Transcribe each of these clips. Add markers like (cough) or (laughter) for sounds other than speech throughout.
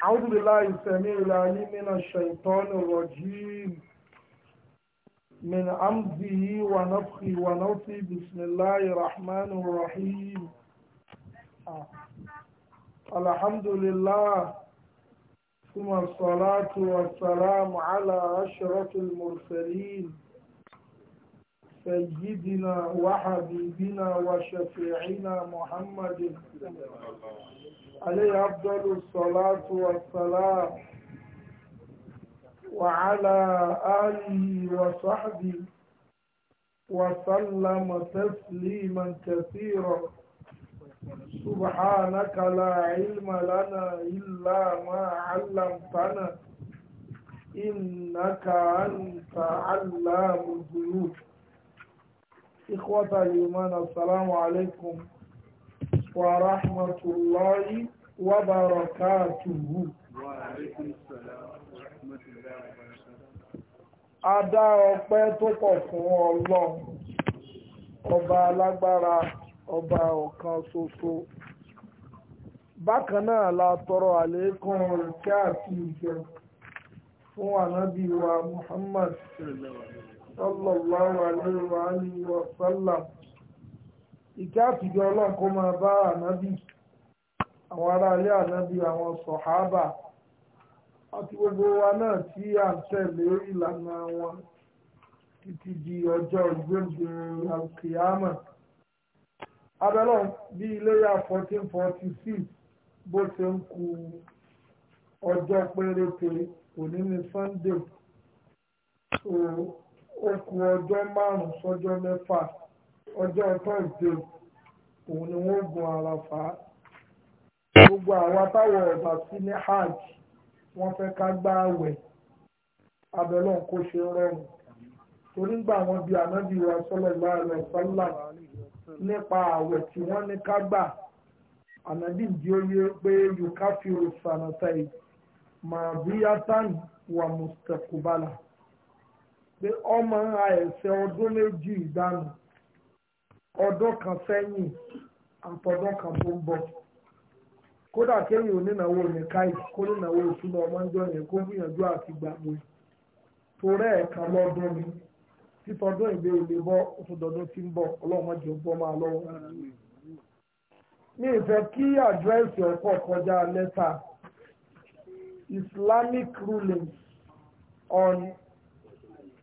أعوذ بالله السميع العليم من الشيطان الرجيم من عمده ونفخه ونفخه بسم الله الرحمن الرحيم الحمد لله ثم الصلاة والسلام على أشرف المرسلين سيدنا وحبيبنا وشفيعنا محمد عليه أفضل الصلاة والسلام وعلى آله وصحبه وسلم تسليما كثيرا سبحانك لا علم لنا إلا ما علمتنا إنك أنت علام الغيوب إخوة الإيمان السلام عليكم ورحمة الله وبركاته وعليكم السلام ورحمة الله وبركاته A dá ọpẹ́ tó pọ̀ fún Ọlọ́run, ọba alágbára, ọba ọ̀kan ṣoṣo. Bákan náà la tọrọ àlékún rẹ̀ kí àti ìjẹ fún ànábì wa Muhammad sallallahu alaihi wa alihi wa sallam ìkẹ́ àtijọ́ ọlọ́run kó máa bá ànábì àwọn aráalé ànábì àwọn sọ̀hábà àti gbogbo wa náà tí à ń tẹ̀lé ìlànà wọn di ọjọ́ ìgbéǹde alkiyama abẹ́lọ́ bí iléyà 1446 bó ṣe ń ku ọjọ́ péréte òní ní Sunday ó ku ọjọ́ márùn-ún sọ́jọ́ mẹ́fà ọjọ́ tọ́ǹdé òun ni wọ́n gun àràfà gbogbo àwọn táwọn ọ̀bà sí ní hajj wọ́n fẹ́ ká gbá àwẹ̀ abẹ́lọ́ kó ṣe rọrùn torí gbà wọn bí ànábì wa sallallahu alaihi wasallam nípa àwẹ̀ tí wọ́n ní ká gbà ànábì ń di oyè pé yukafiru sanata yìí màbúyátàn wà mustaqbala. pé ọmọ ra ẹ̀sẹ̀ ọdún méjì ìdánù ọdún kan sẹ́yìn ka kan tó ń bọ̀ kódà kéèyàn onínáwó nìkáì kó nínáwó ìṣúná ọmọ ìjọ yẹn kó gbìyànjú àti gbàgbé torí ẹ̀ẹ̀kan lọ́dún ni títọ́dún ìgbé ilé bọ́ òtúndọ̀dún ń máa ìfẹ́ kí àdírẹ́sì ọkọ̀ kọjá lẹ́tà Islamic rulings on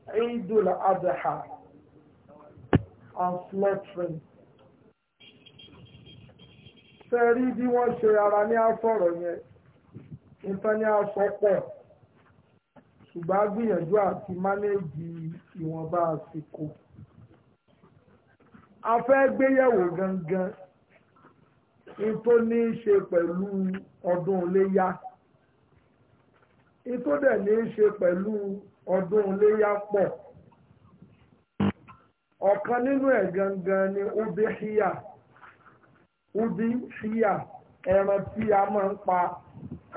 عيد Adha and slaughtering. Fẹ́rí bí wọ́n ṣe ara ní àfọ̀rọ̀ yẹn, nǹkan ní aṣọ pọ̀, ṣùgbọ́n a gbìyànjú àti mánéèjì ìwọ̀nba àsìkò. A fẹ́ gbéyẹ̀wò gangan ní ní í ṣe pẹ̀lú ọdún iléyá. Ní dẹ̀ ní í ṣe pẹ̀lú ọdún iléyà pọ̀ ọ̀kan nínú ẹ̀ gangan ni ubi hiya ubi hiya ẹran tí a máa ń pa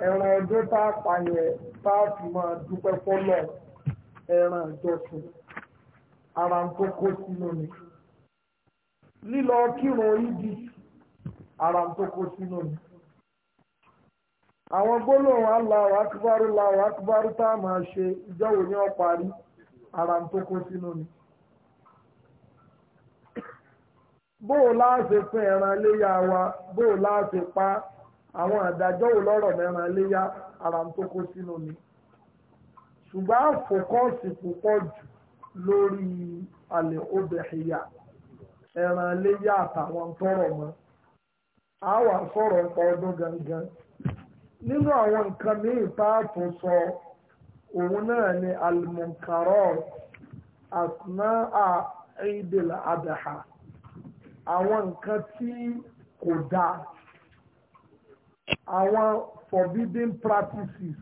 ẹran ọdún tá a pa yẹn tá a fi máa dúpẹ́ fọ́lọ̀ ẹran ìjọsìn ara ń tó sínú ni lílọ kírun ìdí ara ń tó sínú ni àwọn gbólóhùn Allahu akbar Allahu akbar tá a máa ṣe ìjọ́wò ní ọ̀parí ara tó kó sínú ni. bóò láàṣẹ pín ẹran léyà wa bóò láàṣẹ pa àwọn àdájọ́ wò lọ́rọ̀ mẹ́ran léyà ara tó kó sínú ni. ṣùgbọ́n àfòkọ́ọ̀sì púpọ̀ jù lórí alẹ́ obìnrin ẹran léyà àtàwọn tọrọ mọ́ a wà sọ̀rọ̀ nípa ọdún gangan nínú àwọn nǹkan míì páàtó sọ òun náà ni almunkarot asnaa idil adaha àwọn nǹkan tí kò dáa àwọn forbidden practices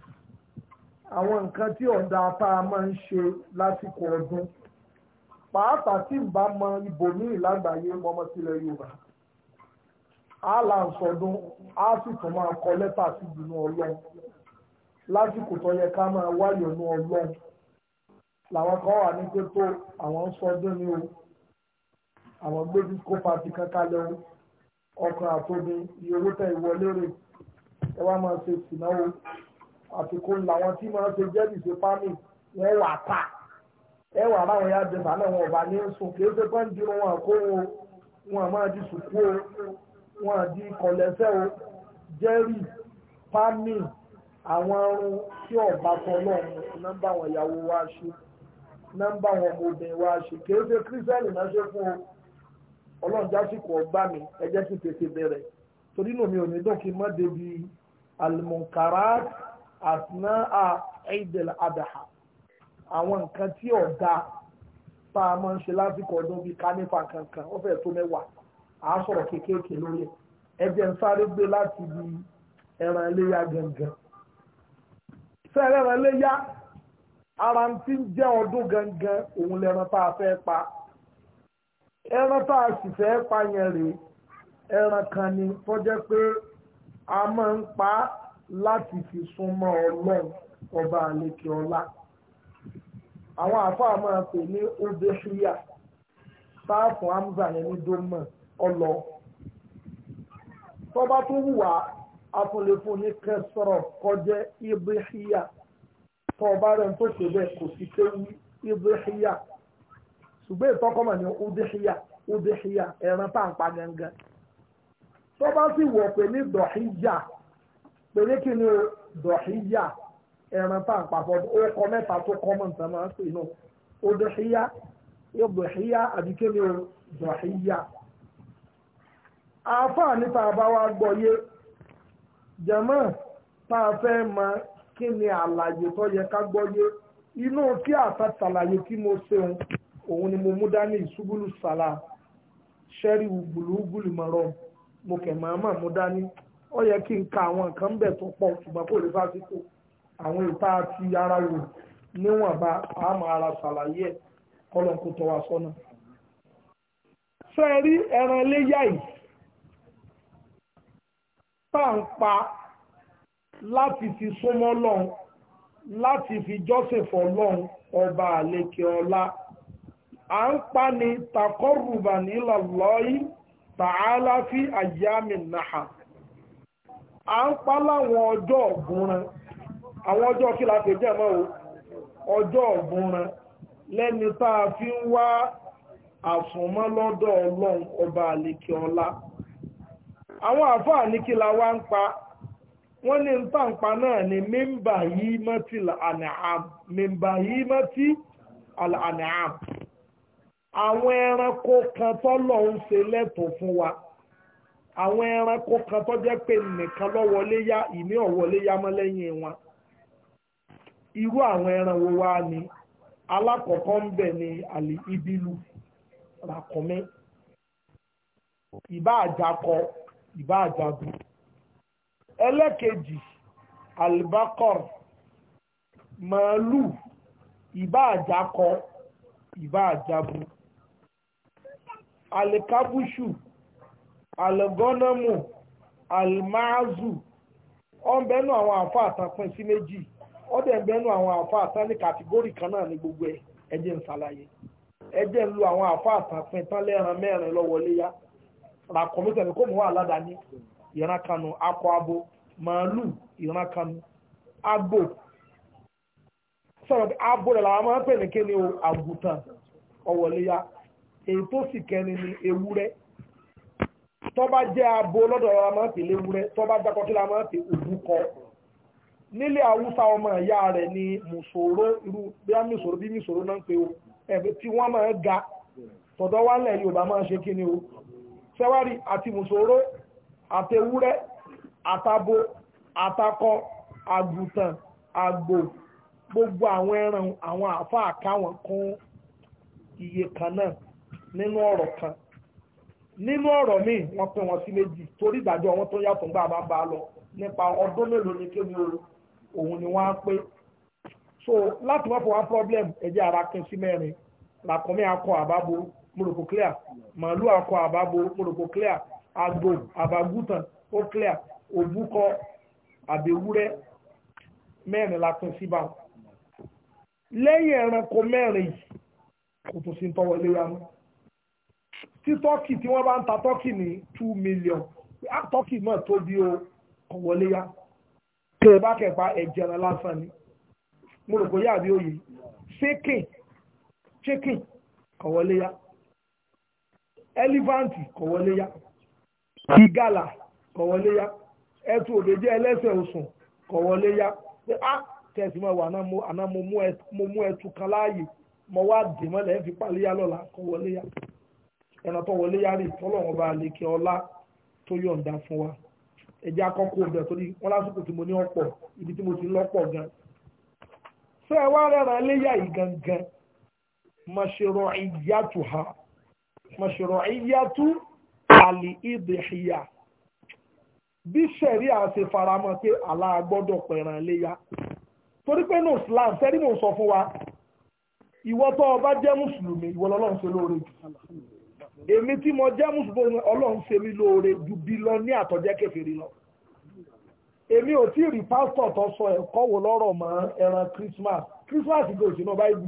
àwọn nǹkan tí ọ̀dà apá máa ń ṣe lásìkò ọdún pàápàá tí ń bá mọ ibòmíì lágbàáyé ọmọ Yorùbá á là ń sọdún á sì tún máa kọ lẹ́tà sí ìdùnnú ọlọ́run lásìkò tó yẹ ká máa wáyọ̀ ní ọlọ́run làwọn kan wà ní pé tó àwọn ń sọdún ní o àwọn gbé disco party kankan lẹ́wọ́ ọkàn àtòbí iye owó tẹ̀ ìwọlé rè ẹ wá máa ṣe ìsìnáwó àsìkò làwọn tí máa ṣe jẹ́bìsì pánì wọ́n wà pa ẹ wà láwọn ya dẹ̀bà náà wọn ò bá ní sùn kì í ṣe pé ń dirun wọn kó wọn wọn máa di sùkú o wọn àti kọ̀lẹ́sẹ̀ o jẹ́rì pánì àwọn arun tí ọ̀bá tọ́lọ́run nọ́mbà wọn ìyàwó wa ṣe nọ́mbà wọn obìnrin wa ṣe kìí ṣe kírísẹ́lì náà ṣe fún ọlọ́run jásìkò ọgbà mi ẹjẹ́ sì tètè bẹ̀rẹ̀ torí nù mi ò ní dọ́kì mọ́ débi almunkarat asna a eidel adaha àwọn nǹkan tí ọ̀dà tá a máa ń ṣe lásìkò ọdún bíi kánífà kankan ó fẹ́ tó mẹ́wàá a sọ̀rọ̀ kéékèèké lórí ẹ jẹ́ ń sáré gbé láti ibi ẹran iléyà gangan fẹ́ẹ̀rẹ́ ẹran iléyà ara ń ti jẹ́ ọdún gangan òun lẹ́ran tá a fẹ́ pa ẹran tá a sì fẹ́ pa yẹn rèé ẹran kan ni tó jẹ́ pé a máa ń pa láti fi súnmọ́ ọlọ́run ọba àlekè ọlá àwọn àfáà máa pè ní obèṣúyà sáàfù hamza yẹn ní dómọ̀ ọlọ tọ́ba tó wùwà afúnlẹ̀fún ní kẹsọ̀rọ̀ kọjẹ́ ibrahima tọ́ba rẹ̀ tó ṣe bẹ́ẹ̀ kò sí kéwú ibrahima ṣùgbọ́n ìtọ́kọ́mọ̀ ní udihia udihia ẹran tá à ń pa gangan tọ́ba sì wọ̀ pé ní dọ̀híjà pé ní kí ni o dọ̀híjà ẹran tá à ń pa fọ́ ó kọ mẹ́ta tó kọ́mọ̀ nǹkan máa ń pè náà udihia ibrahima àbíkẹ́ ni o Afa níta bá wá gbọ́yé jẹ̀mọ́ tá a fẹ́ mọ kí ni àlàyé tó yẹ ká gbọ́yé inú tí àtàtàlàyé tí mo ṣeun òun ni mo mú dání ìṣubúlù sàlá ṣẹ́rí gbùlúgbùlù mọ̀rọ̀ mo kẹ̀ máa mà mú dání ó yẹ kí n ka àwọn nǹkan bẹ̀ tó pọ̀ ṣùgbọ́n kò lè fásitì àwọn ìta ti ara wò níwọ̀nba àmọ́ ara ṣàlàyé ẹ̀ kọ́lọ́n kó tọ́ wa sọ́nà. fẹ́ẹ́ ẹran léyà yìí tá à ń pa láti fi súnmọ́ lọ́n láti fi jọ́sìn fọlọ́n ọba àlekè ọlá à ń pa ni takọ́rùbà nílọ̀lọ́yí tààlà fi àyàmì nàá à ń pa láwọn ọjọ́ ọ̀gbùnran àwọn ọjọ́ kí la pè jẹ́ mọ́ o ọjọ́ ọ̀gbùnran lẹ́ni tá a fi ń wá àsùnmọ́ lọ́dọ̀ ọlọ́run ọba àlekè ọlá. àwọn àfáà ní kí la wá ń pa wọ́n ní ntàǹpa náà ni mímbà yìí mọ́tì ẹranko kan lọ ń ṣe lẹ́tọ̀ọ́ fún wa àwọn ẹranko kan tó jẹ́ pé nìkan ló wọlé yá yá mọ́ lẹ́yìn wọn ni alákọ̀ọ́kọ́ ń bẹ̀ ìbá àjagun ẹlẹ́kejì albakor màálù ìbá àjakọ ìbá àjabu alikabusu alagọ́nàmù almaazu ọ̀nbẹ́nu àwọn àfa àtàpín sí méjì ọ̀dẹ̀bẹ́nu àwọn àfa àtàn ní kàtígórì kan náà ní gbogbo ẹ̀ ẹ̀jẹ̀ ń ṣàlàyé ẹ̀jẹ̀ ń lo àwọn àfa àtàpín tán lẹ́ran mẹ́rin lọ́wọ́ léyà ràkọ̀mí tẹ̀lé kó wa wà aládàáni yana kanu akọ abo màálù ìran kanu agbo sọ̀rọ̀ abo rẹ̀ la máa ń pè ní kéde o àgùntàn ya, èyí tó sì kẹni ni ewúrẹ́ tọ́ba jẹ́ abo lọ́dọ̀ la máa ń pè léwúrẹ́ tọ́ba jákọ́ la máa ń pè òbúkọ nílẹ̀ haúsá ọmọ ìyá rẹ̀ ni mùsòrò irú bíá mùsòrò bí mùsòrò náà ń pè o ẹ̀bẹ̀ tí wọ́n máa ń ga tọ̀dọ̀ wá lẹ̀ Yorùbá máa ṣe kí o sẹ́wárì àti mùsòrò àtewúrẹ́ àtabo àtakọ àgùntàn àgbò gbogbo àwọn ẹran àwọn àáfàá káwọn kún iye kan náà nínú ọ̀rọ̀ kan nínú ọ̀rọ̀ míì wọ́n pín wọn sí méjì torí ìdájọ́ wọn tó yàtọ̀ gbà bá bá lọ nípa ọdún mélòó ni kéwì òun ni wọ́n á pé so láti wọ́n fọwọ́ problem ẹ̀jẹ̀ ara kí n sí mẹ́rin làkúnmí akọ àbábo mọ̀rọ̀kọ̀ clear màálù akọ àbábo mọ̀rọ̀kọ̀ clear àgbò àbágùtàn ó clear òbúkọ àbẹ̀wúrẹ́ mẹ́rin la pín síbà lẹ́yìn ẹranko mẹ́rin yìí kò tún sí ń tọ́wọ́ léra mọ́ tí tọ́kì tí wọ́n bá ń ta tọ́kì ní two million tọ́kì náà tó bí o kọ̀ wọlé ya tẹ̀ bá kẹ̀pa ẹ̀jẹ̀ ẹran lásán ni mo rò bóyá òye ṣékìn ṣékìn kọ̀ ya ẹlífáǹtì kò igala yá ìgalà kò wọlé yá ẹtù òdèjẹ ẹlẹ́sẹ̀ òsùn kò pé á tẹ̀sí mọ́ wà àná mo mú ẹtù kan láàyè mo wá dè mọ́lẹ̀ ẹ̀ fi pàlẹ́ yá lọ́la kò wọlé yá ẹran tó wọlé yá rè tọ́lọ́wọ́n bá lè kí ọlá tó yọ̀ǹda fún wa ẹ̀jẹ̀ akọ́kọ́ ọ̀bẹ torí wọn lásìkò tí mo ní ọ̀pọ̀ ibi tí mo ti lọ́pọ̀ gan sọ ẹ wá rẹ̀ràn léyà yìí gangan màṣẹ̀rọ̀ ìyá tù ha mashru'iyyatu al-idhiyah bí sẹ̀rí àṣẹ faramọ́ pé aláàgbọ́dọ̀ pẹ̀ràn léyà torí pé ní Islam sẹ́rí mò ń sọ fún wa ìwọ tó o bá jẹ́ mùsùlùmí ìwọ lọ́lọ́run ṣe lóore jù èmi tí mo jẹ́ mùsùlùmí ọlọ́run ṣe mí lóore ju bí lọ ní àtọ̀jẹ́ kèfèrí lọ èmi ò tí ì rí pásítọ̀ tó sọ ẹ̀kọ́ wo lọ́rọ̀ mọ́ ẹran Christmas Christmas gòsì náà báyìí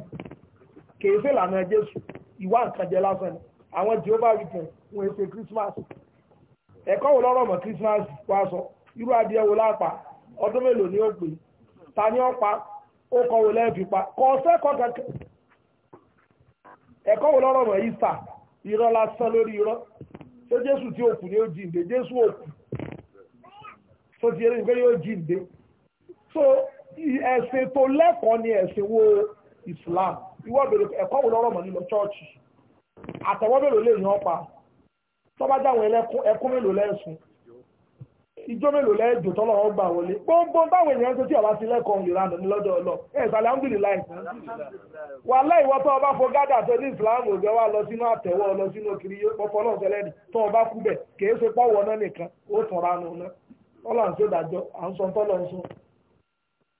kèéfé lànà Jésù ìwà nǹkan lásán ni àwọn Jehovah weekend wọn èsè Christmas ẹ̀kọ́ wo lọ́rọ̀ mọ́ Christmas wá sọ irú adìẹ wo lápá ọdún mélòó ni ó pè ta ni ó pa ó kọ́ wo lẹ́ẹ̀fì pa kọ́ sẹ́kọ̀ọ́ kankan ẹ̀kọ́ wo lọ́rọ̀ mọ́ Easter irọ́ lásán lórí irọ́ ṣé Jésù tí òkú ni ó jíǹde Jésù òkú tó ti yẹn nígbà yóò jíǹde so ẹ̀sìn tó lẹ́kọ̀ọ́ ni ẹ̀sìn wo Islam ìwọ́ bèrè ẹ̀kọ́ wo lọ́rọ̀ mọ́ nílọ chọ́ọ̀chì àtẹ̀wọ́ mélòó lè yàn pa tọ́ba jáwọn ẹkún mélòó lẹ́sùn ìjọ mélòó lẹ́jọ tọ́lọ̀ wọn gbà wọlé gbogbo táwọn èèyàn tó tí ọba ti lẹ́kọ̀ọ́ ìlànà ní lọ́dọ̀ ọlọ ẹ̀ sàlẹ̀ alhamdulillah wà láì tọ́ ọba gádà tó ní òjò wa lọ sínú lọ sínú ọba kú bẹ̀ ṣe pọ́wọ́ náà nìkan ó náà à ń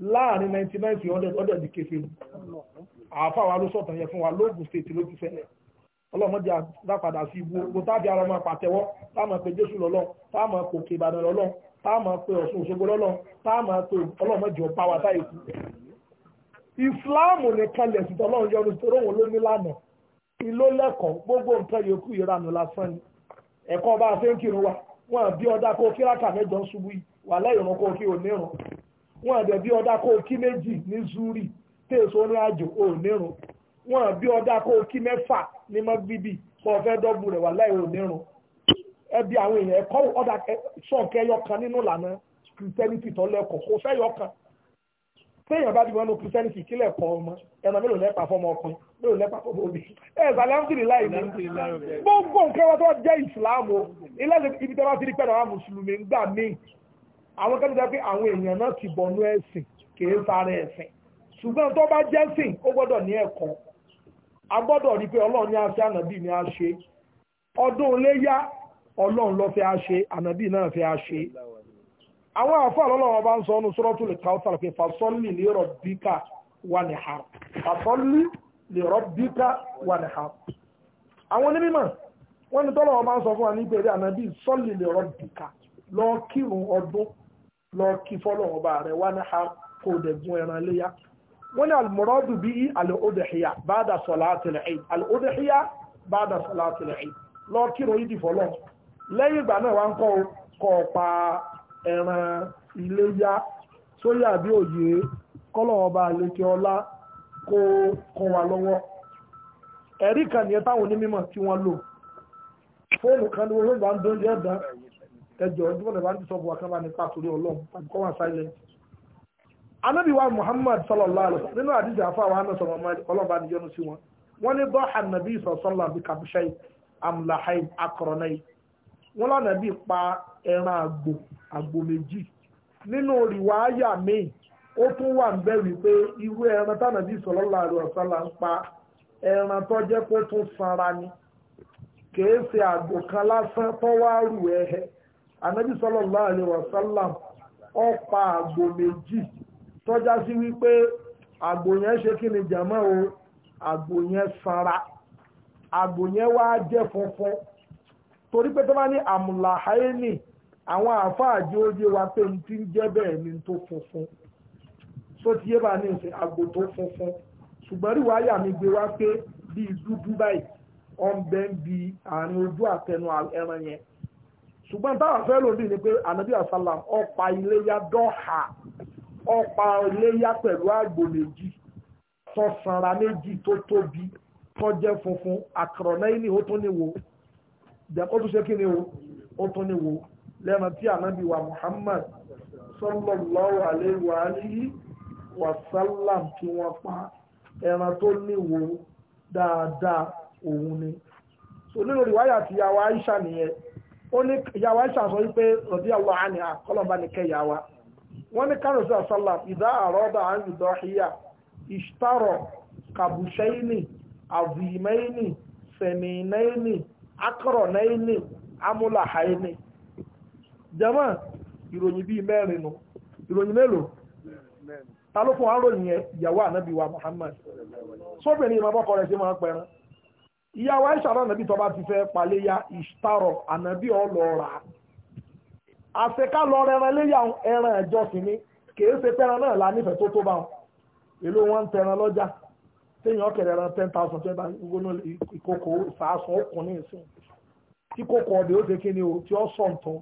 láàrin 99 sí 100 ọdọ̀ di kéfì àáfà wa ló sọ̀tàn yẹn fún wa lóògùn state ló ti ṣẹlẹ̀ ọlọ́mọdé àdápadà sí ibu ogun tábí ara ọmọ pàtẹ́wọ́ táàmù pé jésù lọ́lọ́ táàmù pé òkè ìbàdàn lọ́lọ́ táàmù pé ọ̀ṣun òṣogbo lọ́lọ́ táàmù pé ọlọ́mọdé ọ̀pá wa táyé kú. ìsìláàmù nìkan lẹ̀sìn tọ́lọ́run yọnu tó róhùn ló ní lánàá ìló lẹ́kọ̀ọ́ gbogbo nǹkan yòókù ìranù lásán ni ẹ̀kọ́ bá a ṣe ń kírun wa wọn bí ọdá kó kíráka mẹ́jọ ń ṣubú yìí wà lẹ́yìn ọ̀run kó kí òní ìrùn wọn àbẹ̀ bí ọ̀dà kó kí méjì ní zuri tèso ní àjò ò nírun wọn àbí ọ̀dà kó kí mẹ́fà ní mọ́gbíbì kó fẹ́ dọ́gbù rẹ̀ wà láì ò nírun ẹbí àwọn èèyàn ẹ̀kọ́ ọ̀dà sọ̀kẹ́ yọkan nínú ìlànà kìrìtẹ́nìtì tó lẹ́kọ̀ọ́ kò fẹ́ yọkan téèyàn bá dìbò ẹnu kìrìsìtẹ́nì kílẹ̀ kọ́ ọmọ ẹ̀nà mélòó lẹ́pàá fọmọ ọkùnrin mélòó lẹ́pàá fọmọ obì ẹ̀ sàlẹ́mùsìlì láì ní gbogbo nǹkan wọn tó jẹ́ ìsìláàmù ilé ibi tí wọ́n ti rí pẹ̀lú àwọn mùsùlùmí ń gbà míì àwọn kan jẹ́ pé àwọn èèyàn náà ti bọ̀nú ẹ̀sìn kìí sáré ẹ̀sìn ṣùgbọ́n tó bá jẹ́sìn ó gbọ́dọ̀ ní ẹ̀kọ́ a gbọ́dọ̀ rí pé ọlọ́run ní aṣẹ ànàbì ní aṣẹ ọdún iléyá ọlọ́run ló fẹ́ aṣẹ ànàbì náà fẹ́ aṣẹ àwọn àfọ àlọ́lọ́wọ́ bá ń sọ ọ́nù sọ́rọ́tù lè káwọ́ sàlùkì fàṣọ́lì lè rọ̀ bíkà wà ní ha fàṣọ́lì lè rọ̀ bíkà wà ní ha àwọn onímọ̀ wọ́n ní tọ́lọ́wọ́ bá ń sọ fún wa ní ìpèrè ànàbì sọ́lì lè rọ̀ bíkà lọ́ọ́ kírun ọdún lọ kí fọ́lọ́wọ́n bá rẹ̀ wá ní ha kó dẹ̀ gún ẹran léyà wọ́n ní almuradu bí i al'udhiya bada salatil eid al'udhiya bada salatil eid lọ kírun yìí di fọ́lọ́ lẹ́yìn ìgbà náà wá ń kọ́ kọ́ pa ẹran iléyà sórí àbí òye kọ́lọ́wọ́n bá lékè ọlá kó kọ́ wa lọ́wọ́ ẹ̀rí kan nìyẹn táwọn onímọ̀ tí wọ́n lò fóònù kan ní wọ́n lọ́gbà ẹjọ́ ẹjọ́ bọ́dọ̀ bá ń sọ bùwà kan bá nípa torí ọlọ́run tàbí kọ́ wọn silent. anábì wa muhammad sallallahu alayhi wa sallam nínú àdìjà afọ àwọn àna sọ̀rọ̀ ọlọ́ba ni yọnu sí wọn wọ́n ní bọ́ ànàbí sọ̀sọ́lá bí kàbíṣẹ́ amlahain akọ̀rọ̀nàyì wọ́n lánàbí pa ẹran àgbò àgbò méjì nínú rìwáyà míì ó tún wà ń bẹ̀ wípé irú ẹran tánàbí sọ̀lọ́lá àlọ́ sọ́lá ń pa ẹran tó jẹ́ pé tún sanra ni kèé ṣe kan lásán tó wá anabi sallallahu alaihi wasallam ó pa àgbò méjì tọ́já sí wípé àgbò yẹn ṣe kí ni jàmọ́ o àgbò yẹn sanra àgbò yẹn wá jẹ́ funfun torí pé tó bá ní àmùlà haini àwọn àfáàjì oye wa pé n ti ń jẹ́ bẹ́ẹ̀ ni tó funfun só ti yé bá ní ìsìn àgbò tó funfun ṣùgbọ́n rí wáyà mi gbé wá pé bíi dúdú báyìí ọ̀nbẹ́ ń bi àárín ojú àtẹnu ẹran yẹn ṣùgbọ́n táwọn fẹ́ lòdì ni pé ànábì àsálà ọpa iléyà dọ́ha ọpa iléyà pẹ̀lú àgbò méjì tó sanra méjì tó tóbi tó jẹ́ funfun àkàrọ̀nẹ́yìn ó tún ní wo ó tún ṣe kí ni ó tún ní wo lẹ́nu tí ànábì wa Muhammad sallallahu alaihi wa alihi wa sallam tí wọ́n pa ẹran tó níwo dáadáa òun ni so nínú ìwáyà tí yàwó Aisha nìyẹn ó ní ìyàwó àìsàn sọ wípé rọ̀bí àwọn àní àkọlọ́mbà ní kẹyàwá wọ́n ní kánòsí àsálà ìdá àrọ́dà àyùdọ̀ híyà ìṣtàrọ̀ kàbùṣẹ́ìnì àbùìmẹ́ìnì sẹ̀mìnẹ́ìnì akọ̀rọ̀nẹ́ìnì amúlàháìnì jama ìròyìn bi mẹ́rin nù ìròyìn mélòó ta Muhammad ìyàwó àìsàrà ànàbí tó bá ti fẹ́ ya ìṣtàrọ̀ ànàbí ọlọ́ọ̀rà àṣekà lọ rẹran léyà ẹran ìjọsìn ni kìí ṣe pẹran náà la nífẹ̀ẹ́ tó tó bá wọn èló wọn ń tẹran lọ́jà téèyàn kẹrẹ ẹran ten thousand twenty thousand gbóná ìkókò ìfàásùn ọkùn ìsìn tí kókò ọbẹ̀ ó ṣe kí ni o tí ó sọ̀ ntàn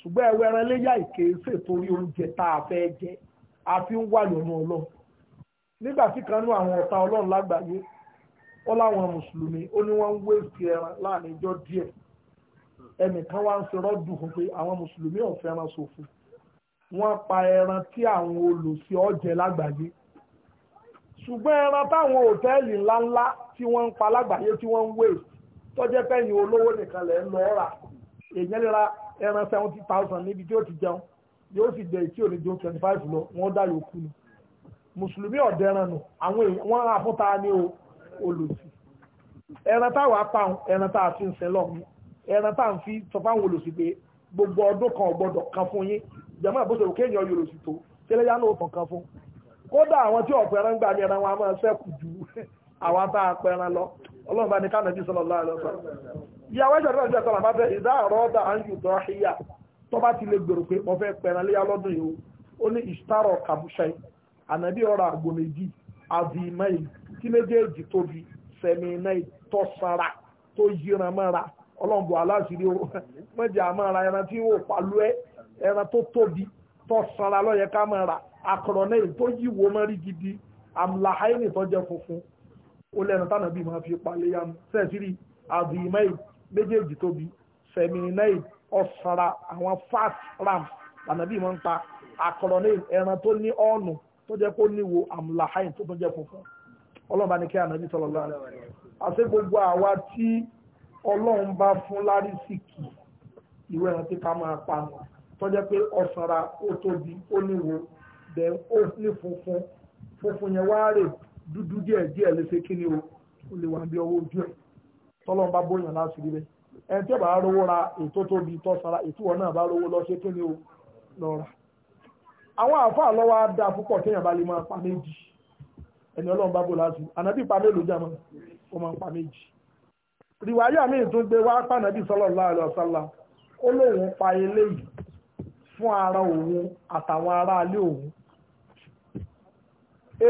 ṣùgbọ́n ẹ̀wọ̀ ẹran léyà ìkèé ṣètòrí oúnjẹ tá a fẹ́ jẹ àfi ń wà lónú ọlọ́run nígbà tí kan àwọn ọ̀tá ọlọ́run lágbàáyé ó láwọn mùsùlùmí ó ní wọ́n ń wé ìfì ẹran láàrin ìjọ díẹ̀ ẹnìkan wá ń fi rọ́dù fún pé àwọn mùsùlùmí ò fẹ́ràn ṣòfò wọ́n pa ẹran tí àwọn olùsí ọ̀jẹ̀ lágbàáyé ṣùgbọ́n ẹran táwọn òtẹ́ẹ̀lì ńláńlá tí wọ́n ń pa lágbàáyé tí wọ́n ń wé tọ́jẹ́ pẹ́yìn olówó nìkan lẹ̀ ń lọ rà èèyàn lè ẹran seventy thousand níbi tí ó ti jẹun yóò sì jẹ ìtí òní jẹun twenty five lọ wọ́n dá yòókù ni mùsùlùmí ọ̀dẹ́ran nù àwọn èèyàn wọ́n á ni o olosi ẹran ẹran tá a fi ń sin lọ́hùn ẹran tá a fi pé gbogbo ọdún kan ọgbọ́dọ̀ kan fún yín jẹ̀mọ́ àbúṣe òkè èèyàn yorùsì tó tẹ́lẹ̀ yá náà tàn kan fún kódà àwọn tí ọ̀pọ̀ ẹran gbà ní ẹran wọn a máa ṣẹ́kù ju (laughs) àwọn tá a pẹ ẹran lọ ọlọ́run àbìmẹ́ì tí méjèèjì tóbi sẹ̀mìnẹ́ì tọ́sára tó yíran mọ́ra ọlọ́mbọ̀ aláṣìírí mọ́jà mọ́ra ẹran tí wọ́n pàlú ẹ ẹran tó tóbi tọ́sára lọ́yẹ ká mọ́ra àkọ̀rọ̀nẹ́ì tó yíwo mọ́rí gidi àmlàháìnì tó jẹ́ funfun ó lẹ́nu tánà bí máa fi palẹ̀ yá mu sẹ́ẹ̀sìrì àbìmẹ́ì méjèèjì tóbi sẹ̀mìnẹ́ì ọ̀sára àwọn fat ram tànàbí máa ń pa àkọ̀rọ̀nẹ́ì ẹran tó ní ọ̀nù tó jẹ́ kó níwo amlahain tó tó jẹ́ funfun ọlọ́run bá ní kí ànábì sallallahu alaihi wasallam àti gbogbo àwa tí ọlọ́run bá fún lárísìkì ìwé ẹ̀rọ tí ká máa pa tó jẹ́ pé ọ̀sánra ó tóbi ó níwo dẹ̀ ó ní funfun funfun yẹn wá rè dúdú díẹ̀ díẹ̀ lè kí ni o ó lè wà bí ọwọ́ ojú ẹ̀ tọ́lọ́run bá bóyàn láti rí bẹ́ẹ̀ ẹni tí ó bá rówó ra ètò tóbi tọ́sánra ètò wọn náà bá rówó lọ ṣe kí ni o lọ́ra àwọn àfáà lọ́wọ́ á dáa púpọ̀ kéèyàn bá lè máa pa méjì ẹni ọlọ́run bá bò láti ànábì pa mélòó jàmọ́ ó máa ń pa méjì rìwáyà míì tó gbé wá pànàbì sallallahu alaihi wasallam ó lóun pa eléyìí fún ara òun àtàwọn ará ilé òun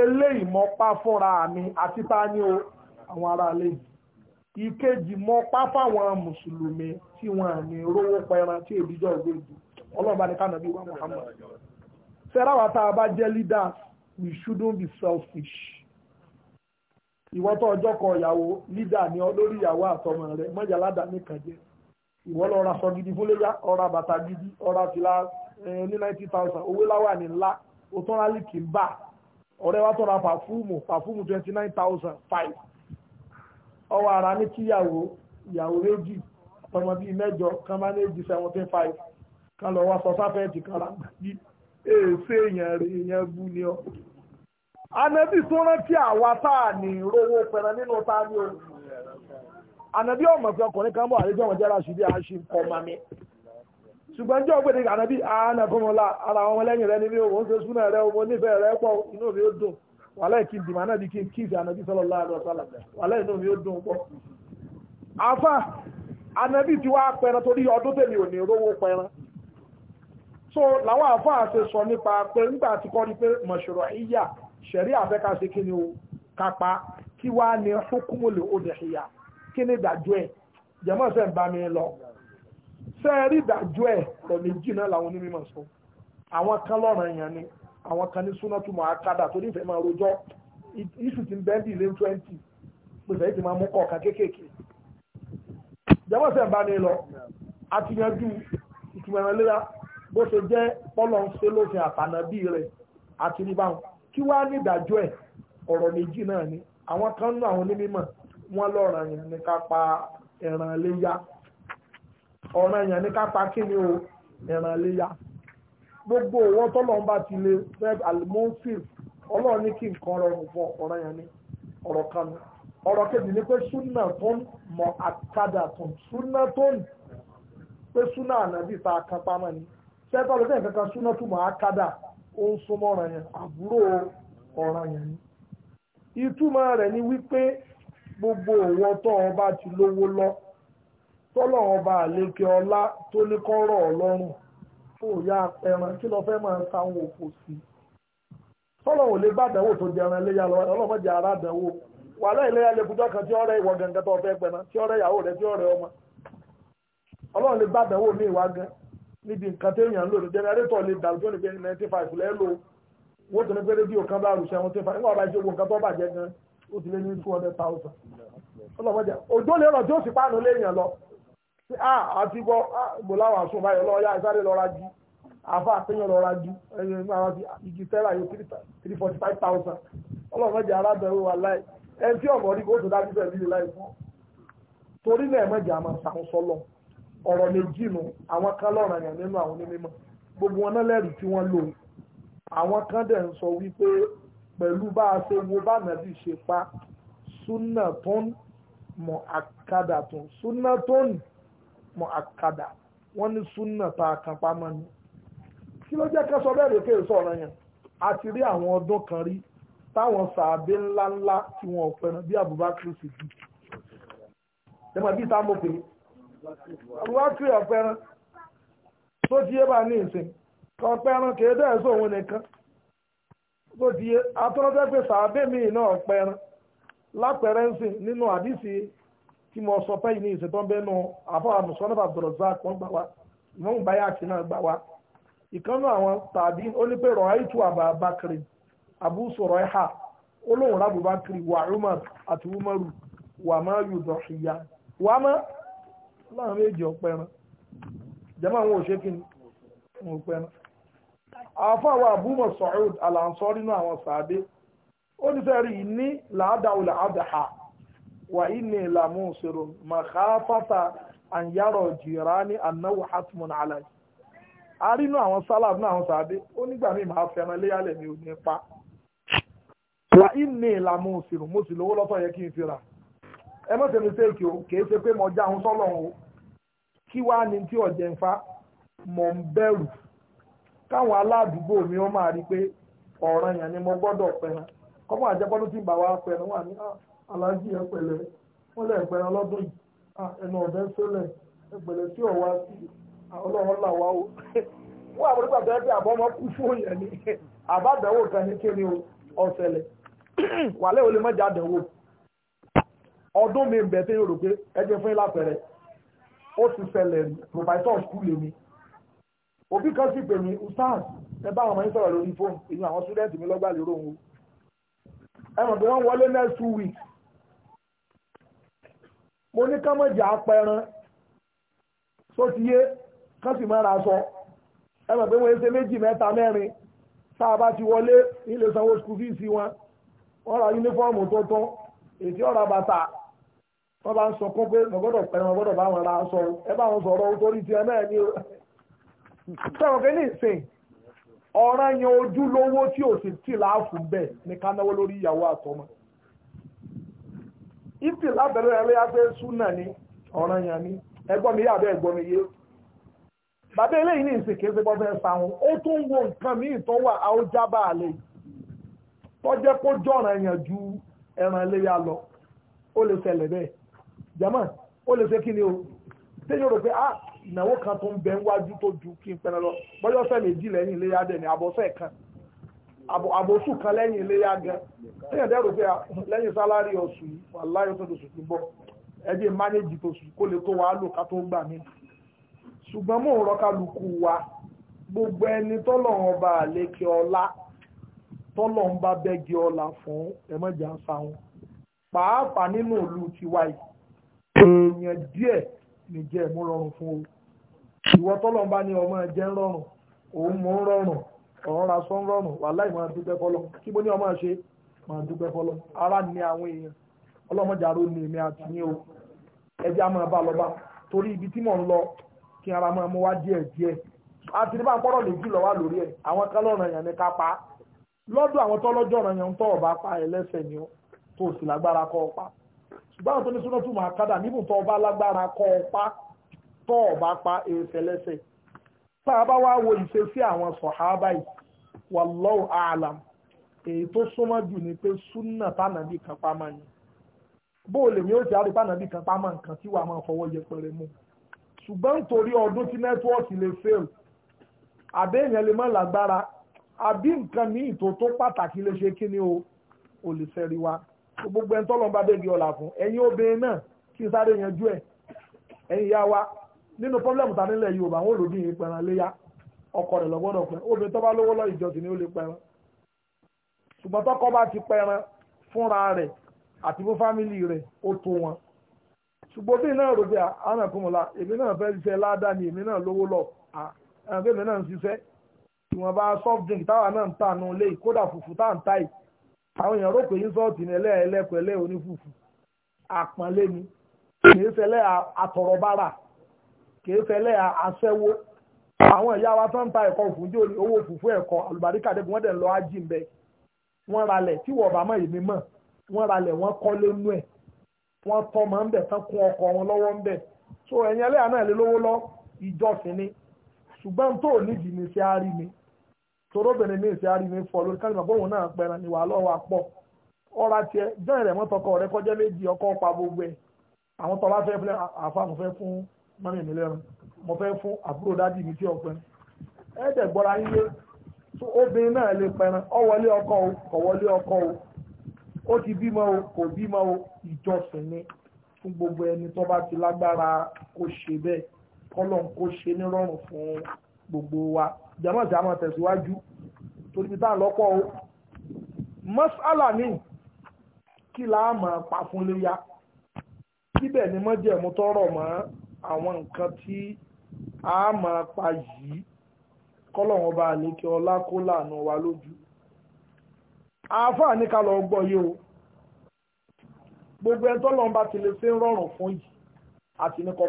eléyìí mọ pa fúnra mi àti tá ní o àwọn ará ilé yìí ìkejì mọ pa fáwọn mùsùlùmí tí wọn ní rówó pẹran tí èbíjọ ìgbèjì ọlọ́run bá ní kànábì wa Muhammad sẹ́ráwá tá a bá jẹ́ leaders we shouldn't be selfish ìwọ tó ọjọ́ kọ ìyàwó leader ni ọ lórí ìyàwó àtọmọ rẹ mọ́jà ládàá nìkan jẹ́ ìwọ lọ ra aṣọ gidi fún léyà ọ̀ra bàtà gidi ọ̀ra fìlà ní ninety thousand owó láwà ní ńlá o tún ra líkì ń bà ọ̀rẹ́ wa tó ra pàfúùmù pàfúùmù twenty nine thousand five ọwọ́ ara ní kíyàwó ìyàwó méjì ọmọ bíi mẹ́jọ kan máa ní èjì seventeen five kan lọ wá sọ sáfẹ́ẹ̀tì kan ra gbàgbé. èèfé enyere rè èèyàn bú ni ọ. Ànábì tó rántí àwa a ní rówó pẹ̀rẹ̀ nínú ta ni o. Ànábì ọmọ fi ọkùnrin kan bọ̀ àlejò àwọn jẹ́ra ṣùgbọ́n àá ṣe nǹkan mi. ara àwọn rẹ níbi òun ṣe súnà rẹ òun nífẹ̀ẹ́ rẹ pọ̀ inú mi ó dùn. dìmọ̀ kí n kí ìfẹ́ so làwọn àfáà ṣe sọ nípa pé nígbà tí kọ́ ni pé mọ̀ṣọ̀rọ̀ ìyà ṣẹ̀rí àfẹ́ká kí ni o kápá kí wá ní hukumul udhiya kí ni ìdájọ́ ẹ̀ jẹ́mọ́ sẹ́ ń bá mi lọ sẹ́ẹ̀rí ìdájọ́ ẹ̀ lọ méjì náà làwọn onímọ̀ sọ àwọn kan lọ́rọ̀ èèyàn ni àwọn kan ní súnátù mu'akkada tó nífẹ̀ẹ́ máa rojọ́ ìṣù ti ń bẹ́ẹ̀ bí ilé twenty pèsè ìtì máa mú kọ̀ọ̀kan kéékèèké jẹ́mọ́ sẹ́ ń bá mi lọ àtìyànjú ìtumọ̀ ìrànlẹ́ra bó ṣe jẹ́ pọ́lọ̀ ń ṣe lófin àtànàbí rẹ̀ àti ríbáwọn kí wá ní ìdájọ́ ẹ̀ ọ̀rọ̀ méjì náà ni àwọn kan nú àwọn onímọ̀ wọn lọ́ràn yẹn ní kápá pa ẹ̀ràn léyà ọ̀ràn yẹn ní o ẹ̀ràn léyà gbogbo owó tọ́lọ́ ń bá ti lè fẹ́ alimofil ọlọ́run ní kí nǹkan rọrùn fún ọ̀ràn yẹn ní ọ̀rọ̀ kan nù ọ̀rọ̀ kejì ni pé súnà tó ń mọ àtàdà tó ń súnà tó ń pé súnà ta kápá ni tẹ́tọ́ lọ́sẹ̀ nǹkan kan súná túmọ̀ akádà ó ń súnmọ́ ọ̀ràn yẹn àbúrò ọ̀ràn ni. wípé gbogbo òwò tó ọba ti lówó lọ tọ́lọ̀ ọba àlékè ọlá tó ní kọ́rọ̀ ọlọ́run ó yá kí lọ fẹ́ máa ta àwọn sí i. tọ́lọ̀ ò lè bá àdánwò tó di ẹran lọ ara kan tí ọ̀rẹ́ gangan tó tí ọ̀rẹ́ ìyàwó rẹ̀ tí ọ̀rẹ́ ọmọ ọlọ́run lè bá àdánwò ní níbi nǹkan téèyàn lò jẹnẹrétọ̀ lè dàrú tó ní pé ninety five lẹ́ lò wọ́n ti ní pé rédíò kan bá rù seventy five nígbà bá jẹ́ owó nǹkan tó bàjẹ́ gan ó ti lé ní two hundred thousand ọlọ́mọdé òjò lè rọ̀ tí ó sì pàánù léèyàn lọ sí à àti bọ́ bò láwọn àsun báyọ̀ lọ ya ìsáré lọ ra ju àfa àpéyàn lọ ra ju ẹyẹ ní àwọn igi tẹ́lá yóò three forty five thousand ọlọ́mọdé arábẹ̀rù wà láì ẹni tí ọ̀mọ́ rí kó tó dájú bẹ́ẹ̀ líle láì fún torí náà ẹ̀mọ́jà máa sàkóso lọ́wọ́ ọ̀rọ̀ méjì nu àwọn kan lọ́ràn yàn nínú àwọn onímọ̀ gbogbo wọn náà lẹ́rìí tí wọ́n lò àwọn kan dẹ̀ ń sọ wípé pẹ̀lú bá a ṣe wo bá nàbí ṣe pa súnà tó ń mọ̀ àkàdà tó súnà tó ń mọ̀ àkàdà wọ́n ní súnà tá a kan pamọ́ ni kí ló jẹ́ ká sọ bẹ́ẹ̀ lókè sọ̀rọ̀ yẹn a ti rí àwọn ọdún kan rí táwọn sàábé ńláńlá tí wọn ò fẹ́ràn bí Abubakar Siddiq ẹ mọ̀ bí táwọn abubakar ọ̀pẹ̀rán tó ti yé bá ní ìsìn ọ̀pẹ̀rán kìí dẹ̀ sóhun nìkan tó ti yé atọ́jọ́ pé sàábẹ́ mi náà ọ̀pẹ̀rán lápẹ̀rẹ́ ń sìn nínú àdìsí tí mo sọ pé ní ìsìn tó ń bẹ́nu àfọ́ àmùsọ́nà bàbùrọ̀zá kan gbà wá ìmọ̀n báyà àti náà gbà wá ìkànnù àwọn tàbí ó ní pé rọ̀ àìtú àbá bakiri àbúsọ̀rọ̀ ẹ̀hà olóhùn rábùbákiri wà umar àti umaru wà má yù dọ̀ṣìyà wà má láwọn méjì ọ̀pẹ ẹran jẹ́mọ́ àwọn òṣè kí ni wọn ò pẹ́ ẹran. àfọwọ́ àbúmọ̀ sọ̀rọ̀ àlàǹsọ́ nínú àwọn sàádé ó ní sẹ́rí ní làádáwùlà àdàhà wà ní ìlàmú òṣèrò màkàfàtà àyàrọ̀ jìrá ní anáwó hatmon alay a rí inú àwọn sálàbù náà àwọn sàádé ó nígbà míì máa fẹ́ràn léyàlẹ̀ mi ò ní pa wà ní ìlàmú òṣèrò mo sì lówó lọ́tọ̀ yẹ kí n fi ẹ mọ̀ tẹ̀mí sẹ́ẹ̀kì o kì ṣe pé mo já àwọn sọ́lọ́run o kí wá ní tí ọ̀jẹ̀ ń fa mọ̀ ń bẹ̀rù káwọn aládùúgbò mi máa rí pé ọ̀ràn yẹn ni mo gbọ́dọ̀ pẹran kọ́mọ àjẹpọ́dún tí bàbá pẹran wà ní ah, aláàjì yẹn pẹ̀lẹ́ wọ́n lẹ̀ pẹran lọ́dún yìí ah, ẹnu ọ̀bẹ ń ẹgbẹ̀lẹ̀ tí ọ̀wá sí ah, ọlọ́run là wá o (laughs) wọ́n àbọ̀ ọmọ kú fún yẹn ni (laughs) àbádẹ́wò kan (clears throat) ó ti ṣẹlẹ̀ provider school èmi òbí kan sì pè mí ustaz ẹ bá àwọn ọmọ yín sọ̀rọ̀ lórí fóònù ìyẹn àwọn student mi lọ́gbà lérò òun ẹ mọ̀ pé wọ́n wọlé next two weeks mo ní ká mọ̀ jà apẹran tó ti yé kán sì máa ra aṣọ ẹ mọ̀ pé wọ́n ṣe méjì mẹ́ta mẹ́rin tá a bá ti wọlé nílé sanwó school fees wọn wọ́n ra yúnífọ́ọ̀mù tuntun èsì ọ̀rọ̀ bàtà wọ́n bá ń sọ kún pé mo gbọ́dọ̀ pẹ́rẹ́ mo gbọ́dọ̀ bá wọn ra sọ ẹ bá wọn sọ̀rọ̀ ohun torí tiẹ̀ náà ni o. sọ̀rọ̀ pé ní ìsìn ọ̀ràn yẹn ojúlówó tí ò sì tì láàfù bẹ́ẹ̀ ni ká náwó lórí ìyàwó àtọmọ. ìtì lábẹ́rẹ́ rẹ̀ yá pé súnà ni ọ̀ràn yẹn ni ẹgbọ́n mi yà bẹ́ẹ̀ mi yé. bàbá eléyìí ní ìsìn kì í ṣe bọ́ fẹ́ sa wọn ó tún wo nǹkan míì tó wà áójábà àlè tọ́jẹ́ kó jọ̀ràn yẹn ju ẹran iléyà lọ ó lè ṣẹlẹ̀ bẹ́ẹ̀ jama ó lè kí ni o téyàn rò pé ah ìnáwó kan tó ń bẹ níwájú tó ju kí n pẹ́ran lọ bọ́yọ́ ọ̀sẹ̀ méjì lẹ́yìn iléyà dẹ̀ ní kan àbòsù kan lẹ́yìn iléyà gan téyàn dẹ̀ pé ah, lẹ́yìn sálárì oṣù yìí wàláyé tó oṣù tí ń ẹbí mánéjì tó oṣù kó lè tó wàá lò wa gbogbo ẹni tọ́lọ̀ ọba àlékè ọlá tọ́lọ̀ ń bá bẹ́gi ọlá fún ẹ̀mọ́jà pàápàá nínú èèyàn díẹ̀ nìjẹ́ mú rọrùn fún o ìwọ tọ́lọ́n bá ní ọmọ ẹ̀jẹ̀ ń rọrùn òun mú ń rọrùn ọ̀rọ̀ ra sọ ń rọrùn wàláì máa dúpẹ́ fọlọ́ kí mo ní ọmọ ṣe máa dúpẹ́ fọlọ́ ara ní àwọn èèyàn ọlọ́mọdé aró ni èmi àti yín o ẹjẹ́ a máa bá lọ bá torí ibi tí mò ń lọ kí ara máa mú wá díẹ̀ díẹ̀ àti nípa pọ́rọ̀ lè jù lọ wá lórí ẹ̀ àwọn kan lọ́ràn yàn ní ká pa lọ́dọ̀ àwọn tọ́lọ́jọ́ ọ̀ràn yàn ń tọ́ ọ̀bá pa ẹlẹ́sẹ̀ ni ó tó sì lágbára kọ́ ọ pa ṣùgbọ́n tó ní súná túmọ̀ ọba alagbara kọ́ ọ ọba pa èèfẹ́ tá a bá wá wo ìṣesí àwọn sọ̀háábà yìí a'lam èyí tó súnmọ́ jù ni pé súnà tánàbí kan bó o lè ní ó ti àrí tánàbí kan pamọ́ nǹkan tí wàá máa fọwọ́ yẹpẹrẹ mú ṣùgbọ́n nítorí ọdún tí nẹ́tíwọ́ọ̀kì lè fail àbẹ́yẹn lè lágbára àbí nǹkan o gbogbo ẹni tọ́lọ́ bá bẹ́ẹ̀ bí ọ̀la fún ẹ̀yin obìnrin náà kí n sáré yanjú ẹ̀ ẹ̀yin ìyá wa nínú pọ́blẹ́mù ta nílẹ̀ Yorùbá àwọn olùbíyìn pẹran léyà ọkọ rẹ̀ lọ́gbọ́dọ̀ pẹ́ obìnrin tó bá lówó lọ ìjọsìn ni ó lè pẹran ṣùgbọ́n tọ́kọ bá ti pẹran fúnra rẹ̀ àti fún fámìlì rẹ̀ ó tó wọn ṣùgbọ́n bí náà rò pé àánà kún mọ́lá èmi náà fẹ́ ṣiṣẹ́ ládàá ni èmi náà lówó lọ àwọn èmi náà ń ṣiṣẹ́ ìwọ̀nba soft drink táwa náà ń tà nù lé kódà fùfú tá ń tà yìí àwọn èèyàn rò pé ínsọ́ọ̀tì ni ẹlẹ́ẹ̀lẹ́kọ̀ọ́ ẹlẹ́ onífùfù àpọ́nlé ni kìí ṣẹlẹ̀ àtọ̀rọ̀bárà kìí ṣẹlẹ̀ aṣẹ́wó àwọn ìyá wa tó ń ta ẹ̀kọ́ òfúnjó owó òfúfú ẹ̀kọ́ àlùbáríkà dẹ́kun wọ́n dẹ̀ ń lọ ájì ń bẹ wọ́n ralẹ̀ tí wọ́n bá mọ̀ èmi mọ̀ wọ́n ralẹ̀ wọ́n kọ́ lónú ẹ̀ wọ́n tọmọ ń bẹ̀ tán kún ọkọ̀ wọn lọ́wọ́ ń bẹ̀ so ẹ̀yin ẹlẹ́yà náà lé lówó lọ ìjọsìn ni ṣùgbọ́n tó nídìí ni ṣe á rí mi torobìnrin ní ìṣe àrí mi fọ lórí kálímà bóun náà pẹran ìwà lọ́wọ́ apọ̀ ọ̀rá tiẹ̀ jẹ́ rẹ̀ wọ́n tọkọ rẹ kọjá méjì ọkọ pa gbogbo ẹ̀ àwọn tọ́lá fẹ́ fún àfa mo fẹ́ fún mọ́mí mi lẹ́rùn mo fẹ́ fún àbúrò dádì mi tí ọ̀pẹ ẹ̀ẹ́dẹ̀ gbọ́ra yín lé obìnrin náà lè pẹran ó wọlé ọkọ o kò wọlé ọkọ o ó ti bímọ o kò bímọ o ìjọsìn ni fún gbogbo ẹni tó bá ti lágbára kó ṣe bẹ́ẹ̀ kọ́lọ́n kó ṣe nírọ̀rùn fún gbogbo wa jẹ́mọ̀ tí a máa tẹ̀síwájú torí ti táà lọ́pọ̀ o mọ́sálà ní kí láà máa pa fún léyà síbẹ̀ ni mọ́jẹ̀mú tọrọ mọ́ àwọn nǹkan tí a máa pa yìí kọ́lọ̀wọ́n bá lékè ọlá kó lànà wa lójú àáfàá ní ká lọ gbọ́ yé o gbogbo ẹ̀ tọ́lọ́run bá ti lè ṣe ń rọrùn fún yìí àti ní kọ́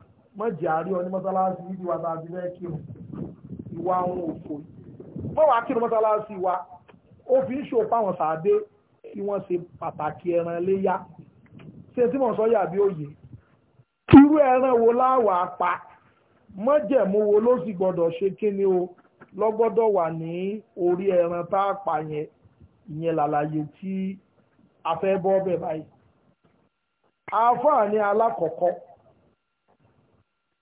mọ̀jì àárí ọní mọ́sálásí níbi wa tàbí bẹ́ẹ̀ kí o ìwà àwọn òfò mọ́wàá kí ni mọ́sálásí wa ó fi ń ṣòfò àwọn sàádé kí wọ́n ṣe pàtàkì ẹran léyà ṣe tí mò sọ yàbí òye irú ẹran wo láwàá pa mọ́jẹ̀mú wo ló sì gbọ́dọ̀ ṣe kí ni o lọ́gbọ́dọ̀ wà ní orí ẹran tá a pa yẹn ìyẹn làlàyé tí a fẹ́ bọ́ bẹ̀ báyìí àáfàá ní alákọ̀ọ́kọ́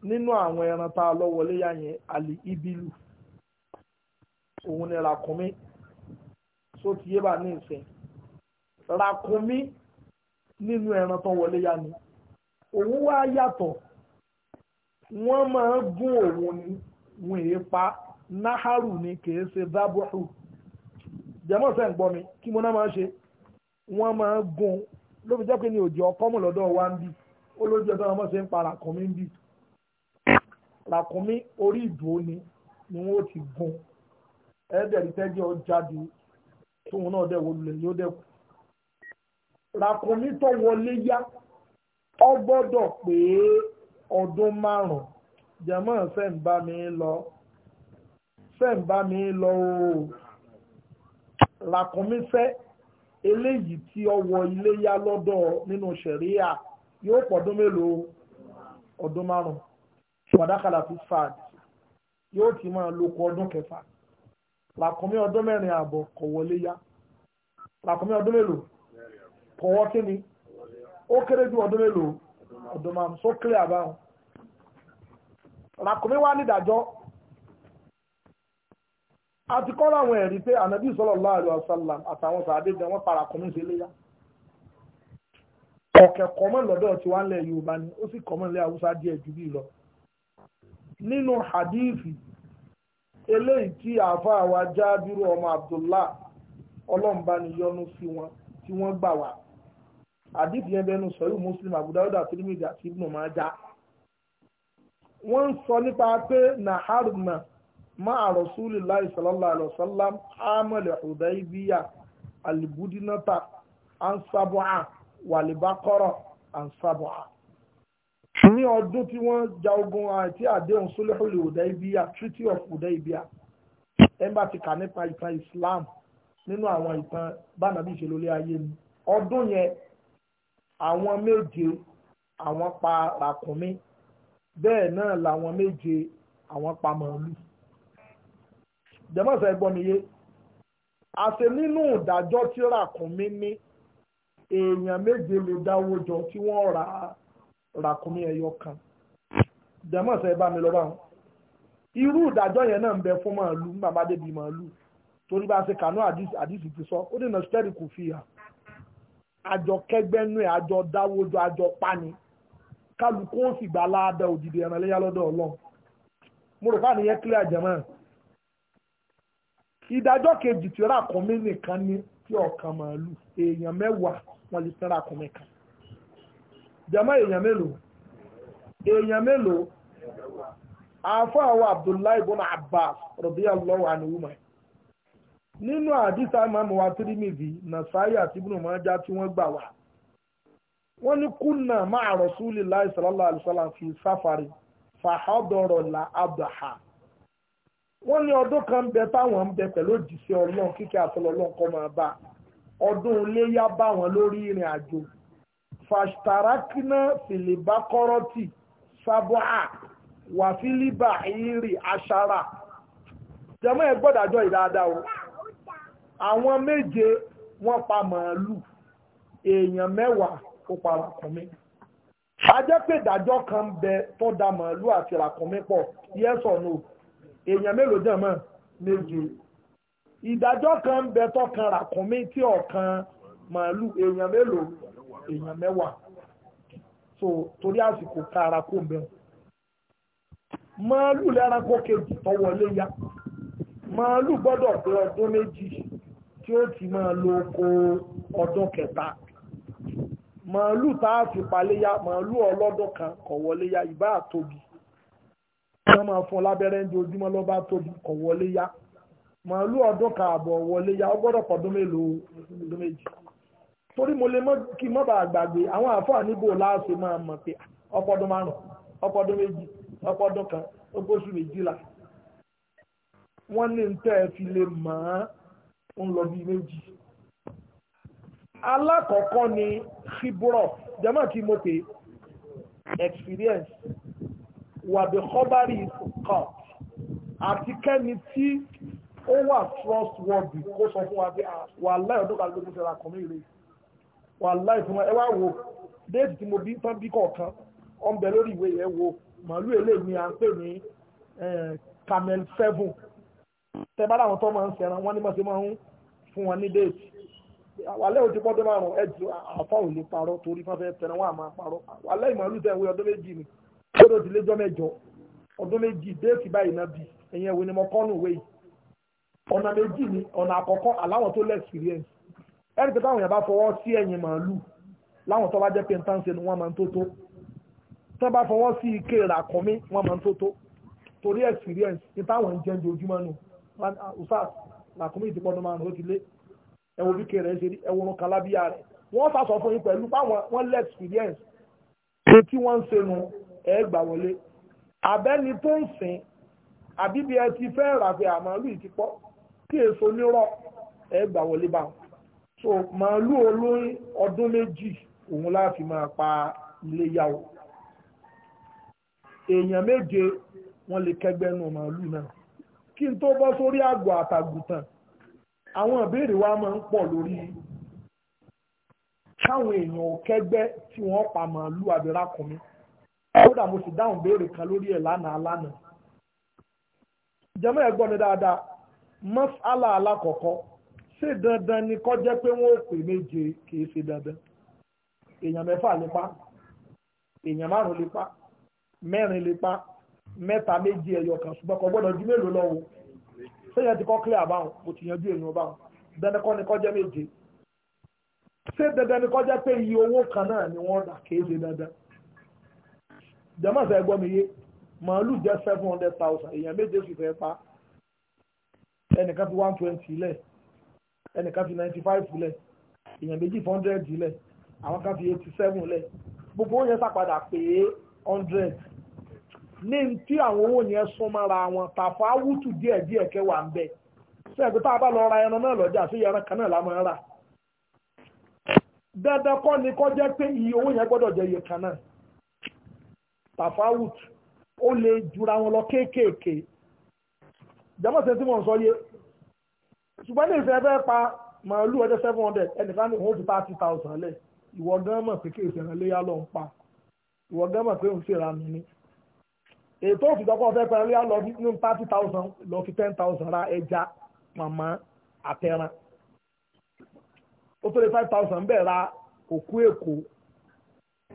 nínú àwọn ẹran tá a lọ wọlé yá yẹn àlè ibilu òun ni ràkúnmí só ti yé bá ní ìsìn ràkúnmí nínú ẹran tó wọlé yá ni òun wá yàtọ̀ wọ́n máa ń gún òun ni wọ́n èé pa náhàrù ni kìí ṣe dábùhù jẹ́mọ́ sẹ́ ń gbọ́ mi kí mo náà máa ṣe wọ́n máa ń gún ló fi jẹ́ pé ní òjò ọkọ́ mọ̀ lọ́dọ̀ wa ń bì ó lójú ọjọ́ ọmọ ṣe ń para kàn ń bì làkúnmí orí ìdúró ni ni wọ́n ti gun ẹ̀ẹ́dẹ̀rì tẹ́jọ́ jáde tóun náà dẹ̀ wọlé yóò dẹ̀ kú. làkúnmí tó wọlé yá ọ gbọ́dọ̀ pé ọdún márùn-ún jẹ̀mọ́ fẹ́ ń bá mi lọ fẹ́ ń bá mi lọ o làkúnmí fẹ́ eléyìí tí ọ wọ iléyá lọ́dọ̀ nínú ṣẹ̀ríà yóò pọ̀dún mélòó ọdún márùn sọ̀dákàlà fi fad yóò ti máa lóko ọdún kẹfà làkúnmí ọdún mẹ́rin ààbọ̀ kò wọlé yá làkúnmí ọdún mélòó kò wọ́ kí ó kéré ju ọdún mélòó ọdún máa so clear àbáwọn làkúnmí wá nídàjọ́ àti kọ́ láwọn ẹ̀rí pé ànábì sallallahu alaihi wasallam àtàwọn sàádé gan wọ́n para kùnmí sí léyà ọ̀kẹ́ lọ́dọ̀ tí lẹ̀ Yorùbá ni ó sì lẹ́ nínú hadithi eléyìí tí awa wa jábírú ọmọ abdullah ọlọ́mbaniyọ́nú sí wọn tí wọ́n gbà wá hadithi yẹn bẹnu sọ̀rọ̀ muslim abudawuda tirimidi àti ibnu maja wọ́n ń sọ nípa pé naharuna máa rasulillahi sallallahu alayhi wa sallam amọ̀lẹ̀ hudaybiya alibudinata ansabu'a walibakọ́rọ̀ ansabu'a. ní ọdún tí wọ́n ja ogun àti ah, àdéhùn sólẹ́hùlù Hudaybiya treaty of Hudaybiya ti kà nípa ìtàn Islam nínú àwọn ìtàn bánàbí ìṣèlólé ayé ni ọdún yẹn àwọn méje àwọn pa ràkúnmí bẹ́ẹ̀ náà làwọn méje àwọn pa màálù jẹ́mọ́sẹ̀ gbọ́ mi yé àṣẹ nínú ìdájọ́ tí ràkúnmí ní èèyàn méje lè dáwó jọ tí wọ́n rà á ràkúnmí ẹyọ kan jẹ́mọ̀ sẹ́ bá mi lọ bá wọn irú ìdájọ́ yẹn náà ń bẹ fún màálù bàbá débi màálù torí bá ṣe kànú àdìsí ti sọ ó dènà stẹ́rì kò fi hàn àjọ kẹgbẹ́nú ẹ̀ àjọ dáwójọ àjọ pani kálukú ó sì gbà láàdá òdìdí ẹran léyà lọ́dọ̀ ọlọ́run mo rò fáwọn ìyẹn kílẹ̀ àjẹmọ́ ìdájọ́ kejì tí ràkúnmí nìkan ní tí ọ̀kan màálù èèyàn mẹ́wàá wọn lè sin ràkúnmí kan jama èèyàn mélòó èèyàn mélòó àáfà àwọn abdullahi ibn abbas radiyallahu anhuma nínú àdìsá mamu wa tirimidi nasaayi àti ibùnú mọ́já tí wọ́n gbà wá wọ́n ní kùnà máa rasulillahi sallallahu alaihi wasallam fi sáfàrí fàhádọ́rọ̀ la abdulha wọ́n ní ọdún kan bẹ táwọn ń bẹ pẹ̀lú òjìṣẹ́ ọlọ́run kíkẹ́ àtọlọ́lọ́run kọ́ máa bá ọdún iléyá bá wọn lórí ìrìn àjò fàṣtàràkínà fìlìbákọ́rọ́tì sábọ́à wàfílíbà ìrì àṣàrà jẹmọ́ ẹ gbọ́dàjọ́ ìdáadáa o àwọn méje wọ́n pa màálù èèyàn mẹ́wàá ó pa ràkúnmí a jẹ́ pé ìdájọ́ kan bẹ tó da màálù àti ràkúnmí pọ̀ yes or no èèyàn mélòó jẹ̀mọ́ méje ìdájọ́ kan bẹ tó kan ràkúnmí tí ọ̀kan màálù èèyàn mélòó èèyàn mẹ́wàá so torí àsìkò ká ara kó bẹ́ẹ̀ màálù lẹ́ranko kejì tó wọlé ya màálù gbọ́dọ̀ pé ọdún méjì tí ó ti máa lo oko ọdún kẹta màálù tá a fi paléyà màálù ọlọ́dún kan kò wọlé ya ìbá àtòbí wọ́n máa fún lábẹ́rẹ́ ní ojúmọ́ lọ́ba tóbi kò wọlé ya màálù ọdún kan àbọ̀ wọlé ya ó gbọ́dọ̀ pọ̀ ọdún mélòó ọdún méjì torí mo lè kí mọ́ bá gbàgbé àwọn àfáà níbo láàṣẹ máa mọ̀ pé ah, ọpọdún márùn ọpọdún méjì ọpọdún kan ogóṣù méjìlá wọ́n ní tẹ́ ẹ fi lè mọ̀ ọ́n ń lọ bí méjì. alákọ̀ọ́kọ́ ni fibro jẹ́mọ̀ kí mo pè experience wàbí kọ́bárì kọ́ àti kẹ́ni tí ó wà trustworthy kó sọ fún wa pé ah, wà láyọ̀ tó kà ló ń sẹ́ra kọ́mí rèé. wà láì fún ẹ wo déètì tí mo bí tán bí kọ̀ọ̀kan ọ̀n bẹ lórí ìwé yẹn wo màálù à ń pè ní camel seven tẹ bá láwọn tó máa ń sẹran wọn ni mo ṣe máa ń fún wọn ní déètì wàlẹ́ òtí márùn parọ́ torí tẹ̀rẹ̀ wọn parọ́ tẹ̀ wé ọdún méjì ti ọdún méjì déètì báyìí náà bì ni mo kọ́ nù wéyìí ẹni pé táwọn èèyàn bá fọwọ́ sí ẹ̀yìn màálù láwọn tó bá jẹ́ pé ń tán ṣe ni wọ́n máa ń tó tó tó bá fọwọ́ sí ike ràkúnmí wọ́n máa ń tó tó torí experience ní táwọn ń jẹ́ ojoojúmọ́ nù usas ràkúnmí ìdìpọ̀ ní márùn ó ti lé ẹwọ bí kéré ṣe rí ẹwọ orun kalábíyà rẹ wọ́n sàsọ fún yín pẹ̀lú báwọn wọ́n lé experience tí wọ́n ń ṣe nu ẹ̀ gbà wọlé àbẹ́ni tó ń sìn àbíbi ẹ ti fẹ́ ràpẹ́ àmọ́ lù ìtìpọ̀ kí èso nírọ̀ ẹ̀ gbà wọlé báwọn so màálù olóyún ọdún méjì òun láti máa pa ilé yàwó? èèyàn méje wọn lè kẹgbẹ́nu màálù náà kí n tó bọ́ sórí àgbò àtàgùtàn àwọn ìbéèrè wa máa ń pọ̀ lórí káwọn èèyàn ò kẹgbẹ́ tí wọ́n pa màálù àbẹ̀rákùnmí kódà mo sì dáhùn béèrè kan lórí ẹ̀ lánàá lánàá jẹ́mọ́ ẹ̀ gbọ́ mi dáadáa mọ́sálà alákọ̀ọ́kọ́ ṣé dandan ni kọ́ jẹ́ pé wọ́n ò pè méje kì í ṣe dandan èèyàn mẹ́fà lè pa èèyàn márùn lè pa mẹ́rin lè pa mẹ́ta méjì ẹ̀yọ kan ṣùgbọ́n kò gbọ́dọ̀ ju mélòó lọ́wọ́ sẹ́yìn ti kọ́ clear báwọn kò ti yanjú èèyàn báwọn dandan kọ́ ni kọ́ jẹ́ méje ṣé dandan ni kọ́ jẹ́ pé iye owó kan náà ni wọ́n dà kì ṣe dandan jẹ́mọ̀ sẹ́ mi yé màálù jẹ́ seven hundred thousand èèyàn méje sì fẹ́ pa ẹnìkan fi one twenty lẹ́ẹ̀ ẹnìkan fi ninety five lẹ̀ èèyàn méjì fi hundred lẹ̀ àwọn kan fi eighty seven lẹ̀ gbogbo owó yẹn sàpadà pé hundred ní tí àwọn owó yẹn sún mọ́ra wọn tàfà wútù díẹ̀díẹ̀ kẹwàá ń bẹ sẹ́ẹ̀kú tá a bá lọ ra ẹran náà lọ́jà sí ẹran kan náà la máa rà dandan kọ́ ni kọ́ jẹ́ pé iye owó yẹn gbọ́dọ̀ jẹ́ iye kan náà tàfáwùt ó lè jura wọn lọ kéékèèké jẹ́mọ̀ sẹ́ńtì mọ̀ ń sọ yé ṣùgbọ́n ní ìfẹ́ fẹ́ pa màálù ọjọ́ seven hundred ẹnìkan ní òun ti thirty thousand lẹ̀ ìwọ gan mọ̀ pé kí ìṣẹ̀rẹ̀ léyà lọ ń pa ìwọ gan mọ̀ pé òun ṣèrà mi ni ètò òfìdọ́kọ̀ fẹ́ pẹ̀lú léyà lọ ní thirty thousand lọ fi ten thousand ra ẹja màmá àtẹran ó tó lè five thousand bẹ́ẹ̀ ra òkú èkó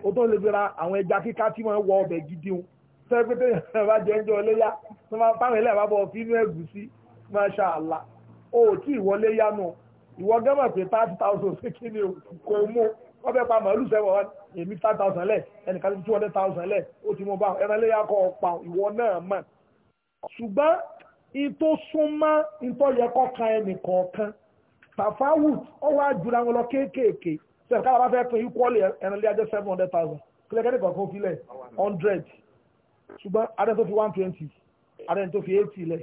ó tó lè fi ra àwọn ẹja kíká tí wọ́n wọ ọbẹ̀ gidi o sẹ́pẹ́tẹ́ yẹn bá jẹ́ ẹjọ́ léyà táwọn ẹlẹ́yà bá bọ̀ fínú ẹ̀gúsí máṣá Allah o ò tí ìwọlé yánu ìwọ gẹ́mọ̀ pé thirty thousand ṣé kí ni kò mú wọ́n fẹ́ pa màálù sẹ́wọ̀n wọn èmi five thousand lẹ̀ ẹnìkan tó two hundred thousand lẹ̀ ó ti mú bá ẹran lé yakọ̀ ọ̀pá ìwọ náà mọ̀ ṣùgbọ́n ìtò súnmọ́ ìtò yẹ kọ́ kan ẹnìkọ̀ọ̀kan tàfáwùt ọwọ́ àjùlá wọn lọ kéékèèké ṣe káwọn bá fẹ́ pin equally ẹran lé ajẹ́ seven hundred thousand kílẹ̀ kẹ́ni kọ̀ọ̀kan fi lẹ̀ hundred ṣùgbọ́n adẹ́n tó fi one twenty adẹ́n tó fi eighty lẹ̀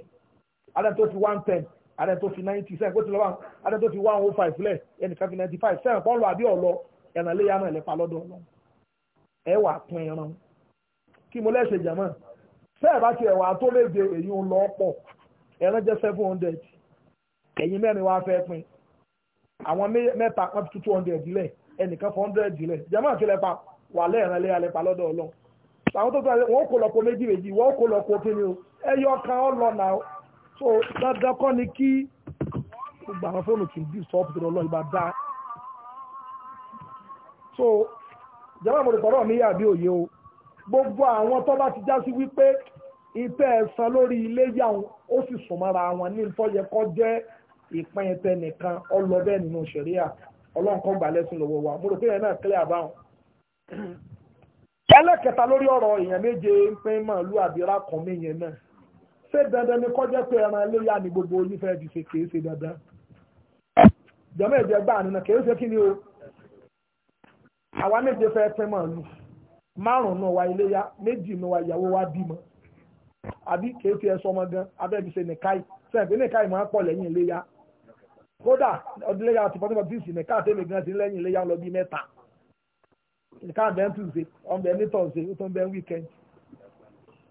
adẹ́n tó fi one ten ààrẹ tó fi ninety sẹ́yìn kó ti lọ́wọ́ ààrẹ tó fi one oh five lẹ̀ ẹnìkan fi ninety five sẹ́yìn pọ́ńlọ àbí ọ̀lọ́ ẹ̀ràn léyà náà lẹ́pa lọ́dọ̀ ọlọ́run ẹ wà pín ẹran kí mo lẹ́sẹ̀ jàmọ́ sẹ́yìn bá ti ẹ̀wà tó léde èyí ń lọ pọ̀ ẹran jẹ́ seven hundred ẹ̀yin mẹ́rin wá fẹ́ pín àwọn mẹ́ta kan fi two hundred lẹ̀ ẹnìkan four hundred lẹ̀ jàmọ́ àti lẹ́pa wà lẹ́ẹ̀ràn léyà lẹ́pa lọ́dọ̀ ọlọ́run àwọn tó tó wọn kò lọ́kọ méjì méjì wọn kò lọ́kọ kíni o ẹyọ kan ọ lọ nà so dandan kọ́ ni kí gbogbo àwọn fóònù kì í bí sọ́ọ̀pù tó lọ ìbá dá so jẹ́wọ́n mo lè tọ́rọ̀ mi yàbí òye o gbogbo àwọn tó bá ti já sí wípé ìtẹ́ ẹ̀sán lórí ilé yà ó sì sùn mọ́ra wọn ní ìtọ́jẹ kọ́ jẹ́ ìpín ẹ̀tẹ́ nìkan ọlọ́bẹ̀ nínú ṣẹ̀ríà ọlọ́nkọ́ gbà lẹ́sìn lọ́wọ́ wa mo rò pé yẹn náà kílẹ̀ àbáwọn. ẹlẹ́kẹta lórí ọ̀rọ̀ èèyàn méje ń pín màálù àbí rákùnmí yẹn náà ṣé dandan ni kọjá pé ẹran iléyà ni gbogbo onífẹ́ ti ṣe kìí ṣe dandan jọmọ èdè ẹgbà àná kìí ṣe kí ni o àwa méje fẹ́ pín mọ̀ lù márùn-ún wa iléyà méjì wa ìyàwó wa bímọ àbí kìí ṣe ẹsọ ọmọ gan abẹ́bí ṣe nìkáì sẹ́ǹtì nìkáì máa ń pọ̀ lẹ́yìn iléyà kódà ọdún iléyà ti pọ́tí pọ́tí sí nìkáà tẹ́lẹ̀ gan ti lẹ́yìn iléyà lọ bí mẹ́ta nìkáà bẹ́ẹ̀ tún ṣe ọmọ ẹ̀ nítọ̀ ṣe ó tún bẹ́ẹ̀ wíkẹ́ndì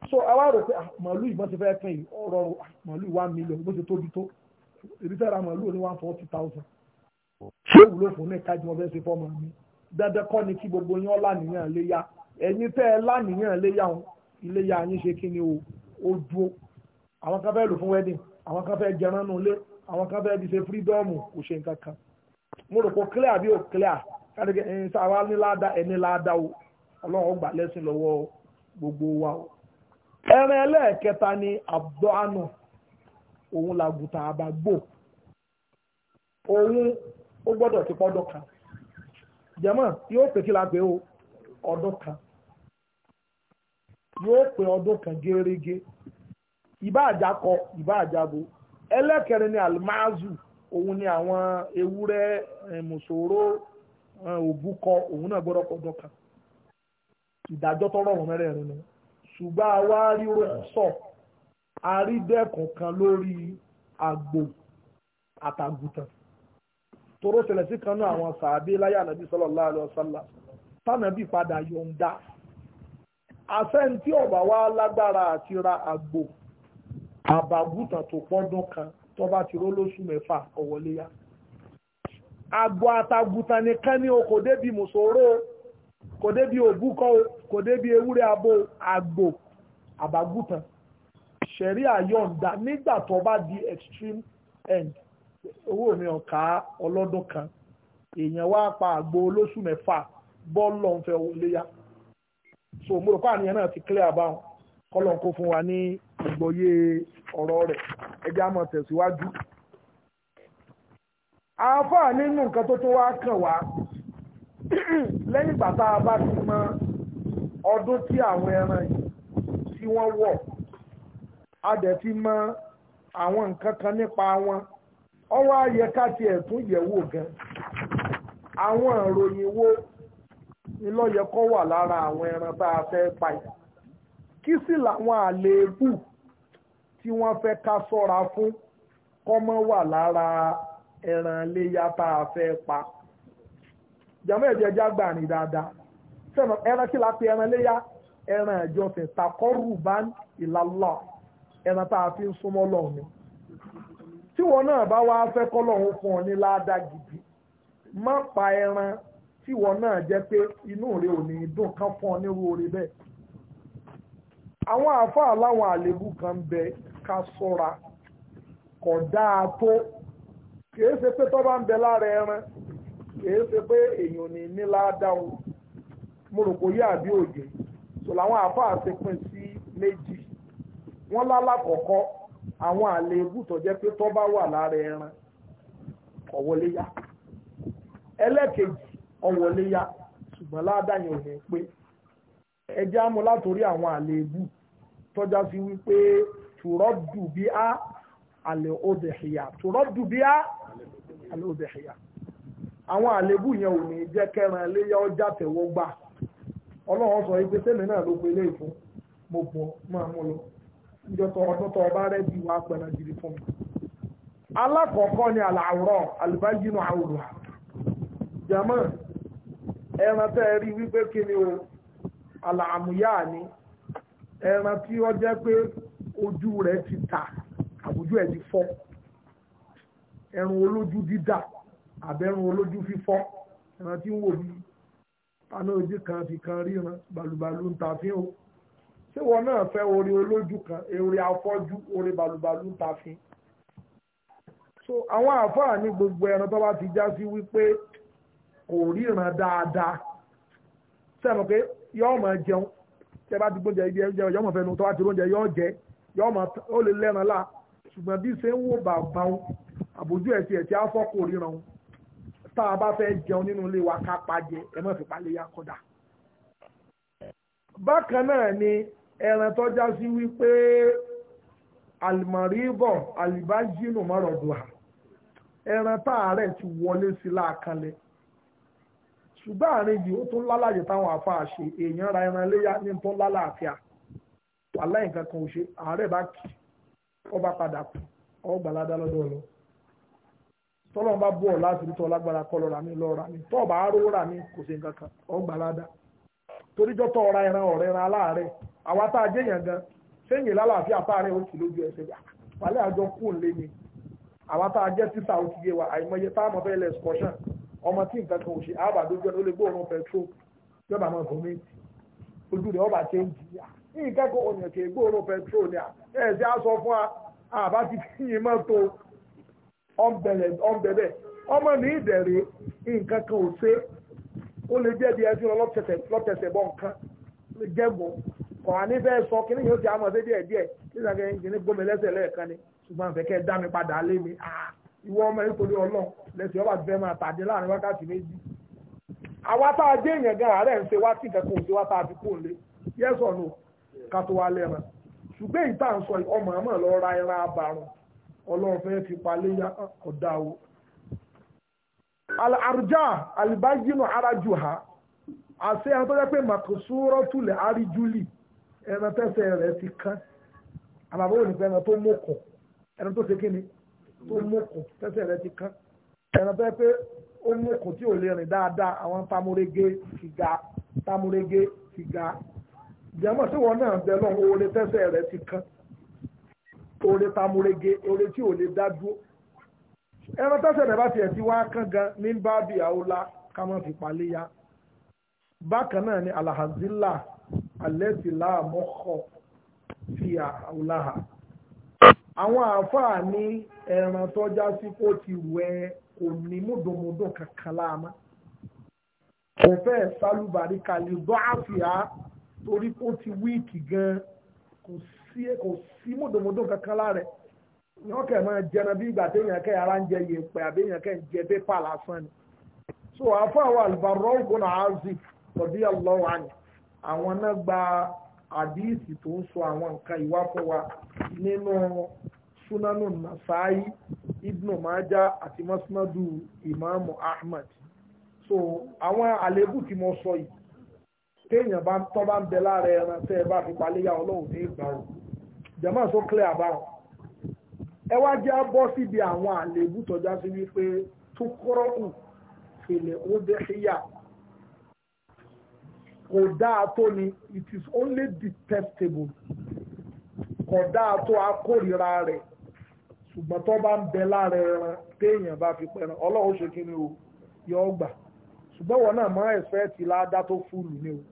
so àwa rò pé ah, màálù ìbọn ti fẹ́ pín in ọ̀rọ̀ ah, màálù one million bó ti tóbi tó èmi fẹ́ ra màálù ní one forty thousand ṣé ìwúlò fún ní kájú wọn fẹ́ ṣe fọ́ màálù dandan kọ́ ni kí gbogbo yín ọ̀làníyàn lè yá ẹ̀yin tẹ́ ẹ lánìyàn lè yá wọn ilé yá yín ṣe kí ni o ó dúró àwọn kan fẹ́ lò fún wedding àwọn kan fẹ́ jẹran nù lé àwọn kan fẹ́ di ṣe fírídọ́ọ̀mù kò ṣe nǹkan kan mo rò pé clear bí ò clear káàdì ẹ̀yin sáà wá ní láàdá ẹni láàdá o gbogbo wa o. ẹran ẹlẹ́ẹ̀kẹta ni abdulhanu òun làgùtà àbágbò òun ó gbọ́dọ̀ ti pọ́dọ̀ kan jẹ́mọ́ yóò pè kí la pé o ọdún kan yóò pè ọdún kan gẹ́rẹ́gẹ́ ìbá ìbá ni alimazu òun ni àwọn ewúrẹ́ eh, mùsòrò eh, òbúkọ òun náà gbọ́dọ̀ pọ́dọ̀ kan ìdájọ́ ọ̀hún ni ṣùgbọ́n àwa ríro sọ àrídẹ́kùn kan lórí àgbò àtàgùtàn toró ṣẹlẹ̀ sí kan náà àwọn sàábé láyé ànábì sallallahu alaihi wasallam tánàbí padà yọ̀ǹda àfẹ́ntí ọ̀bà wa lágbára àti ra àgbò àbàgùtàn tó pọ́dún kan tó bá ti ró lóṣù mẹ́fà ọ̀wọ́léyà àgbò àtàgùtàn nìkan ni o kò débi mùsòrò kò débi òbúkọ o kò débi ewúrẹ́ abo àgbò àbágùtàn ṣẹ̀rí àyọ̀ǹda nígbà tó bá di extreme end owó mi ọ̀ka ọlọ́dún kan èèyàn wá pa àgbò olóṣù mẹ́fà bọ́ọ̀lù ọ̀nfẹ́ léyà so mo rò pé àníyàn náà ti clear báwọn kọ́lọ̀ kó fún wa ní ìgbòye ọ̀rọ̀ rẹ̀ ẹjẹ́ àmọ́ tẹ̀síwájú. àáfàá nínú nǹkan tó tún wá kàn wá (clears throat) lẹ́yìn ìgbà tá a bá ti mọ ọdún tí àwọn ẹran yìí tí wọ́n wọ̀ a dẹ̀ ti mọ àwọn nǹkan kan nípa wọn ọwọ́ ayẹ ká tiẹ̀ tún yẹ̀wò gan àwọn ìròyìn wo ni lọ́yẹ kọ́ wà lára àwọn ẹran bá a fẹ́ pa yìí kí sì làwọn àléébù tí wọ́n fẹ́ ká sọ́ra fún kọ́mọ́ wà lára ẹran léyà tá a fẹ́ pa jàmọ́ ẹ̀jẹ̀ jágbà ní dáadáa sẹ́nu ẹran kí la pe ẹran léyà ẹran ìjọsìn takọ́rù bá ẹran tá a fi ń súnmọ́ lọ́hùn ni tí wọn náà bá wá fẹ́ kọ́ lọ́hùn fún ọ ní gidi má pa ẹran tí wọn náà jẹ́ pé inú rẹ ò ní dùn kán fún ọ nírú bẹ́ẹ̀ kan bẹ ká ṣọ́ra kò dáa tó kìí ṣe pé bá ń bẹ lára ẹran ṣe pé mo rò kó yé àbí òye so làwọn àáfàá ti pín sí méjì wọ́n lálàkọ̀ọ́kọ́ àwọn àléébù tó jẹ́ pé tó bá wà lára ẹran ọ̀wọ́léyá ẹlẹ́kejì ọ̀wọ́léyá ṣùgbọ́n ládàáyàn ò ní pé ẹjẹ́ àmọ́ látòrí àwọn àléébù tọ́já sí wípé tùrọ́dù bí á àlè òdèhìyà tùrọ́dù bí á àlè òdèhìyà àwọn àléébù yẹn ò ní jẹ́ kẹran léyà ọjà tẹ̀wọ́ gbà ọlọ́run sọ ipe sẹ́mi náà ló pe eléyìí mo bọ̀ máa mú lọ ọba rẹ bí wa pẹ̀lú fún mi. alákọ̀ọ́kọ́ ni àlàwòrán àlùbájínú àwòrán jama ẹran tẹ́ ẹ rí wípé kí ni o ala ni ẹran tí ó jẹ́ pé ojú rẹ ti ta àbújú ti ẹran olójú dídà olójú ẹran tí ń àná ojú kan fi kan ríran balùbalù ń ta fi o ṣé wọn náà fẹ́ orí olójú kan eré afọ́jú orí balùbalù ń ta fi. so àwọn àfáà ní gbogbo ẹran tó bá ti já sí wípé kò ríran dáadáa sẹ́nu pé yọ́ọ́ máa jẹun tẹ́ bá ti gbóúnjẹ ibi ẹ̀jẹ̀ yọ́ọ́ máa fẹnu tó bá ti róúnjẹ yọ́ọ́ jẹ yọ́ọ́ máa ó lè lẹ́ran láà ṣùgbọ́n bí ṣe ń wò bàbá wọn àbójú ẹ̀ tiẹ̀ tí á fọ́ kò ríran wọn tá a bá fẹ́ jẹun nínú ilé wa ká pàjẹ ẹ má fi palẹ̀ yá kọ́dà. bákan náà ni ẹran tó já sí wípé alimọ̀rìbọ̀ alibájínù mọ́rọ̀dùà ẹran táàárẹ̀ ti wọlé sí láàkànlẹ̀ ṣùgbọ́n àárín yìí ó tún lálàyé táwọn àfáà ṣe èèyàn ra ẹran léyà ní tó lálàáfíà wàhálà nǹkan kan ò ṣe àárẹ̀ bá kì ọba padà kù ọgbàládá lọ́dọ̀ ọlọ́ọ̀ tọ́lọ́ bá bú ọ láti rí tọ́ lágbára kọ́ lọ́ra mi lọ́ra mi tọ́ bá rówó rà mí kò sí nǹkan kan ọgbà ládà toríjọ́ tọ́ ọ̀ra ẹran ọ̀rẹ́ ran aláàárẹ̀ àwa tá a jẹ́ yàn gan sẹ́yìn lálàáfíà fáàrẹ̀ ó sì lójú ẹsẹ̀ ah, àjọ kù ń lé ni àwa tá a jẹ́ títà ó ti yé wa àìmọye ọmọ tí nǹkan kan ò ṣe àbá lójú lè gbóòórùn ọ̀nbẹ̀bẹ̀ ọmọ ní ìdẹ̀rẹ̀ nǹkan kan ò ṣe ó lè jẹ́ bí ẹjú lọ́tẹ̀sẹ̀ bọ́ nǹkan lè jẹ́gbọ́ kọ̀ á sọ kí níyàn ó ti àmọ́ ṣe díẹ̀ díẹ̀ nígbà kí ẹni gbómi lẹ́sẹ̀ lẹ́ẹ̀kan ni ṣùgbọ́n àfẹ́ dá mi padà lé mi ìwọ ọmọ lẹ́sẹ̀ ọba ti fẹ́ máa tàdé láàrin wákàtí méjì àwa tá a gan ń ṣe wá sí wá fi kó lé nù wá ọlọ́run fẹ́ fi paléyà ọ̀dà o. àrùjá àlìbájínú arájú ha àṣẹ ẹran tó jẹ́ pé màkòsúrọ́ tulẹ̀ àríjúlì ẹran tẹ́sẹ̀ rẹ̀ ti kán àbàbọ̀ òní pé ẹran tó mọ̀kọ̀ ẹran tó ṣe kí ni tó mọ̀kọ̀ tẹ́sẹ̀ rẹ̀ ti kán ẹran tó jẹ́ pé ó mọ̀kọ̀ tí ò lè rìn dáadáa àwọn tamurege fìgà tamurege fìgà jẹ́mọ̀ sí wọn náà bẹ̀ lọ́wọ́ oore tẹ́sẹ̀ rẹ̀ ti kán oore tamurege oore tí ò lè dá dúró ẹran tọ́sẹ̀ rẹ̀ bá tiẹ̀ ti wá kán gan ní bábí àwòlá ká má fi paléyà bákan náà ni alahazila alẹ́tìlá mọ́kọ́ fi àwòlá ha àwọn àáfàá ní ẹran tọ́já sí kó ti wẹ̀ kò ní múdùnmúdùn kankan láàmú kò fẹ́ sálúbàrí kalẹ̀ dọ́ àfìá torí kó ti wíìkì gan kò sí kò sí sí mọ̀dọ̀mọ̀dọ̀ kankan lára yàn kẹ́ máa jẹran bí ìgbà téèyàn kẹ́ ara ń jẹ yèèpẹ̀ àbí èèyàn kẹ́ ń jẹ pépà lásán ni. so àfa àwọn àlùbárọ̀ ògùn àázì tọ́bí ọlọ́wà ni àwọn náà gba àdíìsì tó ń sọ àwọn nǹkan ìwá wa nínú súnánù nàṣáyí ibnu maja àti masnadu ìmáàmù Ahmed. so àwọn àléébù tí mo sọ yìí téèyàn bá tọ́ bá ń bẹ lára ẹran tẹ́ ẹ bá fi paléyà ọlọ́run ní ìgbà òkú jama so clear about ẹ wá jẹ́ bọ́ síbi àwọn àlèébù tọ́já sí wípé tó kọ́rọ́ kù fèlè ó dé síyà kò dáa tó ni it is only detestable kò dáa tó akórira rẹ̀ ṣùgbọ́n tó bá ń bẹ lára ẹran téèyàn bá fi pẹ̀ràn ọlọ́run ṣe kí ni o yọ ọgbà ṣùgbọ́n wọn náà máa ẹ̀fẹ́ ti ládá tó fúlù ni o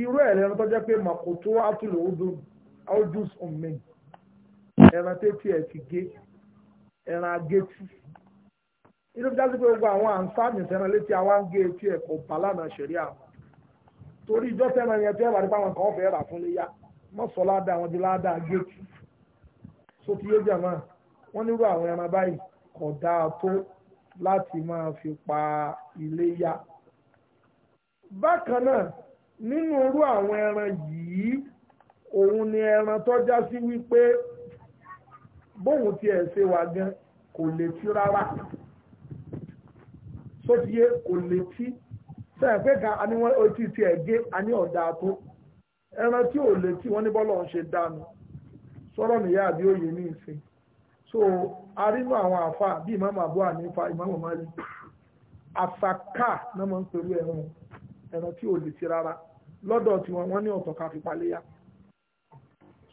irú ẹ̀rẹ́ ẹran tó jẹ́ pé màkò tó ó dùn aldous omen ẹran tẹ́tí ẹ̀ ti gé ẹran agétí inú fíjá sí pé gbogbo àwọn àǹfààní ìfẹ́ràn létí àwa ń gé etí ẹ̀ kò bá lánà ṣẹ̀rí àwọn torí ìjọ sẹ́ran yẹn tí ẹ bá nípa àwọn kan fẹ́ rà fún léyà mọ́sọ̀ ládàá àwọn di ládàá agétí tó ti yé jàmá wọ́n nírú àwọn ẹran báyìí kò dáa tó láti máa fi pa iléyà bákan náà nínú irú àwọn ẹran yìí òun ni ẹran tó já sí wípé bóun ti ẹ̀ ṣe gan kò lè tí rárá sótìyé kò lè tí sẹ́yìn pé kan aníwọ́n etí ti ẹ̀ gé aní ọ̀dà tó ẹran tí ò lè tí wọ́n ní bọ́lọ̀ ń ṣe dànù sọ̀rọ̀ nìyá àbí òye ní ìsìn so arínú àwọn àfa bí ìmáàmù àbúrò ànífà ìmáàmù mọ́lì àfàkà náà máa ń pẹ̀lú ẹran ẹran tí ò lè tí rárá lọ́dọ̀ tiwọn wọ́n ní ọ̀tọ̀ ká fi paléyà.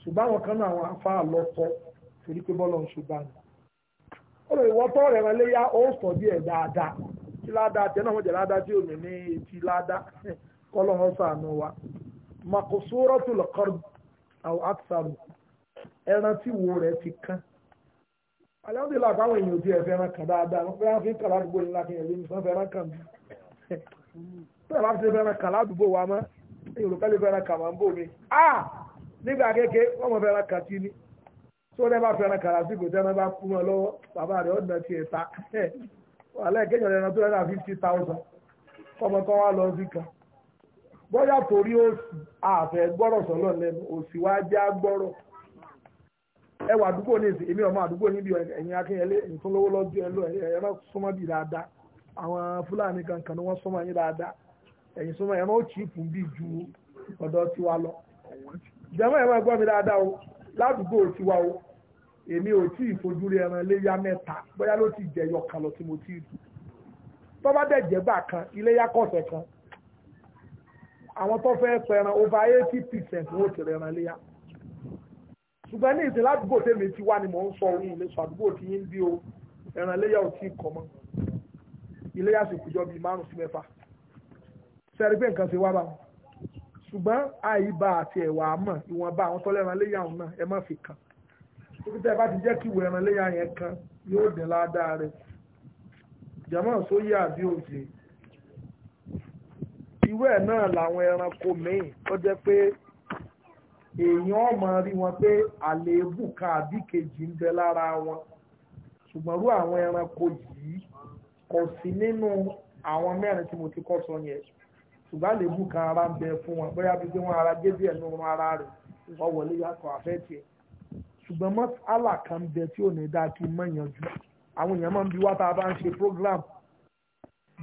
ṣùgbọ́n àwọn kan náà àwọn afá lọ́kọ́ torí pé bọ́lọ̀ ń ṣùgbọ́n ni. ó lè wọ́n tọ́ rẹ̀ wọn léyà ó sọ bí ẹ̀ dáadáa tí ládàá tẹ́ náà wọ́n jẹ́ ládàá tí ò ní ní etí ládàá (laughs) kọ́lọ̀ wọn sànù wa. màkòsóró tó lọ kọ́rù àwọn àtàrù ẹran tí wo rẹ̀ ti kán. aláǹdílà àbáwọn èèyàn ti ẹ̀fẹ́ ẹran kan dáadáa wọ́n fẹ́ràn fi ń kà ládùúgbò lá kí ẹ̀rí mi sàn fẹ́ràn kan (laughs) bí. tẹ́lá ti fẹ́ràn kà ládùúgbò wa mọ́ èèyàn nígbà kékeré wọ́n mọ̀ fẹ́ràn kàtí ni tí wọ́n bá fẹ́ràn kàrà sí kò tẹ́lẹ̀ bá kú wọn lọ́wọ́ bàbá rẹ̀ ọ̀dà tiẹ̀ ta (laughs) wàhálà tó kọ́mọ lọ sí kan bóyá torí òsì àfẹ́ gbọ́rọ̀ sọ́lọ̀ lẹ́nu òsì wá já gbọ́rọ̀ ẹ wà àdúgbò ní èmi ọmọ àdúgbò níbi ẹ̀yìn akínyẹlé jẹ́mọ́ ẹ̀ máa gbọ́ mi dáadáa o ládùúgbò ti wá o èmi ò tí ì fojúrí ẹran iléyá mẹ́ta bóyá ló ti jẹyọ kan lọ tí mo ti dù tó bá dẹ̀ jẹ́ gbà kan iléyá kọ̀ọ̀sẹ̀ kan àwọn tó fẹ́ pẹran over eighty percent wọ́n ti rẹran iléyá ṣùgbọ́n ní ìsìn ládùúgbò tèmi ti wá ni mò ń sọ orí ilé sọ àdúgbò tí yín bí o ẹran iléyá ò tí ì kọ́ mọ́ iléyá sì kújọ bíi márùn-ún sí mẹ́fà sẹ́rí pé nǹkan ti wá báwọn ṣùgbọ́n àìbá àti ẹ̀wà àmọ̀ ìwọ̀nba àwọn tọ́lẹ́ran léyà òun náà ẹ má fi kàn tóbi tẹ́ ẹ bá ti jẹ́ kí ìwé ẹran léyà yẹn kan yóò dín ládàá rẹ̀ jẹ́mọ́ sóyè àbí òjè ìwé ẹ̀ náà làwọn ẹranko míì tó jẹ́ pé èèyàn ọmọ rí wọn pé àléébù kan àbí kejì ń bẹ lára wọn ṣùgbọ́n rú àwọn ẹranko yìí kò sí nínú àwọn mẹ́rin tí mo ti kọ́ sọ yẹn ṣùgbọ́n àlébù kan ara ń bẹ fún wọn bóyá bíi pé wọ́n ara gé díẹ̀ nínú ara rẹ̀ wọ́n wọlé yàtọ̀ àfẹ́ tiẹ̀ ṣùgbọ́n mọ́sálà kan bẹ tí ò ní dáa kí n mọ̀ yanjú àwọn èèyàn máa ń bi wá tá a bá ń ṣe program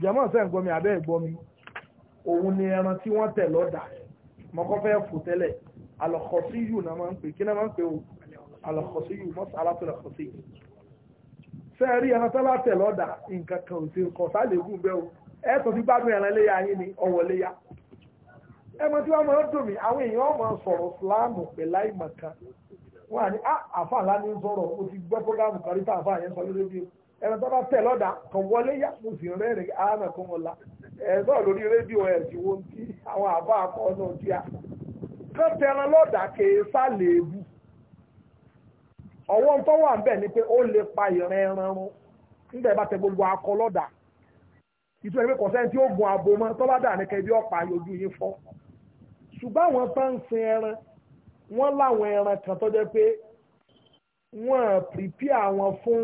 jẹ́mọ̀ sẹ́ ń gbọ́ mi àbẹ́ ìgbọ́ mi òun ni ẹran tí wọ́n tẹ̀ lọ́dà mọ́kọ́ fẹ́ fò tẹ́lẹ̀ alọ́kọ̀síyù náà máa ń pè kí náà máa ń pè o alọ́kọ̀síyù mọ́sálà tó lọ́kọ̀síyù tẹ̀ lọ́dà nǹkan kan ò e tó fi gbádùn ẹran ni ọwọ́ léyà ẹmọ tí wọ́n máa dùn mí àwọn èèyàn máa sọ̀rọ̀ síláàmù pẹ̀lá ìmọ̀ wọ́n á ní ah, àfa ńlá sọ̀rọ̀ o ti gbọ́ fọ́gáàmù kárí tá yẹn sọ lórí rédíò tó bá tẹ̀ lọ́dà wọlé mo sì wọn la lórí rédíò ẹ̀ ti wo ti àwọn akọ náà tẹ gbogbo akọ ìtura ẹgbẹ́ kọ̀ọ̀sẹ́ tí ó gun abo mọ́ tọ́lá dà ní kẹbí ọ̀pá ojú yín fọ́ ṣùgbọ́n àwọn tó ń sin ẹran wọ́n láwọn ẹran kan tó jẹ́ pé wọ́n pìpìà wọn fún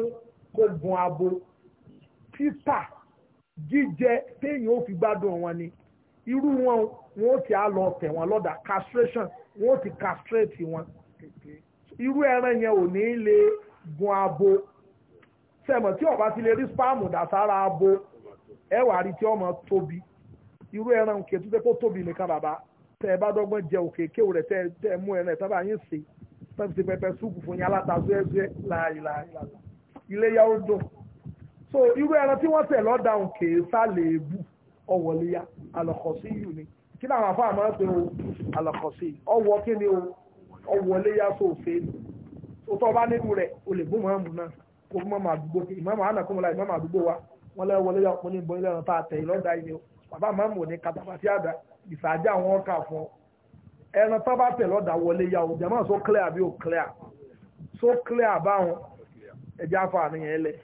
kó gun abo títà jíjẹ téèyàn ó fi gbádùn wọn ni irú wọn wọn ó ti á lọ tẹ̀ wọn lọ́dà castration wọn ó ti castrate wọn irú ẹran yẹn ò ní lè gun abo sẹ̀mọ̀ tí ọba ti lè rí spam dà sára abo ẹ wà á rí tí ọmọ tóbi irú ẹran òkè tó tẹ́ kó tóbi nìkan bàbá tẹ́ ẹ bá dọ́gbọ́n jẹ òkè kéwù rẹ̀ tẹ́ ẹ mú ẹran ẹ̀ sábà yín sè tẹ́ fi pẹpẹ súùkù fún yín aláta zúẹ́zúẹ́ láìláìlá iléyà ó dùn so irú ẹran tí wọ́n tẹ̀ lọ́dà òkè sálẹ̀ èbù ọ̀wọ̀léyà àlọ́kọ̀sí yìí ni kí làwọn afọ àmọ́ pé o àlọ́kọ̀sí ọwọ́ kí ni o ọ̀wọ̀léyà sófin tó tọ́ bá nínú rẹ̀ o lè bú mọ́ àmú náà kó mọ́ wa wọ́n lẹ́wọ́ wọlé yà ọ̀pọ̀ ní ìbọn ilé ọ̀nà tá a tẹ̀ lọ́dà yìí o bàbá máa ń mọ̀ ní katapati àdá ìsàjà wọn kà fún ọ ẹran tó bá tẹ̀ lọ́dà wọlé yà o jẹ̀mọ́ so clear àbí o clear so clear báwọn ẹ̀jẹ̀ afọ àníyàn lẹ̀.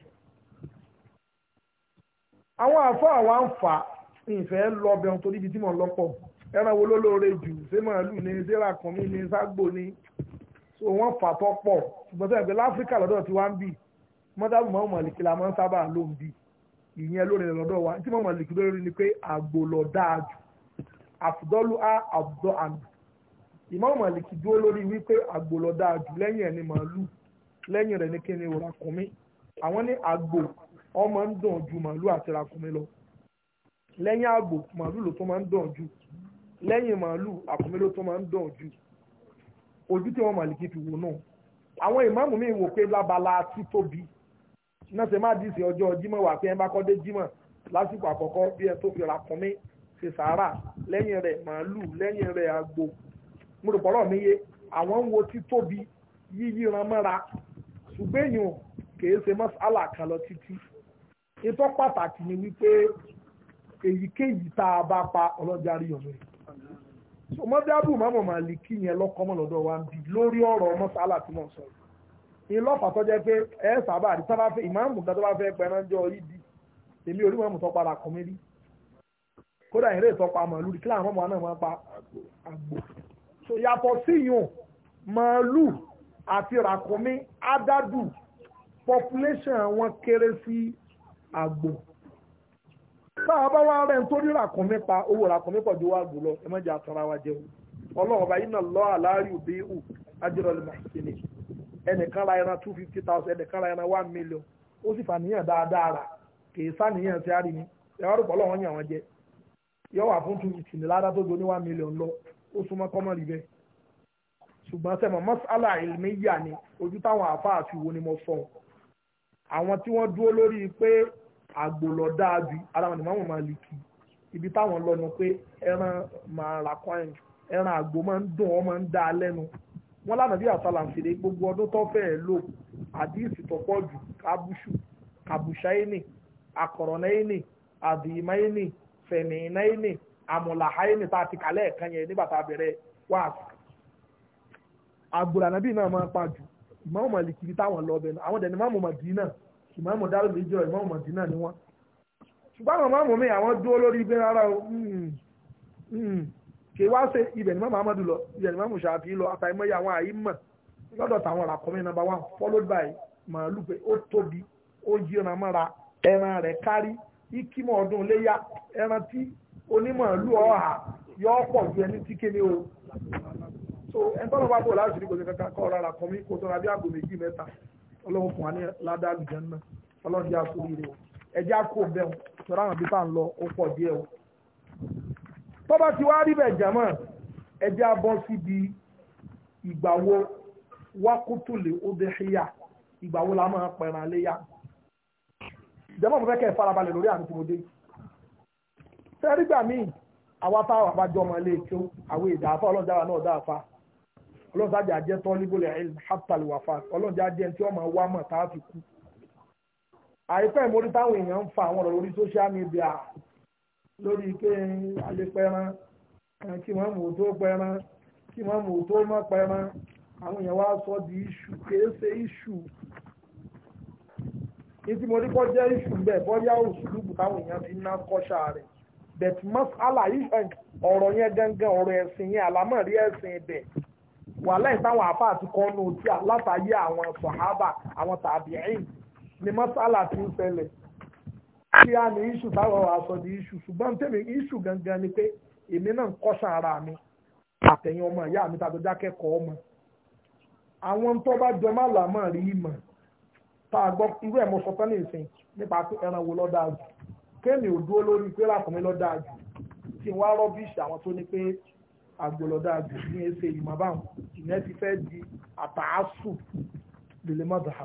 àwọn àfọ àwa ń fà ìfẹ́ lọ bẹun torí ibi tí mò ń lọ́pọ̀ ẹran wo ló jù ṣé màálù ni ṣé ràkúnmí ni ságbò ni so wọ́n fà tọ́ pọ̀ ṣùgbọ́n sẹ́yìn pé láfíríkà lọ́dọ̀ tí wá ń bì mọ́tàbù mọ́ mọ̀lìkìlà máa ń sábà lóun bíi ìyẹn lórí lọ́dọ̀ wa tí mo mọ̀ lè kí lórí ni pé àgbò lọ dáa jù àfùdọ́lù á àbùdọ́ àmì Imam Málíkì dúró lórí wípé àgbò lọ dáa jù lẹ́yìn ẹ̀ ní màálù lẹ́yìn rẹ̀ ní kíni ràkúnmí àwọn ní àgbò ọmọ ń dùn ju màálù àti ràkúnmí lọ lẹ́yìn àgbò màálù ló tó máa ń dùn jù lẹ́yìn màálù ràkúnmí ló tó máa ń dùn jù ojú tí wọ́n Málíkì fi wò náà àwọn ìmáàmù mi wò pé lábala títóbi náà ṣe má dìísì ọjọ́ jímọ̀ wà pé ẹ bá kọ́ dé jímọ̀ lásìkò àkọ́kọ́ bí ẹ tó fi ra kùnmí ṣe sàárà lẹ́yìn rẹ̀ màálù lẹ́yìn rẹ̀ àgbò mo rò pọ̀rọ̀ mi yé àwọn ń wo títóbi yíyíran mọ́ra ṣùgbọ́n èèyàn kìí ṣe mọ́sálà kan lọ títí ìtọ́ pàtàkì ni wípé èyíkéyìí tá a bá pa ọlọ́jà rí ọ̀rọ̀ rẹ̀ ọmọdé àbùmọ́mọ́ màlìkì yẹn lọ́kọ́mọ́ lọ́dọ̀ wa ń bì lórí ọ̀rọ̀ mọ́sálà tí wọ́n sọ̀rọ̀ ìlọ́pàá tó jẹ́ pé ẹ sábà àti sábà fẹ́ ìmáàmù kan tó bá fẹ́ pẹ́ ránjọ́ ìdí èmi orí mọ̀mù tó padà kọ́ mi rí kódà ìrè ìtọ́pa màálù kí láwọn ọmọ náà máa pa àgbò so yàtọ̀ síyùn màálù àti ràkúnmí ádádù population wọn kéré sí àgbò bá a bá wá rẹ̀ ń torí ràkúnmí pa owó ràkúnmí pọ̀ ju wá àgbò lọ ẹ má jẹ́ àtọ́ra wa jẹun ọlọ́run ọba yìí náà lọ́ àlàárí òbí hù ájọ́rọ̀ máa ṣe nìyí. ẹnìkan ra ẹran two fifty thousand ẹnìkan ra ẹran one million ó sì fàníyàn dáadáa rà kìí a ni ẹ̀rọ rúpọ̀ lọ́wọ́ yàn wọ́n jẹ yọ wà fún two fifty ní tó one million lọ ó súnmọ́ kọ́mọ́ rí bẹ́ẹ̀ ṣùgbọ́n sẹ́mọ̀ mọ́sálà ìlmíyà ni ojú táwọn àáfàá mo sọ àwọn tí wọn dúró lórí pé àgbò lọ dáa ju ara wọn ni ibi táwọn lọ pé ẹran màrà ẹran àgbò máa ń dùn máa ń wọ́n lánàbí àsálàǹfèrè gbogbo ọdún tó fẹ́ẹ̀ lò àdíìsì tó pọ̀ jù kábùṣù kàbùṣáínì àkọ̀rọ̀náínì àdìmáínì fẹ̀mìínáínì àmùlàháínì tá ni ti kàlẹ́ ẹ̀kan yẹn nígbà tá a bẹ̀rẹ̀ wáàsì. àgbòrò ànábì náà máa pa jù ìmáàmù màlìkiri táwọn lọ bẹ̀ náà àwọn dẹ̀ni máàmù màdínà ìmáàmù dárúlé jọ ìmáàmù màdínà ni wọ́n. ṣùgbọ́n àwọn máàmù mi àwọn dúró lórí ibi rárá o hmm. Hmm kì í wá ṣe ibẹ̀ ní mọ́mọ́ amadu lọ ibẹ̀ ní mọ́mọ́ ṣàfi lọ àtàìmọ́yé àwọn àyímọ̀ lọ́dọ̀ táwọn ràkọ́mí nàbà wà followed by màálù pé ó tóbi ó yíra mọ́ra ẹran rẹ̀ kárí ikímọ̀ ọdún léyà ẹran tí onímọ̀ọ́lù ọ̀hà yọ pọ̀ ju ẹni tí kéde o so ẹni tọ́lọ́ bá bọ̀ láti rí kòtò kankan kọ́ ọ̀rọ̀ ràkọ́mí kò tọ́ra bí àgọ́ méjì mẹ́ta ọlọ́run fún wa ní ládàá tó bá ti wá rí bẹ̀ jàmọ́ ẹjẹ́ abọ́ síbi ìgbàwo wákútùlé udhiya ìgbàwo la máa pẹ̀ràn léyà jẹ́mọ́ mo fẹ́ kẹ́ ẹ̀ farabalẹ̀ lórí àmì tí mo dé sẹ́rígbà míì àwa táwọn àbájọ ọmọ ilé tó àwọn ìdáfà ọlọ́dáwà náà dáfà ọlọ́dájà jẹ́ tọ́ níbólẹ̀ haptaliwafa ọlọ́dá jẹ́ tí ọmọ wa mọ̀ táà fi kú àìpẹ́ ìmórí táwọn èèyàn ń fa àwọn ọ̀rọ̀ lórí social media lórí pé àlepẹran eh, kí wọ́n mú tó pẹran kí wọ́n mú tó mọ́ pẹran àwọn èèyàn wá sọ di iṣu kìí ṣe iṣu ní tí mo rí kọ́ jẹ́ iṣu bẹ́ẹ̀ bọ́yá òṣùlùbù táwọn èèyàn fi ná kọ́ṣà rẹ̀ bẹ̀t mọ́sálà eh, ọ̀rọ̀ yẹn gangan ọ̀rọ̀ ẹ̀sìn yẹn àlámọ̀rí ẹ̀sìn ibẹ̀ wàhálà ìtàwọn àfa àti kọ́nù tí látàyé àwọn sọ̀hábà àwọn tàbíìn ni mọ́sálà ti ń ṣẹlẹ̀ kí á ní iṣu táwọn aṣọ di iṣu ṣùgbọ́n tèmi iṣu gangan ni pé èmi náà ń kọ́ṣà ara mi àtẹ̀yìn ọmọ ìyá mi tàbí dákẹ́kọ̀ọ́ ọmọ àwọn tó bá jọ má làmọ́ rí ìmọ̀ tá a gbọ́ irú ẹ̀ mọ sọ tán nìsín nípa pé ẹran wo ló dáa jù kéèmì ò dúró lórí pé lákùnrin ló dáa jù tí wọ́n á rọ́bìṣì àwọn tó ní pé àgbò ló dáa jù ní ẹsẹ̀ ìmọ̀ báwọn ìyẹn ti fẹ́ di àtàásù lè lè má dàá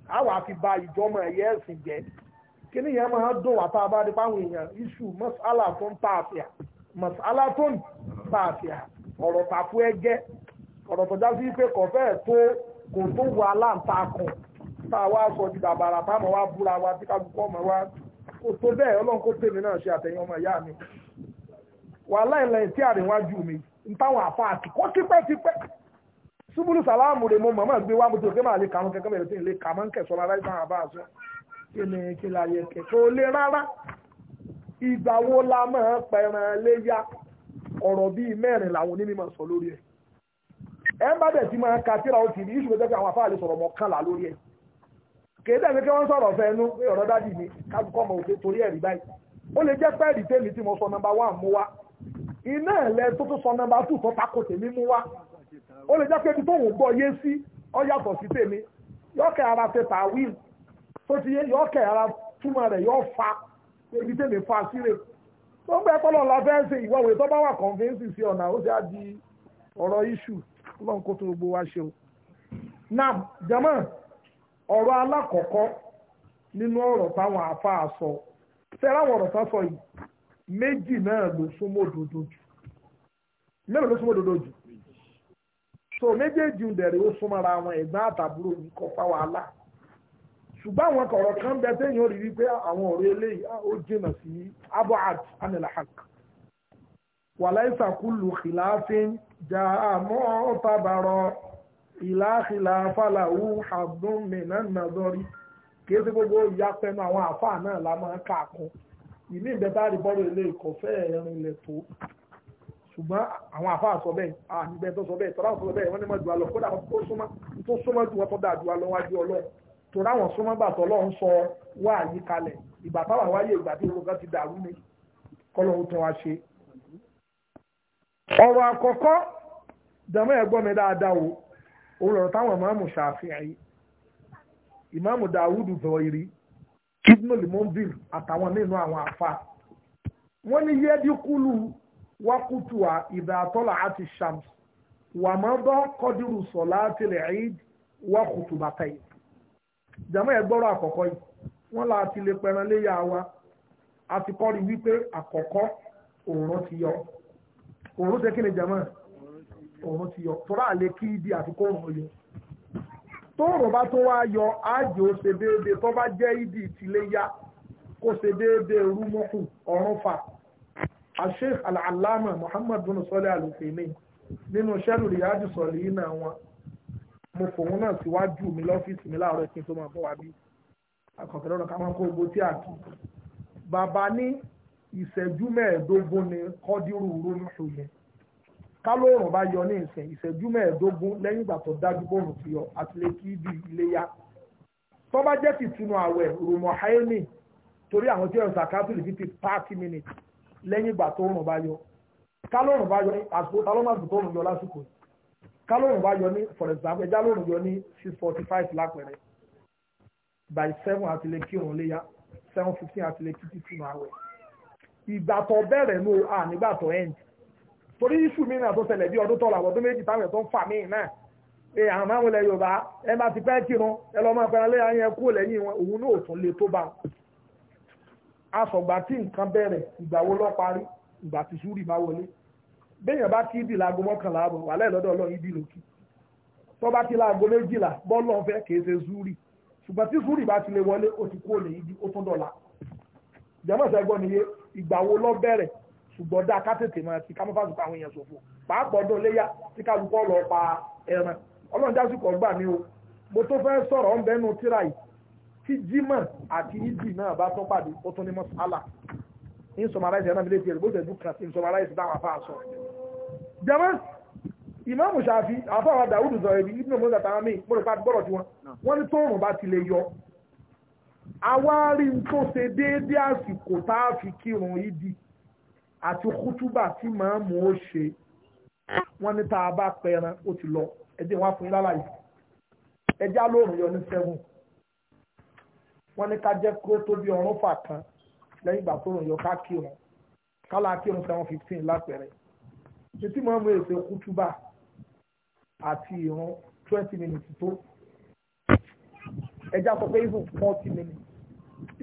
àwa fi ba ìjọmọ̀ ẹ̀yẹ ẹ̀sìn jẹ́ kíní yẹn máa dùn wá tá a bá dé báwọn èèyàn iṣu masala tó ń pààfìà masala tó ń pààfìà ọ̀rọ̀ tàkú ẹgẹ́ ọ̀rọ̀ tọ́já sí pé kọ̀fẹ́ tó kò tó wọ aláǹtakùn tá a wá sọ ju bàbàrà táwọn wá búra wa tí kálukú ọmọ wa kò tó bẹ́ẹ̀ ọlọ́run kó tèmi náà ṣe àtẹ̀yìn ọmọ ìyá mi wàhálà ìlẹ̀ tí àríwájú mi ń táwọn àfa àti tipẹ́tipẹ́ súbúlù sàlámù rẹ̀ mo mọ̀ mọ̀ gbé wá mo ti rò pé màá lè kà wọn kẹ́kẹ́ bẹ̀rẹ̀ sí ilé kà mọ́ ń ba rárá ìgbà àbá àṣọ kí ni kí la yẹ kẹ̀kẹ́ ó lé rárá ìgbà wo la máa pẹ̀ràn léyà ọ̀rọ̀ bíi mẹ́rin làwọn onímọ̀ sọ lórí ẹ̀ ẹ ń bá dẹ̀ ti máa ka tíra ó ti rí ìṣòro tẹ́tí àwọn afáàlẹ́ sọ̀rọ̀ mọ́kànlá lórí ẹ̀ kì í dẹ̀ pé kí wọ́n sọ̀rọ̀ fẹ́ inú pé ọ̀rọ̀ dádì mi kájúkọ́ mọ̀ òfin torí ẹ̀rí báyìí ó lè jẹ́ pẹ́ẹ́rì tèmi tí mo sọ nọ́mbà one mú wá iná ẹ̀lẹ́ tó tún sọ nọ́mbà two tó takò tèmi mú wá ó lè jẹ́ pé ibi tóun gbọ́ yé sí ọ yàtọ̀ sí tèmi yọ́ọ̀kẹ́ ara ṣe tàwíìl tó ti yé ara túmọ̀ rẹ̀ yọ́ọ̀ fa ibi tèmi fa síre tó ń bẹ kọ́lọ̀ la fẹ́ ṣe ìwọ òwe tó bá wà sí ọ̀nà ó ti á di ọ̀rọ̀ iṣu tó gbogbo wa ṣe o. nam jama ọ̀rọ̀ alákọ̀ọ́kọ́ nínú ọ̀rọ̀ táwọn àáfàá sọ sọ yìí méjì náà ló súnmọ́ so méjèèjì ń dẹ̀rẹ̀ ó súnmọ́ra wọn ẹ̀gbọ́n àtàbúrò ní kọ́ fáwọn alá ṣùgbọ́n àwọn ọ̀rọ̀ kan bẹ téèyàn rí wípé àwọn ọ̀rọ̀ eléyìí ah, ó jìnà sí abuad anilahak wàláìsà kúlù khilafin jà àmọ́ ọ̀tàbàrọ̀ ìlàhìlà fàlàwù àdùn mìíràn nàdọ́rí kì í sí gbogbo àwọn àfáà náà la máa ń kà kún ìmí ìbẹ́tà rí eléyìí kò ṣùgbọ́n àwọn àfáà sọ bẹ́ẹ̀ à níbẹ̀ tó sọ bẹ́ẹ̀ tọ́lá sọ bẹ́ẹ̀ wọ́n ní mọ̀ jù alọ́ kódà tó súnmọ́ tó súnmọ́ jù wọ́n tó dáa jù alọ́ wájú ọlọ́run tòrá wọn súnmọ́ gbà tọ́lọ́ ń sọ wá yí kalẹ̀ ìgbà táwọn wáyé ìgbà tí olùkọ́ ti dàrú ni kọ́lọ́hún tó wá ṣe. ọ̀rọ̀ àkọ́kọ́ dàmọ́ ẹ̀ gbọ́mi dáadáa o òun lọ̀rọ̀ táwọn ìmáàmù wákùtùwà ìdàtọ́là àti shams wàmọ́dọ́ kọ́dúrú sọ̀lá tilẹ̀ eid wákùtù bàtà yìí. jàmọ́ ẹ̀ gbọ́rọ̀ àkọ́kọ́ yìí wọ́n la ti lè pẹran wa a ti kọ́ rí wípé ṣe kí ni jàmọ́ òòrùn ti yọ tọ́lá àlè kí ibi àfikún òòrùn yọ tóòrùn bá tó wá yọ ájò ṣe déédéé tó bá jẹ́ ìdí ìtìléyà kó ṣe déédéé rúmọ́kù ọ̀run fà asheikh al'alama muhammad bin sọ́lẹ̀ alùfèmí nínú sẹ́lù riyadu sọ̀rọ̀ yìí náà wọn mo fòun náà síwájú mi lọ́fíìsì mi láàárọ̀ kí n tó máa bọ̀ wá bí akọ̀kẹ́rẹ́ ọ̀rọ̀ káwọn kó gbó tí a kì bàbá ní ìṣẹ́jú mẹ́ẹ̀ẹ́dógún ni kọ́dírù rúnṣù yẹn kálóòrùn bá yọ ní ìsìn ìṣẹ́jú mẹ́ẹ̀ẹ́dógún lẹ́yìn ìgbà tó dájú lẹ́yìn ìgbà tó rùn bá yọ kálórùn bá yọ ní àsìkò tálọ́màsì tó rùn yọ lásìkò kálórùn bá yọ ní for example ẹja lórùn yọ ní six forty five lápẹ̀rẹ̀ by seven àti lè kírun léyà seven fifteen àti lè títí sínú àwẹ̀ ìgbà tó bẹ̀rẹ̀ ló à nígbà tó end torí iṣu mi náà tó ṣẹlẹ̀ bí ọdún tọ́lá ọdún méjì táwọn ẹ̀ tó ń fà mí náà ẹ àwọn máa ń wọlé Yorùbá ẹ bá ti fẹ́ kírun ẹ lọ́ máa pẹ́ran léyà yẹn kúrò lẹ́yìn òun náà ò tún le tó bá wọn asọ̀gbà tí nǹkan bẹ̀rẹ̀ ìgbà wo ló parí ìgbà tí súrì bá wọlé béèyàn bá kí ìdì láago mọ́kànlá àbọ̀ wà lẹ́yìn lọ́dọ̀ ọlọ́run ìdì lókì tó bá ti láago méjìlá bọ́ọ̀lù ọ̀fẹ́ kìí ṣe súrì ṣùgbọ́n tí súrì bá ti lè wọlé ó ti kú òní ìdí ó tún dọ̀la jẹ́mọ̀ sẹ́gbọ́n ni ìgbà wo ló bẹ̀rẹ̀ ṣùgbọ́n dá ká tètè máa ti ká mọ́ fásitì àwọn èèyàn ṣòfò pàápọ̀ léyà tí kálukọ́ lọ pa ẹran ọlọ́run jásùkọ̀ gbà mí o mo tó fẹ́ sọ̀rọ̀ ọ̀nbẹ́nu tíra tí jimá àti ìdì náà bá tọ́ pàdé ó tún ní mọ́sálà ń sọmaráìsì ẹ̀nà mílẹ̀ tiẹ̀ gbọ́dọ̀ ẹ̀dùn kan sí ń sọmaráìsì dáwọn afá sọ. jama ìmáàmù ṣàfi àfáwà dàwùdù sọ ẹbí ibùdó mọ́sá táwọn míì mo rò pa gbọ́dọ̀ tiwọn wọ́n ní tóòrùn bá ti lè yọ. àwárí tó ṣe déédé àsìkò tá a fi kírun ìdì àti kútúbà tí màámù ó ṣe wọ́n ní tá a bá pẹran ó ti lọ ẹ̀jẹ̀ wá fún yín lálàyé ẹ̀jẹ̀ alóòrùn yọ ní seven wọ́n ní ká jẹ́ kó tó bí ọrùn fà kan lẹ́yìn ìgbà tó rùn yọ ká kírun kálá kírun seven fifteen lápẹ̀rẹ̀ títí mọ́ mú èsè kútúbà àti ìrun twenty minutes tó ẹja sọ pé even forty minutes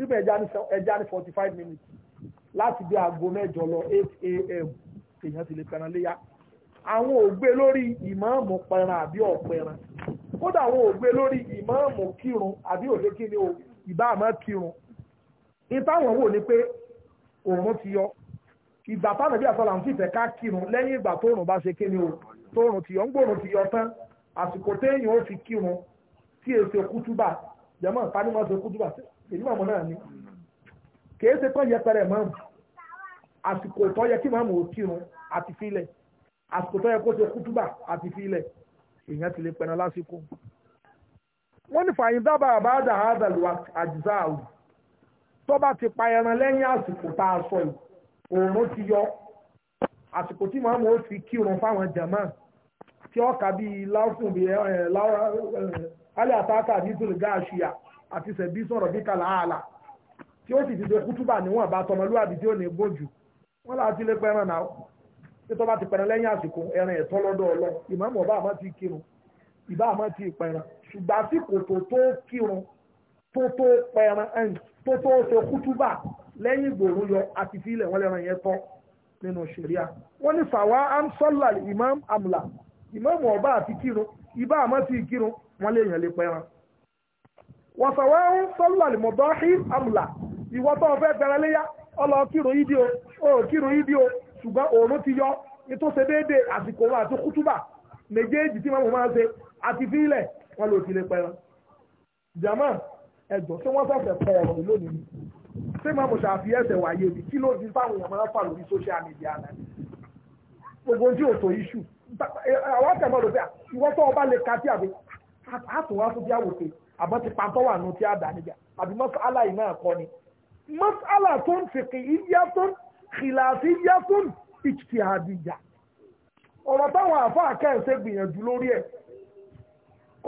even ẹja ní forty five minutes láti bí aago mẹ́jọ lọ eight a.m. èèyàn ti lè pẹran léyà àwọn ò gbé lórí ìmáàmù pẹran àbí ọ̀pẹran kódà àwọn ò gbé lórí ìmáàmù kírun àbí òde kí ni o ìbá àmọ́ kírun ìtàwọn wò ni pé òun ti yọ ìgbà táwọn ẹbí àtọ́là ń fìfẹ́ ká kírun lẹ́yìn ìgbà tóòrùn bá ṣe kíni o tóòrùn ti yọ ń gbòòrùn ti yọ tán àsìkò téèyàn ó fi kírun tí èsè kútúbà jẹ́mọ́ ìpanimọ̀ ṣe kútúbà èyí màmú náà ni kìí ṣe tán yẹpẹrẹ mọ́mù àsìkò tó yẹ kí màmú ò kírun àti filẹ̀ àsìkò tó yẹ kó ṣe kútúbà àti filẹ̀ èèyàn ti lè pẹ̀nà lásìkò wọ́n ní fàyín dábàá àbáàdà àádàlú àjíṣà tó bá ti pa ẹran lẹ́yìn àsìkò tá a sọ yìí ti yọ àsìkò tí màmú ó fi kírun fáwọn tí bíi bíi alẹ́ àtàkà nítorí àti sẹ̀bí sọ̀rọ̀ bí kàlà àlà ti ṣe kútúbà níwọ̀n bá tọmọlúwàbí tí ó ní gbójú wọn láti lè pẹ́ràn náà tí tó bá ti pẹ̀rẹ̀ lẹ́yìn àsìkò ẹran ẹ̀tọ́ lọ́dọ̀ ọlọ ìmọ̀ọ́mọ̀ ọba àmọ́ ti kírun ìbá àmọ́ ti ṣùgbọ́n àsìkò tó tó kírun tó tó pẹran ẹ̀yìn tó tó ṣe kútúbà lẹ́yìn ìgbòrún yọ àti fi ilẹ̀ wọn lẹ́ran yẹn tọ́ nínú ṣẹ̀ríà wọ́n ní fàwa amsọ́là imam amla imam ọba àti kírun ibà àmọ́ ti kírun wọ́n lè yàn lè pẹran wọ́n fàwa amsọ́là mọ̀dọ́hí amla ìwọ tó fẹ́ bẹ̀rẹ̀ léyà ọlọ kírun yídí o ó kírun yídí o ṣùgbọ́n òòrùn ti yọ ètò ṣe déédéé àsìkò wọn àti kútúbà méjèèjì tí màmú máa ṣe àti fílẹ̀ wọ́n lò ti lè pẹ́ran jama ẹ̀gbọ́n tí wọ́n fẹ́fẹ́ pọ̀ ọ̀rọ̀ lónìí ni ṣé máa mo ṣàfi ẹsẹ̀ wáyé mi kí ló di fáwọn èèyàn máa fà lórí social media náà gbogbo tí ò tó iṣu àwọn àtẹ̀mọ́ ló fẹ́ ìwọ́n tó ọba lè ka tí àbí àtùwá fún bí àwòṣe àbọ̀ ti pàtó wà nù tí a dà níjà àbí mọ́sálà iná ẹ̀kọ́ ni mọ́sálà tó ń fìkì iyá tó ń kìláàsì iyá tó ń ìtìhàdìjà ọ̀rọ̀ táwọn àfáà kẹ́hìn gbìyànjú lórí ẹ̀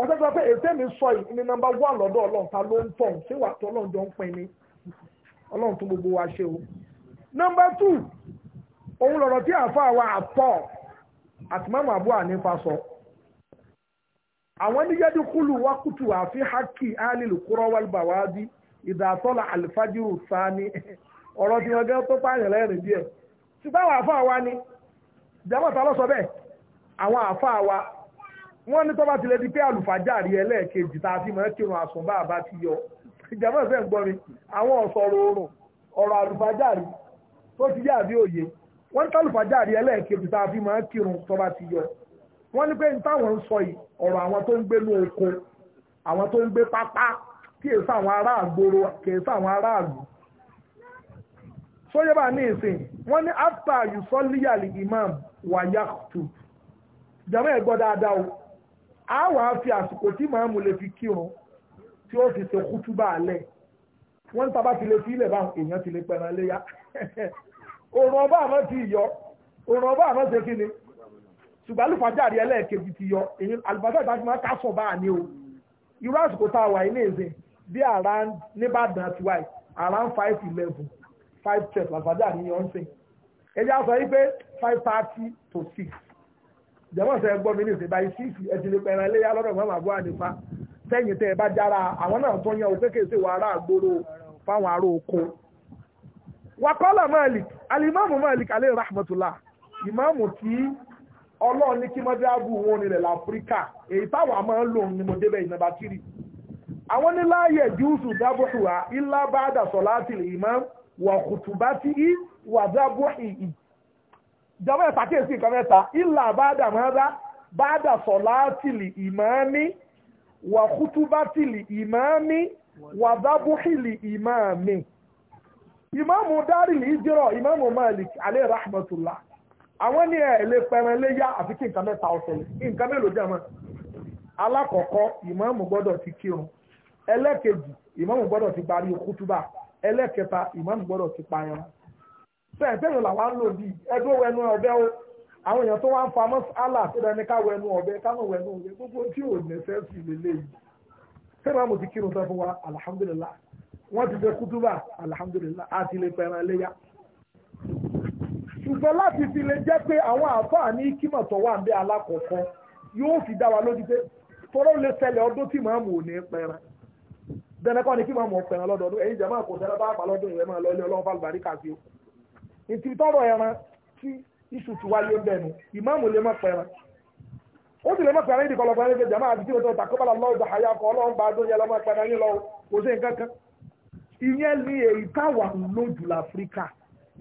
wọ́n tẹ́ sọ pé ètè mi sọ yìí ní nọ́mbà wà lọ́dọ̀ ọlọ́run ta ló ń tọ̀ ṣé wà tó ọlọ́run jọ ń pin ni ọlọ́run tó gbogbo wa ṣe o. nọ́mbà tù òun lọ̀rọ̀ tí àfa wa àtọ̀ àtìmọ́mọ́ àbúrò ànífà sọ. àwọn níjẹ́dí kúlù wá kùtù àfi hákì alìlú kúrọ́ wàlúbà wá bí ìdàtọ́lá àlìfájìrù sáni ọ̀rọ̀ tí wọ́n gẹ́ tó pààyàn lẹ́rìn díẹ̀. ṣùgbọ́n àwọn àfa wa ni jẹ́mọ̀ta lọ́sọ bẹ́ẹ̀ àwọn àfa wa wọ́n ní tọ́ba tilẹ̀ di pé àlùfájàrí ẹlẹ́ẹ̀kejì tá a fi kírun ti yọ ìjàmbá ìfẹ́ ń àwọn ọ̀sọ̀rọ̀ oòrùn ọ̀rọ̀ àlùfájàrí tó ti yá àbí òye wọ́n ní tọ́lùfájàrí ẹlẹ́ẹ̀kejì tá a fi kírun ti yọ wọ́n ní pé ní táwọn ọ̀rọ̀ àwọn tó ń a wà á fi àsìkò tí màámu lè fi kírun tí ó fi ṣe kútúbà alẹ́ wọ́n ń tabá ti lè fi ilẹ̀ báwọn èèyàn ti lè pẹ̀ràn léyà (laughs) òrùn ọba àmọ́ ti yọ òrùn ọba àmọ́ ṣe kí ni ṣùgbọ́n alùpàjáde ẹlẹ́ẹ̀kejì ti yọ èyí alùpàjáde tá máa ká sọ̀ báà ní o irú àsìkò tá a wà yìí ní èzè bí àrà nìbàdàn ti wáyé àrà ń five eleven five twelve alùpàjáde yọ ń sìn ẹ̀yà sọ yìí pé five thirty to six jẹ́wọ́n sẹ́ gbọ́ mi ní ìsìn báyìí sífì ẹ̀ ti lè pẹ̀rẹ̀ léyà lọ́dọ̀ mọ́ màbúrò àdìpá sẹ́yìn tẹ́ ẹ bá dára àwọn náà tó yan òkèké sí wàrà àgbòrò fáwọn ará oko. wakọ́lá Malik alimami Malik alẹ́ rahmatullah ìmáàmù tí ọlọ́run ní kí mọ́dáàbù wọn nílẹ̀ láfíríkà èyí táwọn àmọ́ ń lò ní mo débẹ̀ ìnàbà kiri àwọn ní láàyè júùsù dábùhùwà ilá bá dàsọ̀ láti lè wà kùtùbá tí ì wà dábùhì ì jọba ẹ̀ pàkíyèsí nǹkan mẹ́ta ìlà bàdà mọ́dá bàdà sọ̀láàtìlì ìmáàmì wà kútúbátìlì ìmáàmì wà dábúhìlì ìmáàmì. ìmáàmù dárìlì ìjírọ̀ ìmáàmù Malik alẹ́ rahmatullah àwọn ní ẹ̀ lè pẹran léyà àfi kí nǹkan mẹ́ta ọ̀sẹ̀lẹ̀ nǹkan mélòó jẹ́ alákọ̀ọ́kọ́ gbọ́dọ̀ ti kírun ẹlẹ́kejì ìmáàmù gbọ́dọ̀ ti ti bẹ́ẹ̀ bẹ́ẹ̀ làwa ọdụ lò bí ẹdún wẹnu o àwọn èèyàn tó wá ń fa mọ́sálà tó dání ká wẹnu ọ̀bẹ wẹnu gbogbo tí ò nẹ́sẹ̀sì lélẹ́yìí sẹ́nà mo ti kírun sọ fún wa wọ́n ti fẹ́ kútúbà àti lè léyà ṣùgbọ́n láti fi lè jẹ́ pé àwọn ní wà wa lójú pé tọ́lọ́ lè ọdún tí màá ní dẹ́nẹ́kọ́ ni kí màá lọ́dọọdún ètí tọrọ ẹran tí iṣu ti wáyé ń bẹnu ìmáàmù lè má pẹran ó sì lè má pẹran ndị lọpẹran ẹgbẹjọ máa àti tíwọ́n tó takọ́bàlá lọ́ọ̀dọ̀ àyàkọ́ ọlọ́run bá dóyẹ lọ́mọ pẹran yín lọ kò sí nǹkan kan ìyẹn ni èyí táwà ń lò jù láfíríkà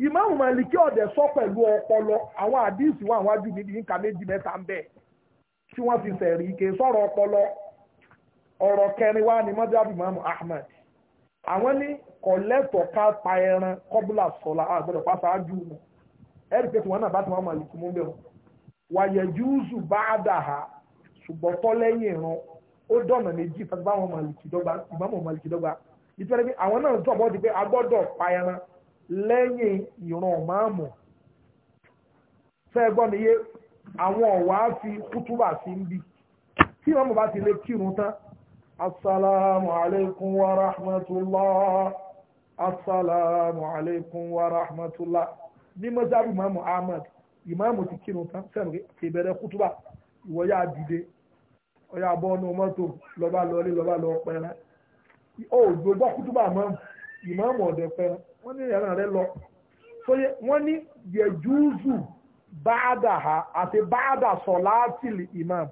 ìmáàmù Màlíkì ọ̀dẹ̀ sọ pẹ̀lú ọpọlọ àwọn àdíìsì wọn àwọn ajú níbi méjì mẹ́ta ń bẹ̀ Ahmad àwọn ní kọ̀lẹ́tọ̀ ká pa ẹran kọ́bùlà sọ̀la àgbọ̀dọ̀ pa ṣáájú wọn ẹ̀rí pé tiwọn náà bá ti wọn mọ̀ wọn. wàyẹ̀ júùsù bá a dà ha ṣùgbọ́n tọ́ lẹ́yìn ìran ó dọ̀nà méjì fún àwọn náà tọ̀ bọ́ di pé agbọ́dọ̀ pa ẹran lẹ́yìn ìran fẹ́ asalaamu aleykum wa rahmatulah asalaamu aleykum wa rahmatulah ní mọ́sáàbù mọ́mọ́ ahmed ìmáàmù ti kírun tán sẹ́nu kì í bẹ̀rẹ̀ kútúbà ìwọ yà á dìde ọ̀yà bọ́ ọ́nà mọ́tò lọ́ba lọ́lé lọ́ba lọ́ pẹ́rẹ́ ó gbogbo kútúbà mọ́mù ìmáàmù ọ̀dẹ̀ pẹ́rẹ́ wọ́n ní ìyàrá rẹ lọ sóyè wọ́n ní yẹjúùzù báàdà ha àti báàdà sọ̀láàtìlì ìmáàmù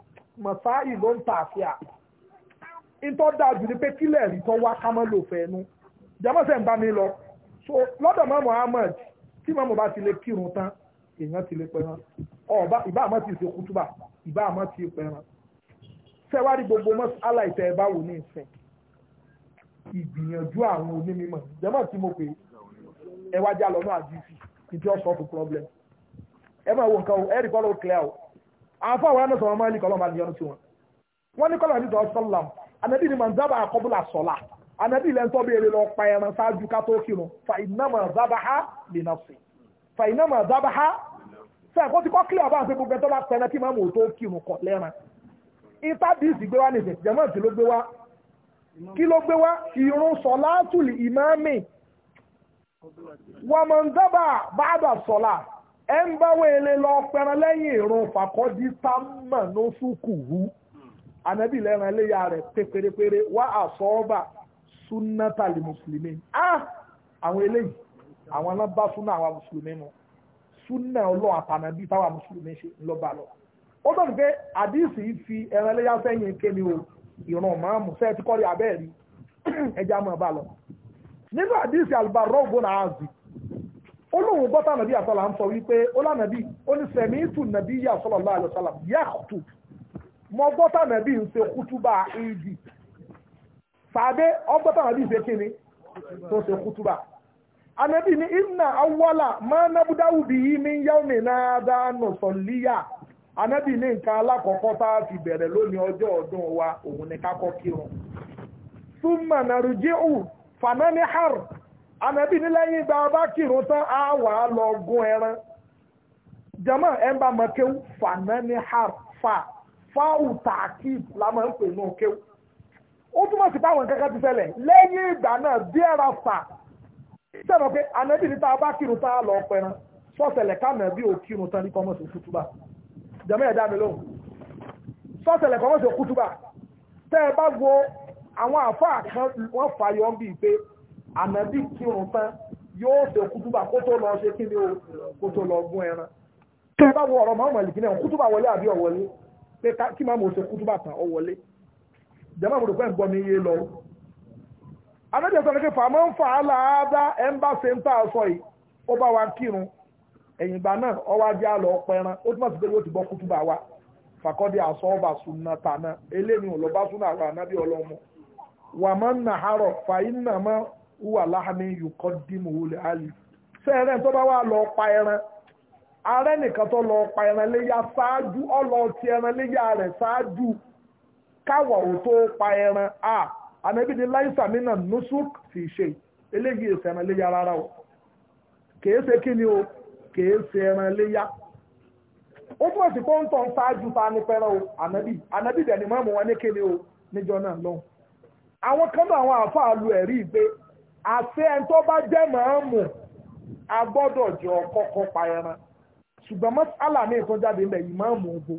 mọ̀sá ìlú ń tà sí à ìtọ́ dáa jù ní pé kílẹ̀ rí tọ́ wá kámọ́ lò fẹ́ nu jẹ́mọ́ sẹ́ ń bá mi lọ so lọ́dọ̀ mọ́ Muhammad tí mọ́mọ́ bá ti lè kírun tán èèyàn ti lè pẹ̀ràn ọba ìbá àmọ́ ti ṣe kútúbà ìbá àmọ́ ti pẹ̀ràn sẹ́wárí gbogbo mọ́ aláìtẹ́ ẹ bá wò ní ìsìn ìgbìyànjú àwọn onímọ̀ jẹ́mọ́ tí mo pè ẹ wá já lọ náà àdìsí ìdí ọ̀sán fún problem ẹ máa wo nǹkan o ẹ rí kọ́ ló clear o àfọ àwọn ẹni sọ̀rọ̀ máa ní kọ́lọ́ máa yọnu sí wọn wọ́n ní kọ́lọ́ nítorí sọ́làm ànábì ni màá zábà àkọ́bùlà sọ̀là ànábì ilẹ̀ ńtọ́ béèrè lọ pa ẹran ṣáájú ká tó kírun fa iná manzaba ha há lè fa iná màá zábà há sẹ́ẹ̀ kó ti kọ́ kílẹ̀ ọba àti gbogbo ẹ̀tọ́ bá pẹ́ẹ́rẹ́ kí máa mú tó kírun kọ̀ lẹ́ran ìta bíìsì gbé wá nìsín jẹ̀mọ́ ti ló gbé wá kí ló gbé wá ìrun sọ̀lá tùlì ìmáàmì wọ́n mọ̀ bá ẹ ń bá wẹ́ẹ́lẹ́ lọ pẹran lẹ́yìn ìrun fàkọ́dí sámà ló sùkù ànábì lẹ́ran iléyà rẹ pé wá àsọ́ọ́bà súnátàlì mùsùlùmí ah àwọn eléyìí àwọn alábá súnà àwọn mùsùlùmí mu súnà ọlọ́ọ̀ àtànàbí táwọn mùsùlùmí ṣe ńlọ́ba lọ. ó pé àdìsí o ìran màámu sẹ́ẹ̀ tí abẹ́ẹ̀rí ẹja mọ̀ bá lọ. nínú àdìsí ògbónà olóhùn gbọ́tà nàbí àsọ̀là ń sọ wípé ọlá nàbí oníṣẹ̀mí tù nàbí yà sọ̀lọ̀ lọ́wọ́ ya yàtù mọ gbọ́tà nàbí ń ṣe kútúbà ìdì sàdé ọgbọ́tà nàbí ṣe kíni tó ṣe kútúbà. anabi ni inna awwala máa nábúdáwù bí yí mi yáwó mi náà dáná sọ̀líyà ànàbí ní fi wa ni kákọ́ kírun. súnmọ̀ ànàbí ní lẹ́yìn ìgbà ọba kírun tán á wà á lọ gún ẹran jama ẹnba mọ̀kéwù fàná ní har fáwù tààkìb la máa ń pè ní òkéwù ó túmọ̀ sí báwọn kankan ti ṣẹlẹ̀ lẹ́yìn ìgbà náà díẹ̀ra fà sẹ́nu pé ànàbí ní tá a bá kírun tán á lọ pẹran sọ́sẹ̀lẹ̀ kánàbí ò kírun tán ní kọ́mọ̀sì kútúbà jama ẹ̀dá mi lóhùn sọ́sẹ̀lẹ̀ kọ́mọ̀sì kútúbà tẹ́ ẹ bá wo àwọn àfáà ànábì kírun tán yóò ṣe kútúbà kó tó lọ ṣe kí ni o kó tó lọ gún ẹran tí wọ́n bá wọ ọ̀rọ̀ mọ́mọ́ ìlìkí náà kútúbà wọlé àbí ọ̀wọ́lé pé kí máa mọ̀ ṣe kútúbà tán ọ̀wọ́lé jẹ́mọ́ mo rò pé ń gbọ́ mi yé lọ. ànábì sọ pé fàmọ́ ń fà á láàdá ẹ̀ ń bá ṣe ń tà sọ yìí ó bá wa kírun ẹ̀yìn ìgbà náà ọwọ́ ajé àlọ́ ọpẹran ó túmọ̀ sí pé yóò ti bọ́ Uwa láhàmì yòókọ́ dìmú wọlé àlè sẹ́ẹ̀rẹ́ tó bá wà lọ pa ẹran ààrẹ nìkan tó lọ pa ẹran léyà ṣáájú ọlọ ti ẹran léyà rẹ̀ ṣáájú káwọ̀ ò tó pa ẹran a ànábì ní láìsà mínà nusuk fi ṣe eléyìí èsì ẹran léyà rárá o kèé ṣe kí o kèé ṣe ẹran léyà ó túmọ̀ sí o ànábì ànábì dẹ̀ ni wọn ní kí ni o níjọ náà lọ. àwọn kan náà àwọn ẹ̀rí àti ẹni tó bá jẹ́ màámù agbọ́dọ̀ jọ kọ́kọ́ pa ṣùgbọ́n mọ́sálà ní ìtọ́ jáde ilẹ̀ yìí màámù ogo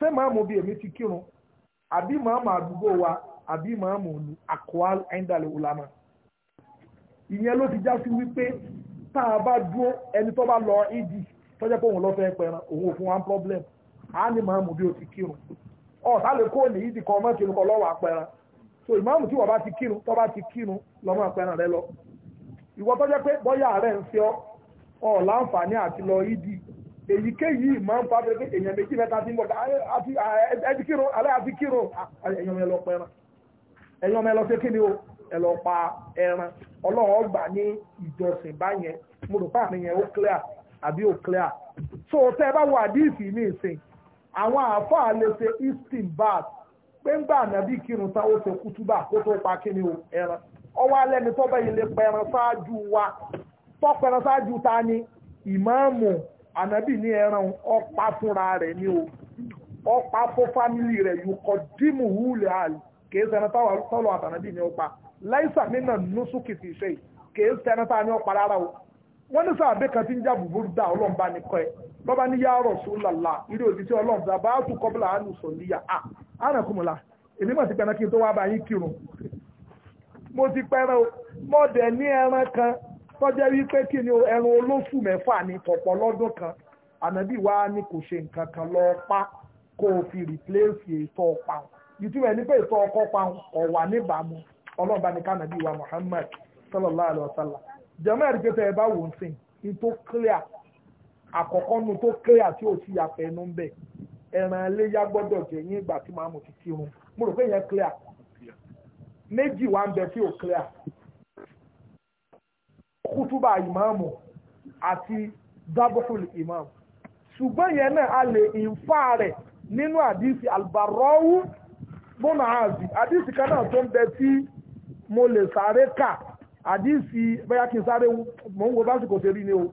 ṣé màámù bíi èmi ti kírun àbí màámù àdúgbò wa àbí màámù òlu ẹ̀ńdàlẹ̀ ìyẹn ló ti já sí wípé tá a bá dúró ẹni tó bá problem àá ní màámù bí o ti kírun ọ̀ sálẹ̀ kó ní so ìmáàmù tí wọ́n bá ti kírun tó bá ti kírun lọ́mọ àpẹẹrẹ rẹ lọ ìwọ tó jẹ́ pé bọ́yà rẹ̀ ń fi ọ́ ọ̀ láǹfààní àti lọ ìdí èyíkéyìí máa ń fa pé èèyàn méjì mẹ́ta ti ń bọ̀ ẹbí kírun alẹ́ àti kírun ah, ẹ̀yàn mẹ́lọ pa ẹ̀yàn mẹ́lọ ṣe kí ni o ẹ̀lọ pa ẹran ọlọ́run ọgbà ní ìjọsìn báyẹn mo rò pàmì yẹn ó clear àbí ó clear so tẹ́ ẹ bá wo àdíìsì mi ìsìn àwọn àáfàá lè ṣe easton bath pé ń gbà ànábì kírun táwọn ó ṣe kútúbà kó tó pa ni o ẹran ọwọ́ alẹ́ ni yìí lè ṣáájú wa tọ́pẹran ṣáájú ta ni ìmáàmù ànábì ní ẹran fúnra ni o ọ̀pá fún fámìlì rẹ̀ yòókọ̀ dìmú húlẹ̀ àlè kìí sẹ́ni tọ́lọ̀ àtànábì ní ọ̀pá láìsàmínà nùsùkì ṣe kìí sẹ́ni tá a ní rárá o wọ́n ní sáà bẹ́ẹ̀ kan ti ń jà búburú dá ọlọ́run ní kọ́ ẹ bọ́bá ní yá Rasulullah irú òṣìṣẹ́ bá tún kọ́ bọ́lá sọ níyà á àrùn kùmùlà èmi mọ̀ kí n tó wá bá yín kírun mo ti o mo ní ẹran kan wípé kí ni ẹran mẹ́fà ní pọ̀pọ̀ lọ́dún kan kò ṣe nǹkan jẹ́mọ́ ẹ̀rí pé tẹ́ẹ̀ bá wò ń sìn ní tó clear àkọ́kọ́ nu tó clear tí ò ti yàfẹ́ ẹnu ń bẹ̀ ẹran iléyà gbọ́dọ̀ jẹ́ yín ìgbà tí màá mú ti kírun mo rò pé yẹn clear méjì wà ń bẹ tí ò clear kútúbà ìmáàmù àti dábọ́fùl ìmáàmù ṣùgbọ́n yẹn náà a lè ìfá rẹ̀ nínú àdìsí àlùbárọ́wù mọ́nà àzì àdìsí kan náà tó ń bẹ tí mo lè sáré kà àdìsí bẹ́yà kí n sáré mọ̀ ń wo básìkò ṣe rí ni o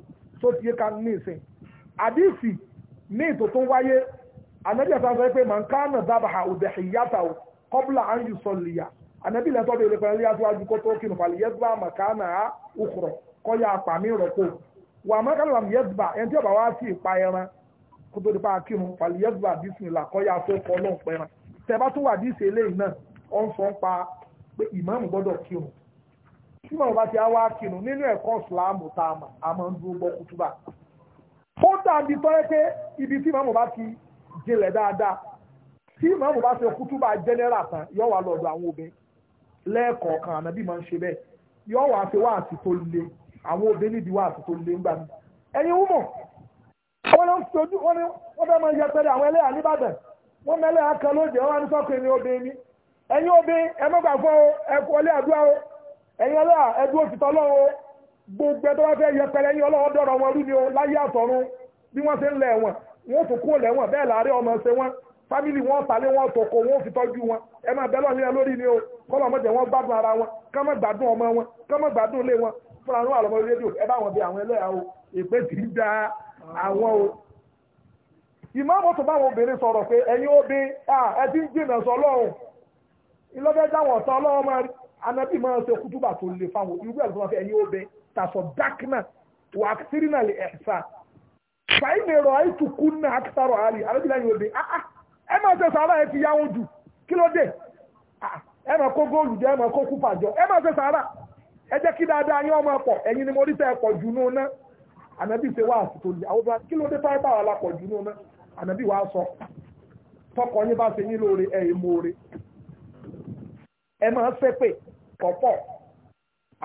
tó ti yé ká ní ìsìn àdìsí ní ètò tó ń wáyé ànábì ẹ̀sán sọ pé màá ká nà dábàá òdè ìyáta o kọ́bùlà à ń yù sọ lìyà ànábì lẹ́tọ́ bẹ̀rẹ̀ pẹ̀lú ilé aṣáájú kó tó kí nùfàlì yẹ́dùbà màkà nà á òkùrọ̀ kọ́yà àpàmì rọ̀kò wà màkà nà yẹ́dùbà ẹni tí ó wá sí ìpa ẹran kó tó dípa kírun fàlì yẹ́dùbà bísìnlá kọ́yà àfọ́kọ́ ọlọ́ọ̀pẹ̀ran tẹ bá tún wà díìsì eléyìí náà ó ń sọ ń pa pé ìmáàmù gbọ́dọ̀ kírun tí màmá ti á wá kinu nínú ẹ̀kọ́ ìsìláàmù tá a máa ń dúró gbọ́ kútúbà ó dàbí tọ́lẹ́ pé ibi tí màmá ti jinlẹ̀ dáadáa tí bá ṣe kútúbà jẹ́nẹ́rà tán yóò wá lọ́dọ̀ àwọn obìnrin lẹ́ẹ̀kọ̀ọ̀kan ń ṣe bẹ́ẹ̀ yóò wá ṣe tó le àwọn obìnrin nídìí wáàsí tó le ń gbà mí ẹ̀yin wúmọ̀ wọ́n lọ sojú wọ́n fẹ́ máa yẹ pẹ́lẹ́ àwọn ẹlẹ́yà níbàdàn wọ́n mẹ́lẹ́ akẹ́ lóde wọ́n ní sọ́kùnrin obìnrin obìnrin ẹ mọ́gbà fún ẹ àdúrà ẹ̀yin ọlọ́wà ẹdú òfìtọ́ lọ́wọ́ gbogbo ẹ̀tọ́ fẹ́ yẹpẹrẹ yín ọlọ́wọ́ dọ̀rọ̀ wọn rú ni ó láyé àtọ̀run bí wọ́n ṣe ń lẹ̀ wọ́n tún lẹ́wọ̀n bẹ́ẹ̀ ọmọ wọn tàlé wọn tòkó wọn wọn ẹ máa lórí ni wọn gbádùn wọn ọmọ wọn gbádùn wọn fúnra àlọ́mọ rédíò ẹ bá wọn bí àwọn ẹlẹ́yà o tí ń da àwọn o. tó obìnrin sọ̀rọ̀ pé ẹ̀yin obìnrin ẹ ti ń jìnnà anabi máa ń ṣe kútúbà tó lè fáwọn irú ẹ̀ ló máa fi ẹ̀yìn obe tàṣọ dákínà wà sírìnà lè ẹ̀sà fàyínà ẹ̀rọ àìtù kúnnà àkísàrọ̀ àlè anabi lẹ́yìn obe ẹ máa ṣe sàárà ẹ ti yáwọn jù kí ló dé ah, ẹ máa kó góòlù jẹ ẹ máa kó kúpà jọ ẹ máa ṣe sàárà ẹ jẹ́ kí dáadáa yín ọmọ ẹ̀pọ̀ ẹ̀yin ni mo rí sẹ́ ẹ̀pọ̀ jù nù náà ṣe wá àsìkò lè àwọn obìnrin kí ló dé táyé báwa pọ̀pọ̀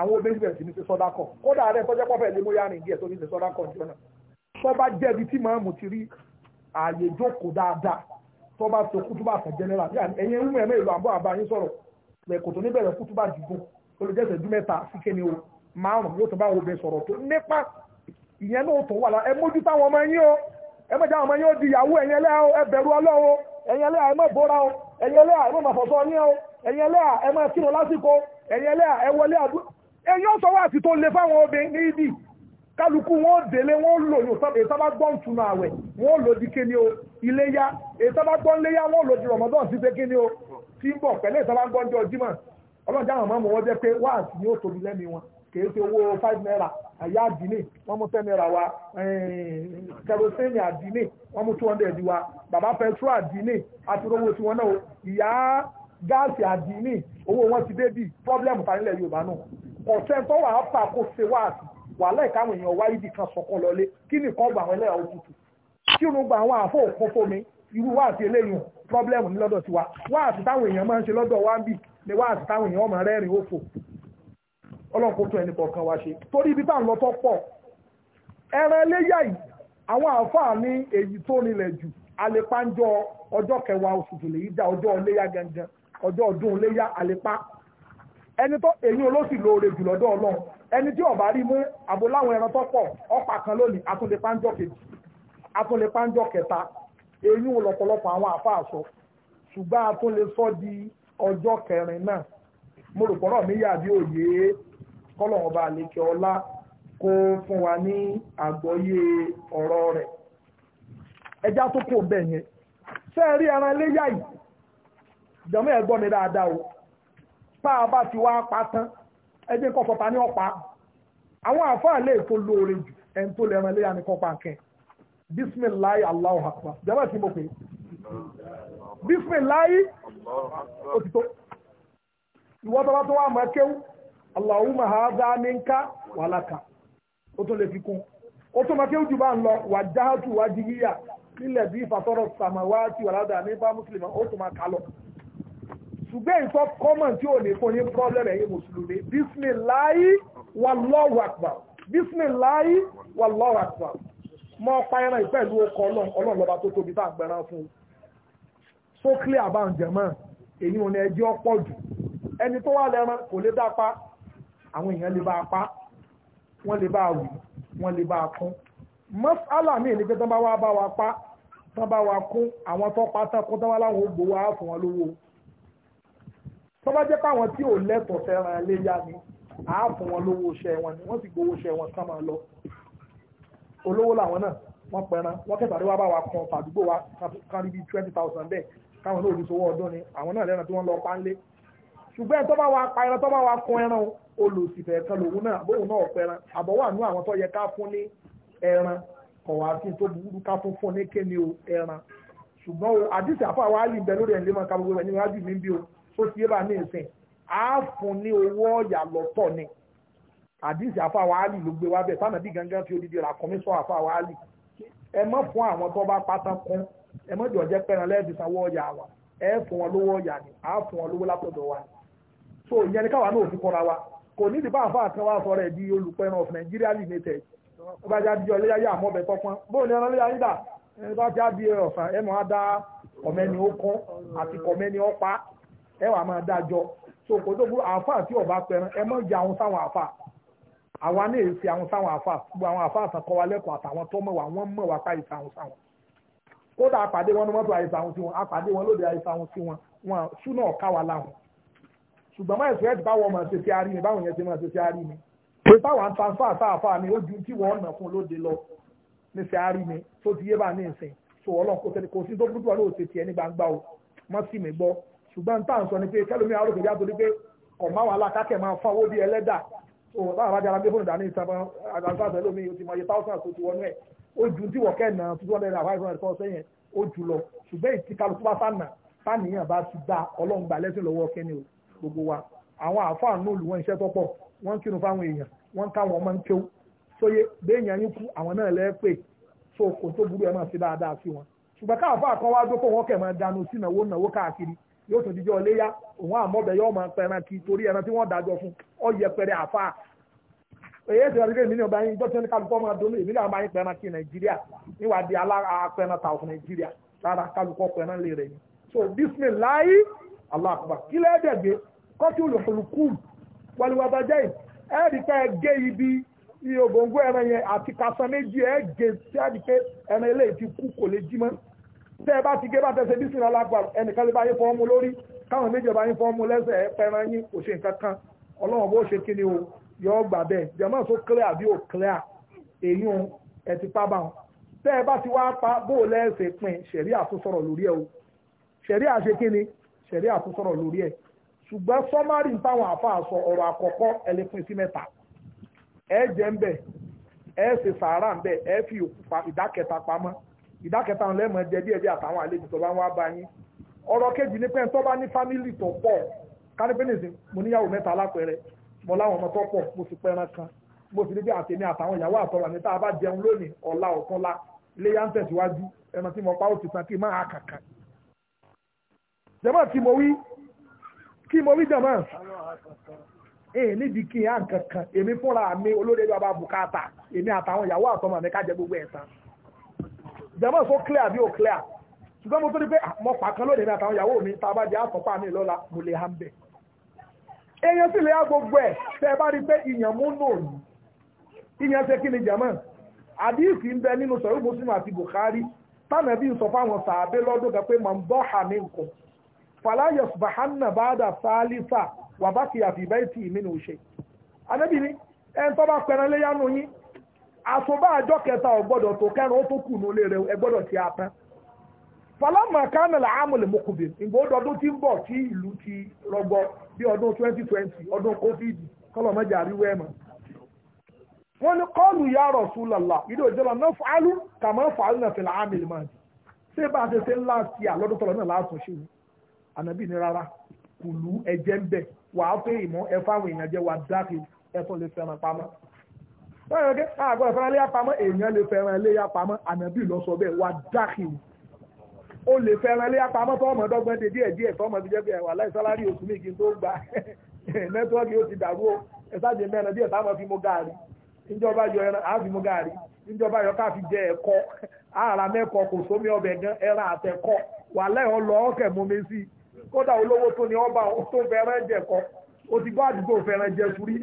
àwọn obìnrin bẹ̀rẹ̀ sí ní ṣe sọ́dá kọ̀ kódà rẹ̀ tọ́jọ́ pọ̀fẹ́ lé mọ́yá rìn díẹ̀ tó ní ṣe sọ́dá kọ̀ jọ náà tó bá jẹ́bi tí màámù ti rí ààyè jókòó dáadáa tó bá tó kútúbà fún jẹnẹra ẹ̀yin ń mẹ́rin ìlú àbọ̀ àbáyín sọ̀rọ̀ lẹ́kọ̀ọ́ tó níbẹ̀rẹ̀ kútúbà dìgbò olùjẹ́sẹ̀ dún mẹ́ta sí kéne o márùn yóò tó bá obìnrin sọ̀rọ̀ tó nípa ìyẹn náà tó wà lá ẹ mójú táwọn ọmọ yín o ẹ mọ̀jà ọmọ yín o, di ìyàwó ẹ̀yin ẹlẹ́yà ẹ bẹ̀rù ọlọ́wọ́ ẹ̀yin ẹlẹ́yà ẹ má bóra o ẹ̀yin ẹlẹ́yà ẹ má mọ̀fọ́sọ yín o ẹ̀yin ẹlẹ́yà ẹ má kírun lásìkò ẹ̀yìn ẹlẹ́à ẹ wọlé àdúrà ẹ̀yìn ọ̀sọ̀ wà sí tó lé fáwọn obìnrin ní ibi kálukú wọn délé wọn lò ní ìsábà gbọ́n túnú àwẹ̀ wọn lò di kíni o iléyá ìsábà gbọ́n léyá wọn lò di rọmọdún sí pé kíni o tí ń bọ̀ pẹ̀lú ìsábà jọ jímọ̀ ọlọ́jà àwọn ọmọ wọn jẹ́ pé wá àti ní òtòbí lẹ́mi wọn kìí ṣe owó five naira àyà àdínì wọ́n mú ten naira wa kerosene àdínì wọ́n mú two hundred wa bàbá pẹtrol àdínì àti owó tiwọn náà ìyá gáàsì àdínì owó wọn ti débì pọ́blẹ́mù kan nílẹ̀ Yorùbá náà kọ̀sẹ́ni tó wà á fà kó ṣe wá àti wàhálà ìkáwọn èèyàn wá ibì kan sọ̀kan lọlé kí nìkan gba àwọn ẹlẹ́yà òtútù kí irun gba àwọn àfọ òkun fómi irú wá àti eléyìí pọ́blẹ́mù ní lọ́dọ̀ tiwa wá àti táwọn èèyàn máa ń ṣe lọ́dọ̀ wá ń bì ni wá àti táwọn èèyàn máa rẹ́rìn òfò Ọlọ́run kó tún ẹnì kọ̀ọ̀kan wá ṣe torí ibi táwọn lọ́tọ́ pọ̀ ẹran ẹlẹ́yà yìí àwọn àáfàá ní èyí tó rinlẹ̀ jù alẹ́pàájọ ọjọ́ kẹwàá oṣù tòlè yìí dá ọjọ́ ọlẹ́yà gangan ọjọ́ ọdún léyà àlepa ẹni tó èyí olóṣì lóore jù lọ́dọ̀ ọlọ́run ẹni tí ọ̀bá rí mú àbò láwọn ẹran tó pọ̀ ọ̀pá kan lónìí atúnlepánjọ́ kejì atúnlepánjọ́ kẹta èyí lọ́pọ̀lọpọ̀ àwọn àfa àṣọ ṣùgbọ́n atúnlé sọ di ọjọ́ kẹrin náà mo rò pọ̀rọ̀ mi yà bí òye kọ́lọ̀wọ́n bá lè kẹ́ ọlá kó fún wa ní àgbọ́yé ọ̀rọ̀ rẹ̀ ẹja tó kò bẹ̀ yẹn ṣé ẹ rí ẹran léyà yìí jọmọ ẹ mi o a bá ti wá pa tán ẹ fọta ní ọpa àwọn àfáà lè tó lóore jù ẹ̀ ń tó lẹ́ran léyà ní kọ́pá kẹ́ bisimilayi allahu akbar jọmọ ti mo pè bisimilayi tó wà walaka ó lè fi kún ó jù bá ń lọ nílẹ̀ bí sàmáwá ti wà ládàá mùsùlùmí ṣùgbọ́n èyí tó common tí ò lè fún yín problem ẹ̀yin mùsùlùmí bisimilayi wallahu akbar bisimilayi wallahu akbar mọ́ ọ̀pá ẹran ìpẹ̀lú ọkọ̀ ọlọ́run lọ́ba tó tóbi tá àgbẹ̀rán fún un so clear about jẹ̀mọ́ èyí ò ní ẹjẹ́ ọ̀pọ̀ jù ẹni tó wà lẹ́ran kò lè dápa àwọn èèyàn lè bá a pa wọ́n lè bá a wù wọ́n lè bá a kún mọ́sálà míì ní pé tán bá bá wa pa tán wa kún àwọn tó pa tán kún tán wá láwọn ògbó wa fún lówó tó bá jẹ́ káwọn tí ò lẹ́tọ̀ọ́ fẹ́ràn iléyá ni à fún wọn lówó iṣẹ́ wọn ni wọ́n sì gbowó iṣẹ́ wọn kán máa lọ olówó làwọn náà wọ́n pẹran wọ́n kẹsàdé wá bá kan fàdúgbò wa kan rí twenty thousand bẹ́ẹ̀ káwọn náà ò ní sowó ọdún ni àwọn náà lẹ́ran tí wọ́n lọ pa ń lé ṣùgbọ́n tó bá wa pa ẹran tó bá wa kan ẹran olùsìfẹ́ kan lòun náà bóun náà pẹran àbọ̀ wà nú àwọn tó yẹ ká fún ní ẹran ọ̀wà àti tó burú ká fún fún ní kéne o ẹran ṣùgbọ́n àdìsí àfọwọ́ àlì bẹ lórí ẹ̀ tó ti yé bá ní ìsìn á ní owó ọ̀yà lọ́tọ̀ ni àdìsí àfàwọ̀ àlì ló gbé wá bẹ̀ sànàbí gangan fi odidi ra kọ́mí sọ àfàwọ̀ àlì ẹ mọ̀ fún àwọn tó bá pátá kún ẹ mọ̀ jọ̀ọ́ jẹ́ pẹ́ran lẹ́ẹ̀dì sanwó ọ̀yà wa ẹ fún wọn lówó ọ̀yà ni á wọn lówó látọ̀dọ̀ wa so ìyẹn ni káwa náà òfin kọ́ra wa kò ní ìdìbò àfa àkan wa sọ̀rọ̀ ẹ̀ di olùpẹ̀ràn of Nigeria limited ọba jáde ọlẹ́yà yà mọ́ ọbẹ̀ tọ́pọ́n bóun ni ọlọ́lẹ́yà yìí dà ẹni bá ti á di ọ̀sán ẹnu á dá ẹ wà máa dájọ́ so kò tó burú àáfà tí ọba pẹran ẹ mọ̀ jẹ àwọn sáwọn àáfà àwa náà èsì àwọn sáwọn àáfà gbogbo àwọn àáfà àtàkọ́ wa lẹ́kọ̀ọ́ àtàwọn tó mọ̀ wá wọ́n mọ̀ wá pa ìsà àwọn sáwọn kódà àpàdé wọn ni wọ́n tó àìsà àwọn sí wọn àpàdé wọn lóde àìsà àwọn sí wọn wọn ṣúná ọ̀ká wa láwọn ṣùgbọ́n máa ìṣẹ́ ti báwọn ọmọ ṣe arí ni báwọn yẹn ṣe máa ṣe ṣe arí ni pé táwọn ń transfer sáàfà ni ó ju tí wọ́n nà fún lóde lọ ní ṣe arí ni tó ti yé bá ní ìsìn so ọlọ́run kò sí tó burúkú ọlọ́run ṣe tiẹ̀ ní gbangba o mọ́ sí mi gbọ́ ṣùgbọ́n tá à ń sọ ni pé kẹlòmí àrò kò yàtọ̀ ni pé ọ̀ma wàhálà kákẹ́ máa fún owó bí ẹlẹ́dà òun táwọn abájára gbé fóònù dání ìtàn àgbàǹfà o ti mọ iye táwọn tó ti wọnú ẹ ó ju tí wọ́n kẹ́ẹ̀nà two hundred and five hundred kọ́ sẹ́yìn ó jù lọ ṣùgbọ́n ìtì kálukú bá bá ti dá ọlọ́run gbà lẹ́sìn lọ́wọ́ kẹ́ni o gbogbo wa àwọn iṣẹ́ wọ́n fáwọn èèyàn wọ́n ń kéw sóye béèyàn so yóò tún dijọ́ léyà òun àmọ́bẹ̀ yóò máa pẹran kí torí ẹran tí wọ́n dájọ́ fún ọ yẹpẹrẹ àfa èyí ètò ìrìn mi ní ọba yín gbọ́dọ̀ kálukọ́ máa dolo èmi náà máa ń pẹran kí nàìjíríà níwà di alápẹran ta òfin nàìjíríà rárá kálukọ́ pẹran lè rẹ̀ yìí so bismillah allah akbar kí lẹ́ẹ̀dẹ̀gbẹ́ kọ́tù olùkùlùkù wàlúwàbàjẹ́ ẹ̀rí tẹ́ ẹ bá ti gé bá tẹ́sẹ̀ bí sínú alágbàrú ẹnìkan lè bá yín fọ́ọ́mù lórí káwọn méjì bá yín fọ́ọ́mù lẹ́sẹ̀ ẹ pẹran kò ṣe nǹkan kan ọlọ́run bó ṣe kí ni o yọ ọ gbà bẹ́ẹ̀ jẹ̀mọ́ tó clear bí ò clear èyí ẹ ti pa báwọn tẹ́ bá ti wá pa bó o lẹ́sẹ̀ pin ṣẹ̀rí àtúnṣọ̀rọ̀ lórí ẹ o ṣẹ̀rí àṣe kí ni ṣẹ̀rí àtúnṣọ̀rọ̀ lórí ẹ ṣùgbọ́n sọ́márì táwọn àfáà sọ ọ̀rọ̀ àkọ́kọ́ ẹlẹ́pin sí mẹ́ta ẹ jẹ́ ń bẹ̀ ẹ ṣe sàárà ìdákẹ́ta ọ̀hún lẹ́mọ̀ jẹ díẹ̀ díẹ̀ àtàwọn àlejò tó bá ń wá bá yín ọ̀rọ̀ kejì ní pé tó bá ní fámìlì tó pọ̀ kánípẹ́nìsì mo níyàwó mẹ́ta lápẹẹrẹ mo láwọn ọmọ tó pọ̀ mo sì pẹran kan mo sì ní bí àtẹ̀mí àtàwọn ìyàwó àtọ̀rọ̀ àmì tá a bá jẹun lónìí ọ̀la ọ̀túnla iléyà ń tẹ̀síwájú ẹran tí mo pa ó ti san kí n má a jẹ́mọ̀ kí mo wí jẹ́mọ̀ èyí nídìí kí n yá nǹkan èmi fúnra mi olóde bàbá bùkátà èmi àtàwọn ìyàwó àtọmọ mi ká jẹ gbogbo ẹ̀ tán jẹ́mọ́ só clear bí ó clear ṣùgbọ́n mo tó ní pé ah, mo pàkan lónìí ní àtàwọn ìyàwó mi tàbá jẹ́ àtọ́pá mi lọ́la mo lè hàn bẹ̀. èèyàn sì lè á gbogbo ẹ̀ tẹ́ ẹ bá rí pé ìyàn mú nù òní ìyàn ṣe kí ni jẹ́mọ́ àdìsí ń bẹ nínú sọ̀rọ̀ Muslim àti Bukhari tánà bí n sọ fáwọn sàábé lọ́dún kan pé mà ń bọ́ hà mí nǹkan fàlàyé subahanna bàdà sálífà wàbákìyà fìbẹ́ẹ̀tì mi nù ṣe. anábìrin ẹni tó bá pẹran léyà nù yín asụba àjọ kẹta ò gbọ́dọ̀ kẹrin ó tó kù falama kánà làámùlẹ̀ mokùnbè ìgbà mgbe dọdún tí tí ìlú ti rọgbọ bí ọdún 2020 ọdún covid kọlọ̀ mẹ́jà àríwẹ̀ ma wọn ni kọlu ya Rasulullah ìdí òjòlá náà fàálù kàmá fàálù náà fìlà ámìlì ṣé bá a ṣe ṣe ńlá náà ṣe wù ànábì ní rárá kùlù ń wàá àwọn èèyàn wàá báyọ̀ kí àgbọ̀dọ̀ fẹ́ràn léyà pamọ́ èèyàn lè fẹ́ràn léyà pamọ́ ànábì lọ sọ bẹ́ẹ̀ wà dákì o lè fẹ́ràn léyà pamọ́ tó ọmọ dọ́gbọ́n ti díẹ̀ díẹ̀ tó ọmọ ti jẹ́ pé wà láì sálárì oṣù mi kí n tó gba (laughs) nẹ́tíwọ́ọ̀kì yóò ti dàrú o ẹ̀sáàjì mẹ́rin díẹ̀ táwọn fi mú gaari níjọba yọ ẹran àá fi mú gaari níjọba yọ ká fi jẹ ẹ̀kọ́ ara mẹ́kọ̀ọ́ kò sómi ọbẹ̀ gan ẹran àtẹ̀kọ́ wà lẹ́yìn ọlọ ọkẹ̀ mú mi sí kódà olówó tó ní ọba tó fẹ́ràn jẹ̀kọ́ o ti gbọ́ àdúgbò fẹ́ràn jẹ fúrí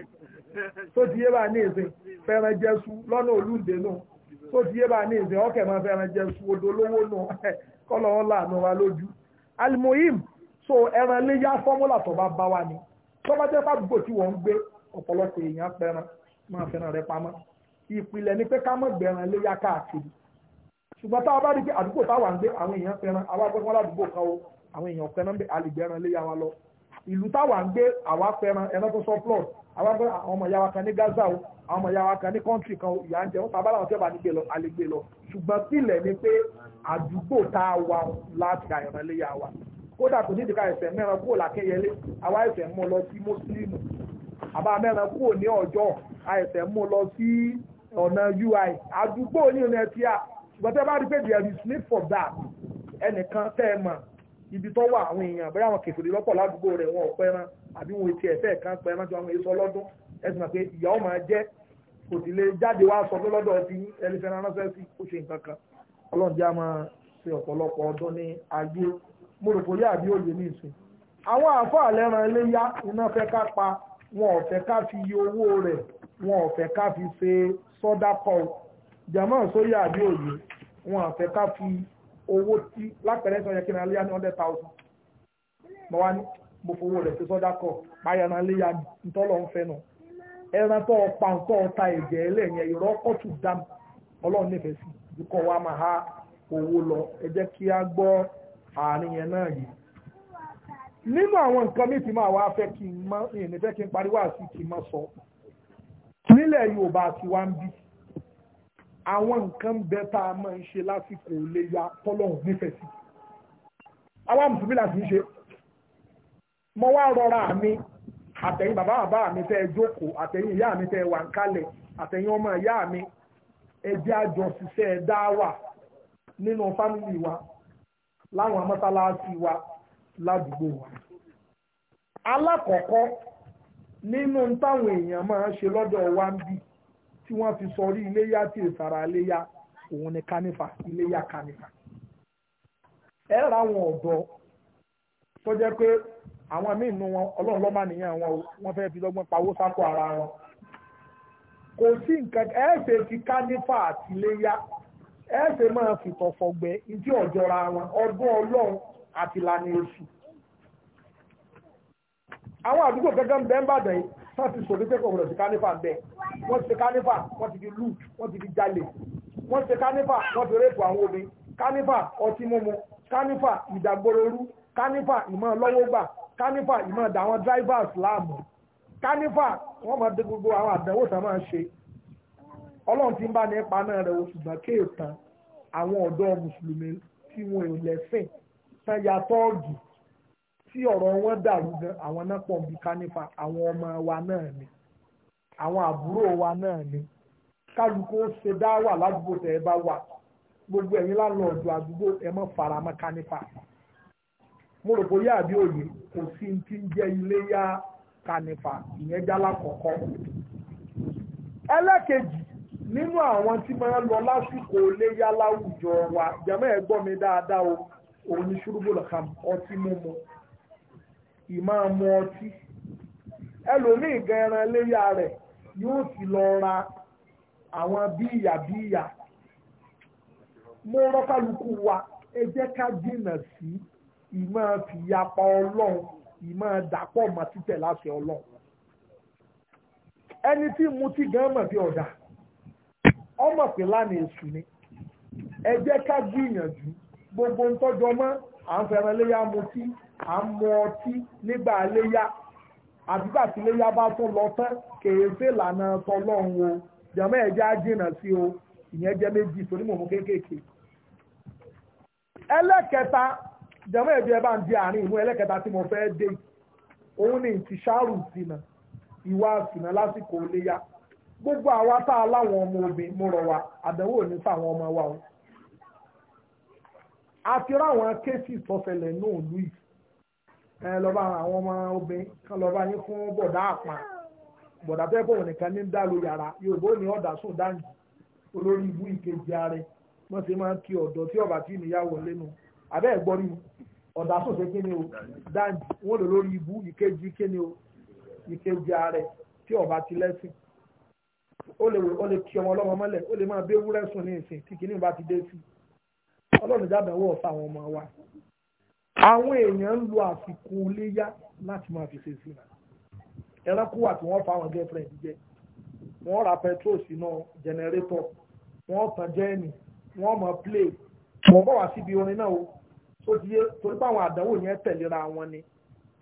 tó ti yé bá ní ìsìn fẹ́ràn jẹ́sú lọ́nà olúǹde náà tó ti yé bá ní ìsìn ọ̀kẹ́ máa fẹ́ràn jẹ́sú odò olówó náà (laughs) kọ́lọ̀ wọn láàánú wa lójú. alimoyim so ẹran léyà fọ́múlà tó bá bá wa ni tó bá jẹ́ fàdúgbò tí wọ́n ń gbé ọ̀pọ̀lọpọ̀ èèyàn pẹran máa fẹ́ràn rẹ pamọ́ ìpìlẹ̀ ni pé ká mọ̀ gbẹ̀ràn léyà káàkiri ṣùgbọ́n tá a bá rí pé àdúgbò táwa ń gbé àwọn èèyàn pẹran àwa gbọ́dọ̀ wọn ládùúgbò kan o àwọn èèyàn pẹran bẹ́ẹ̀ àlè gbẹ̀ràn léyà wa lọ ìlú táwa ń gbé àwa pẹran ẹran tó sọ plọ̀t àwọn ọmọ ìyá wa kan ní Gaza o àwọn ọmọ ìyá wa kan ní kọ́ńtì kan ìyá ń jẹ wọn tàbá làwọn tí ó bá nígbè lọ àlegbè lọ ṣùgbọ́n sílẹ̀ ni pé àdúgbò tá a wà láti àyànmọ́léyà wa kódà kò nídìí ká ẹsẹ̀ mẹ́ran kúrò lákẹ́yẹlé àwa ẹsẹ̀ mú lọ sí mùsùlùmù àbá mẹ́ran kúrò ní ọjọ́ àẹsẹ̀ mú lọ sí ọ̀nà ui àdúgbò ní ọ̀nà ẹtì à ṣùgbọ́n tẹ́ bá rí pé there is need for that ẹnìkan tẹ́ ẹ mọ̀ ibi tó wà àwọn èèyàn bóyá àwọn kèfèrè lọ́pọ̀ ládùúgbò rẹ̀ wọn ò pẹ́ràn àbí wọn ti ẹ̀fẹ́ kan pẹ́ mọ́tò àwọn èso ọlọ́dún ẹ̀sìn náà pé ìyá ọmọ jẹ́ kò sì lè jáde wá sọ pé lọ́dọ̀ ti ẹni fẹ́ràn ránṣẹ́ sí kó ṣe nǹkan kan ọlọ́run jẹ́ àmọ́ ṣe ọ̀pọ̀lọpọ̀ ọdún ní ayé mo rò bóyá àbí òye ní ìsìn àwọn àáfàá lẹ́ran iléyá iná fẹ́ ká pa wọn ò fẹ́ ká fi iye owó rẹ̀ wọn ò fẹ́ ká fi ṣe sọ́dá kọ́ jàmọ́ sóyà àbí òye wọn ò fẹ́ ká fi owó tí lápẹ̀rẹ́ sọ yẹ kí n mo fowó rẹ̀ ṣe sọ́dá kọ̀ payana léya ntọ́lọ̀ ń fẹ́ nu ẹran tó pa nǹkan ọta ẹ̀jẹ̀ ẹlẹ́yìn ìrọ́ kọ́tù dam ọlọ́run nífẹ̀ẹ́ sí ìdíkọ̀ wa máa ha owó lọ ẹ jẹ́ kí a gbọ́ àárín yẹn náà yìí. nínú àwọn nǹkan mi ti máa wá fẹ́ kí n mọ ìrìn fẹ́ kí n parí wá sí kí n mọ sọ nílẹ̀ Yorùbá ti wá ń bí àwọn nǹkan bẹ tá a máa ń ṣe lásìkò léya tọ́lọ́run nífẹ̀ẹ́ sí àwa mùsùlùmí láti ń ṣe mo wá rọra mi àtẹ̀yìn bàbá bàbá mi fẹ́ jókòó àtẹ̀yìn ìyá mi fẹ́ wà ń kálẹ̀ àtẹ̀yìn ọmọ ìyá mi ẹjẹ́ àjọ ṣiṣẹ́ dáwà nínú fámìlì wa láwọn mọ́sálásí wa ládùúgbò wa. alákọ̀ọ́kọ́ nínú táwọn èèyàn máa ń ṣe lọ́dọ̀ wa ń bì tí wọ́n fi sọrí iléyà tí ìsàrà iléyà òun ni kánífà iléyà kánífà. ẹ ra àwọn ọ̀dọ́ tó jẹ́ pé àwọn míì nu wọn ọlọ́run lọ́mà nìyẹn wọn wọ́n fẹ́ fi lọ́gbọ́n pawó sápò ara wọn kò sí nǹkan ẹ̀ẹ́sẹ̀ ti kánífà àtiléyá ẹ̀ẹ́sẹ̀ máa fìtọ̀ fọ̀gbẹ́ ìdí ọ̀jọ́ra wọn ọdún ọlọ́run àti ìlànà èṣù àwọn àdúgbò gẹ́gẹ́ bẹ́ẹ̀ ń bàdàn yìí wọ́n ti sòdí pé kò gbọdọ̀ sí kánífà ń bẹ̀ wọ́n ti ṣe kánífà wọ́n ti di lute wọ́n ti di jalè wọ́n ti kánífà wọ́n ti rẹ́pù àwọn obìnrin kánífà ọtí mímu kánífà ìdàgbòrò kánífà ìmọ̀ lọ́wọ́ kánífà ìmọ̀ ẹ̀dá àwọn drivers láàmú kánífà wọ́n máa dé gbogbo àwọn àdánwò tá a máa ṣe ọlọ́run ti ń bá ní ipa náà rẹ̀ ṣùgbọ́n kéètàn àwọn ọ̀dọ́ mùsùlùmí tí wọn ò lẹ́sìn tán ya tọ́ọ̀gì tí ọ̀rọ̀ wọn dàrú gan àwọn náà pọ̀ bí kánífà àwọn ọmọ wa náà ni àwọn àbúrò wa náà ni kálukú ṣe dá wà ládùúgbò tẹ̀ ẹ bá wà gbogbo ẹ̀yin láńlọ́ọ̀dù àdúgbò ẹ mọ́ faramọ́ kánífà mo rò bóyá àbí òye kò sí ti ń jẹ́ iléyá kànìfà ìyẹn jálá kọ̀ọ̀kọ́. ẹlẹ́kejì nínú àwọn tí máa ń lọ lásìkò iléyá láwùjọ wa jẹ́mọ́ ẹ̀ gbọ́ mi dáadáa o òun ni ṣùrùbùlù kan ọtí mímu ìmáa mu ọtí ẹlòmíì gan ẹran iléyá rẹ̀ yóò sì lọ ra àwọn bíyà bíyà mo rọ́kàlùkù wa ẹ jẹ́ ká jìnnà sí i ìmọ̀ fìyàpá ọlọ́run ìmọ̀ dàpọ̀ mọ́ títẹ̀ láṣẹ ọlọ́run ẹni tí mu ti gan mọ̀ bí ọ̀dà ọmọ pé lánàá èṣù ni ẹ jẹ́ ká gbìyànjú gbogbo ń tọ́jọ́ mọ́ à ń fẹ́ràn léyà mu tí à ń mu ọtí nígbà léyà àbígbà tí léyà bá tún lọ tán kèéfé lànà tọlọ́run o jàmọ́ ẹ̀jẹ̀ á jìnà sí o ìyẹn jẹ́ méjì torí mò ń kéékèèké ẹlẹ́kẹta jẹ́mọ́ ẹ̀bí ẹ bá ń di àárín ìmú ẹlẹ́kẹta tí mo fẹ́ dé òun ni ti ṣáàrù sínà ìwà sínà lásìkò léyà gbogbo àwa tá a ọmọ obìnrin mo rọ̀ àdánwò ní fáwọn ọmọ wa o a ti ráwọn kéésì náà ọmọ obìnrin kan lọ́ba yín fún bọ̀dá àpá bọ̀dá bọ̀ nìkan ní Yorùbá ọ̀dà sùn olórí ibú ìkejì ààrẹ wọ́n ti máa ń kí ọ̀dọ́ tí ọ̀dà sòsè kí ni o dáńdì wọ́n lò lórí ibú ìkejì kí ni o ìkejì ààrẹ tí ọba ti lẹ́sìn ó lè ó lè kí ọmọ ọlọ́mọ mọ́lẹ̀ ó lè máa bí ewúrẹ́ sùn ní ìsìn tí kìíní bá ti dé sí ọlọ́run jábẹ̀ wọ̀ fáwọn ọmọ wa àwọn èèyàn ń lo àsìkò léyà láti máa fi ṣe sí i ẹranko wà tí wọ́n fa àwọn girlfriend jẹ wọ́n ra petrol sínú generator wọ́n tan jẹ́ẹ̀nì wọ́n mọ̀ play wọ́n bọ̀ wá síbi orin náà o ti yé torí báwọn àdánwò yẹn tẹ̀léra wọn ni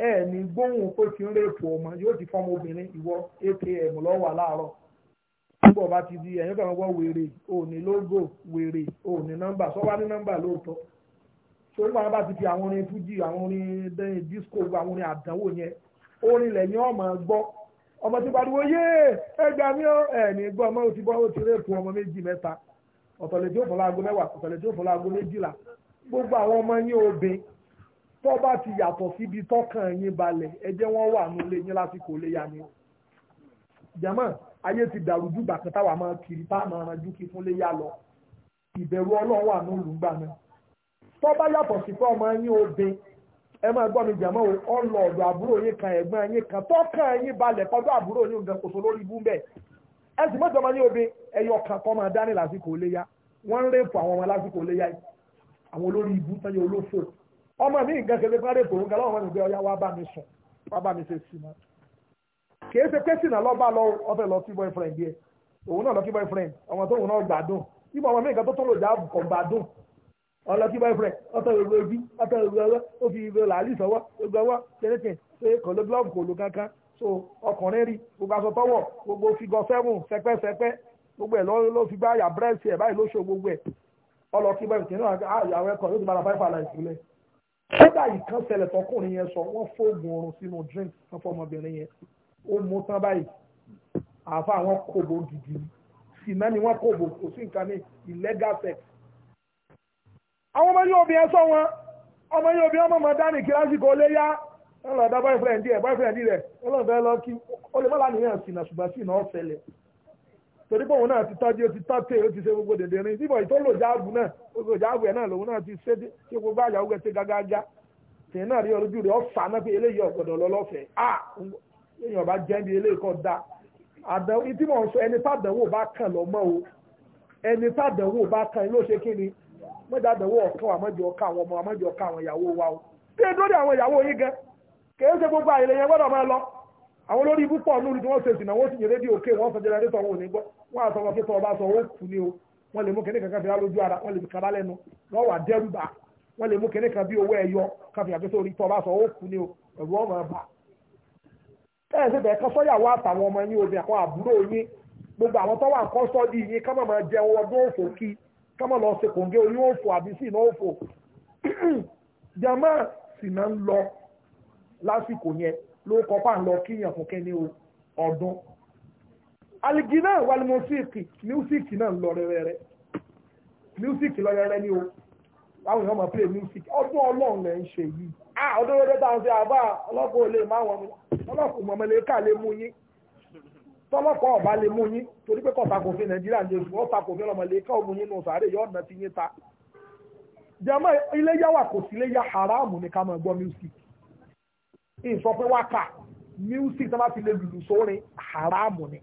ẹ ní gbóhùn pé kí n lè fò ọmọ yóò ti fọmọ obìnrin ìwọ ATM lọ́wọ́ aláàárọ̀ nígbà ọba ti di ẹ̀yìn kan wọ́n wèrè òní lógò wèrè òní nọ́mbà sọ́wọ́ ní nọ́mbà lóòótọ́ torí báwọn bá ti fi àwọn orin fújì àwọn orin dẹ́yìn disco àwọn orin àdánwò yẹn orin lẹ́yìn ọmọ gbọ́ ọmọ ti pariwo yé ẹgbàá mi ọ ẹni gbọ́ ọmọ ti bọ́ ó ti rẹ́pù ọmọ méjì mẹ́ta ọ̀tọ̀lẹ̀ tí ó fọlá aago mẹ́wàá ọ̀tọ̀lẹ̀ tí ó fọlá aago méjìlá gbogbo àwọn ọmọ yín obìn tó bá ti yàtọ̀ síbi tọ́kàn yín balẹ̀ ẹ jẹ́ wọ́n wà nílé yín lásìkò lè yá ni. jàmọ́ ayé ti dàrú ju gbàkan táwa máa kiri bá máa ranjú kí fún lè yá lọ ìbẹ̀rù ọlọ́run wà nílùú gbà náà tó bá yàtọ̀ sí pé ọmọ yín obìn ẹ máa gbọ́ mi jàmọ́ o ọ lọ ọ̀dọ̀ àbúrò yín kan ẹ̀gbọ́n yín kan tọ́kàn yín balẹ̀ kọjọ́ àbúrò yín nǹkan kò lórí ibú bẹ́ẹ̀ ẹ àwọn olórí ibú tọ́jú olófò ọmọ mi nǹkan ṣe pé tòun gan lọ́wọ́ mi gbé ọyá wá bá mi sùn wá bá mi ṣe sí ma kìí ṣe pé sìnà lọ́ba lọ ọfẹ́ lọ sí boyfriend yẹ òun náà lọ sí boyfriend ọmọ tóun náà gbádùn ibà ọmọ mi nǹkan tó tó lò já kọ̀ gbádùn ọlọ́tí boyfriend ọtọ ìwé ojú ọtọ ìwé ọwọ́ ó fi ìwé làálì sọ́wọ́ gbogbo ọwọ́ kẹ́lẹ́kẹ́ pé kò ló glove kò ló kankan so ọkùnrin rí gbogbo aṣọ tọwọ́ gbogbo figọ sẹ́wọ̀n sẹpẹ́sẹpẹ́ gbogbo ẹ̀ ló fi báyà bírẹ́sì ẹ̀ báyìí ló ṣo gbogbo ẹ̀ ọlọ kí bẹ́ẹ̀ tẹ̀ náà ah, àwọn ẹ̀kọ́ yóò ti bára five alive sílẹ̀ kódà ìkan ṣẹlẹ̀ tọkùnrin yẹn sọ wọ́n fóògùn oorun sínú drink fún ọmọbìnrin yẹn ó mú tán báyìí àfa àwọn kòbó gidi ìná ni wọ́n kòbó kò sí nǹkan ní illegal sex. àwọn ọmọ yóò bí ẹ sọ wọn ọmọ yóò bí ọmọ máa dání kíláàsì kò lè yá ọlọ́dà boyfriend ẹ̀ boyfriend rẹ̀ ọlọ́dà ẹ lọ kí ó lè má lánìyàn sínà ṣùgbọ́n sínà ọ̀sẹ̀lẹ̀ torí pé òun náà ti oti ó ti tàtẹ ó ti ṣe gbogbo dèdè rin bíbọ̀ ìtọ́lò jáàbù náà gbogbo jáàbù ẹ̀ náà lòun náà ti ṣe ṣe gbogbo àyàwó gẹ̀ ṣe gágágá tèyí náà rí ọlójú rẹ̀ ọ̀fà náà pé eléyìí ọ̀gbọ̀dọ̀ lọ́lọ́fẹ̀ẹ́ à èèyàn bá jẹ́ bí eléyìí kan dá àdánwò ìtí mò ń sọ o ẹni tàdánwò bá kàn ló ṣe kí ni mọ́jà àdánwò ọ̀kan àwọn olórí ibú pọ̀ lórí tí wọ́n ṣe ìsìn àwọn òṣìṣẹ́ rédíò òkè wọ́n sọ jẹrẹrétọ̀ wọn ò gbọ́ wọ́n àtọ́ wọn pé ọba sọ wọ́n kù ní o wọ́n lè mú kẹ́ni kankan fi á ara wọ́n lè kaba lẹ́nu wọ́n wà dẹ́rù bá wọ́n lè mú kẹ́ni kan bí owó ẹ̀yọ káfí àgbẹ̀sọ orí tọ́ ọba sọ wọ́n kù ní o ẹ̀rù ọmọ ọba. ẹ ẹ sẹbẹ ẹkọ àtàwọn ọmọ yín obìnrin àwọn àbúrò yín gbogbo àwọn tó wà ń kọ́ sọ́ọ́dì yín ká máa jẹ ọdún òfò kí ká má lọ ṣe kòǹgé orí òfò àbí sí iná òfò (clears throat) jama sì máa ń lọ lásìkò yẹn ló kọ́ pà ń lọ kíyàn fún kẹ́ni ọdún aligi náà wà ní mọ́síìkì mísíìkì náà ń lọ rẹ́rẹ́rẹ́ mísíìkì lọ rẹ́rẹ́ ni o àwọn èèyàn máa play music ọdún ọlọ́run lẹ́ ń ṣe yìí ah ọdún rẹ́rẹ́ táwọn ṣe àbá ọlọ́pàá ò lè má wọn ọlọ́pàá mọ̀mọ́lẹ́kà lè mú yín tọ́lọ́pàá ọ̀bá lè mú yín torí pé kọ̀ọ̀ta kò fi nàìjíríà ń jẹ́sùn ọ̀ta kò fi ọlọ́mọlẹ́kà ò mú yín nù sàárè yọ̀ ọ̀nà ti yín ta jẹ́mọ́ iléyà wà kò sí iléyà haramu ni ká máa gbọ́ music ìsọ pé wákà music tó bá ti lè lùlù sórin haramu ni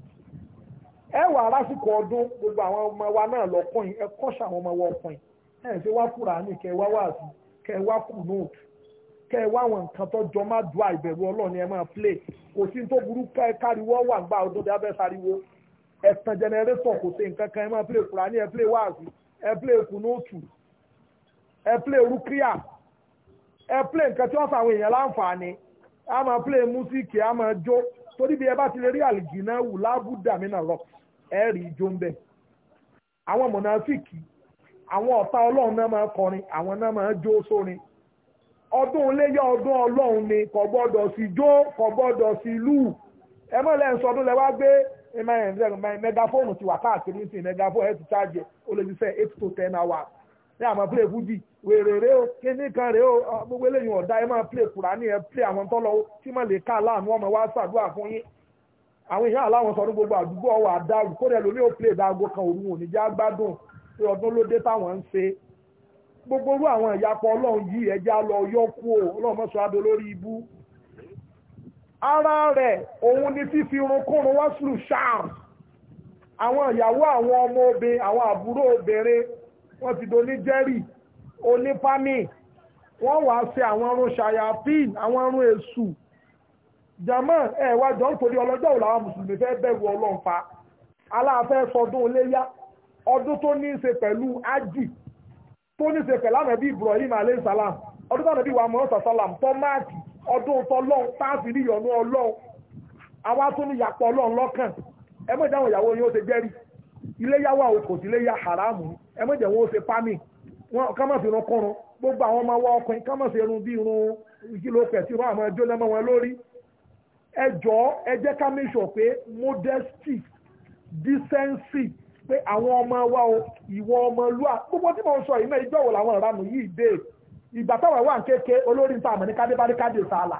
ẹ wà lásìkò ọdún gbogbo àwọn ọmọ wa náà lọkùnrin ẹ kọ́ṣà àwọn ọmọ wa ọkùnrin ẹ ṣe wá Kùránì kẹ wá wáàsí kẹ wá kùnúùtù kẹ wá àwọn nǹkan tó jọ má dùn àìbẹ̀rù ọlọ́ọ̀ni ẹ máa play kò sí tó burú ká ẹ káriwọ́ wà ọdún dábẹ́ jẹnẹrétọ̀ kò sí nǹkan kan ẹ máa play ẹ play a máa play music a máa jó torí bí ẹ bá ti lè rí àlìgínà wù lábúdà mí náà rock ẹ rí ijó ń bẹ àwọn mọ̀nàfíìkì àwọn ọ̀tá ọlọ́run náà máa kọrin àwọn náà máa jó sórin ọdún iléyá ọdún ọlọ́run ni kò gbọ́dọ̀ sí jó kò gbọ́dọ̀ sí lù ẹ mọ̀ lẹ́yìn sọdún ti wà káàkiri ní ti mẹgáfóònù ẹ ti ṣáàjẹ ó lè to ten hours ẹ àmọ́ play fújì wèrè rèé o kíní kan rèé o gbogbo eléyìí ọ̀dá ẹ máa play kùránì ẹ play àwọn tọ́lọ́ tí mà lè ká láàánú ọmọ wa ṣàdúrà fún yín àwọn èèyàn aláwọn sọ ní gbogbo àdúgbò ọwọ́ àdáwù kó rẹ̀ lómi ò play dáago kan òru òní já gbádùn pé ọdún ló dé táwọn ń ṣe gbogbo orú àwọn ìyapọ̀ ọlọ́run yìí ẹja lọ yọkú o ọlọ́run mọ́sọ adó lórí ibú ara rẹ̀ òun ni fífi irunkúrun wá sùn ṣáà àwọn ìyàwó àwọn ọmọ obìnrin àwọn àbúrò obìnrin wọ́n ti doni jerry onípámì wọ́n wá ṣe àwọn ọrùn ṣàyàpín àwọn ọrùn èṣù jama ẹ wá jọ ń torí ọlọ́jọ́ òun làwọn mùsùlùmí fẹ́ bẹ̀rù ọlọ́run pa aláàfẹ́ sọdún iléyá ọdún tó ní í ṣe pẹ̀lú ájì tó ní í ṣe pẹ̀lú àmọ́bí ibrahim alayhi salam ọdún tó àmọ́bí wa mọ́ọ́sà salam tó máàkì ọdún tọ́lọ́run táàfì níyọ̀nù ọlọ́run àwa tó ní yàpọ̀ ọlọ́run lọ́kàn ẹ mọ̀ ìdáhùn ìyàwó yín ó ṣe jẹ́rìí iléyá wà o kò sí iléyá haramu ẹ mọ̀jẹ̀ wọn ó ṣe pámì wọn ká má fi irun kọrun gbogbo àwọn ọmọ wa ọkùnrin ká má fi irun bí irun ìkìlópẹ̀ tí irun àwọn ẹjọ́ lẹ́mọ́ wọn lórí ẹ jọ̀ọ́ ẹ jẹ́ ká make sure pé modesty decency pé àwọn ọmọ wa o ìwọ ọmọlúwa gbogbo tí mo ń sọ ìmọ̀ ìjọ́wò làwọn ìranù yìí dé ìgbà táwọn ẹ̀wà ń kéke olórí nípa àmọ́ ní kádébáríkádé sàálà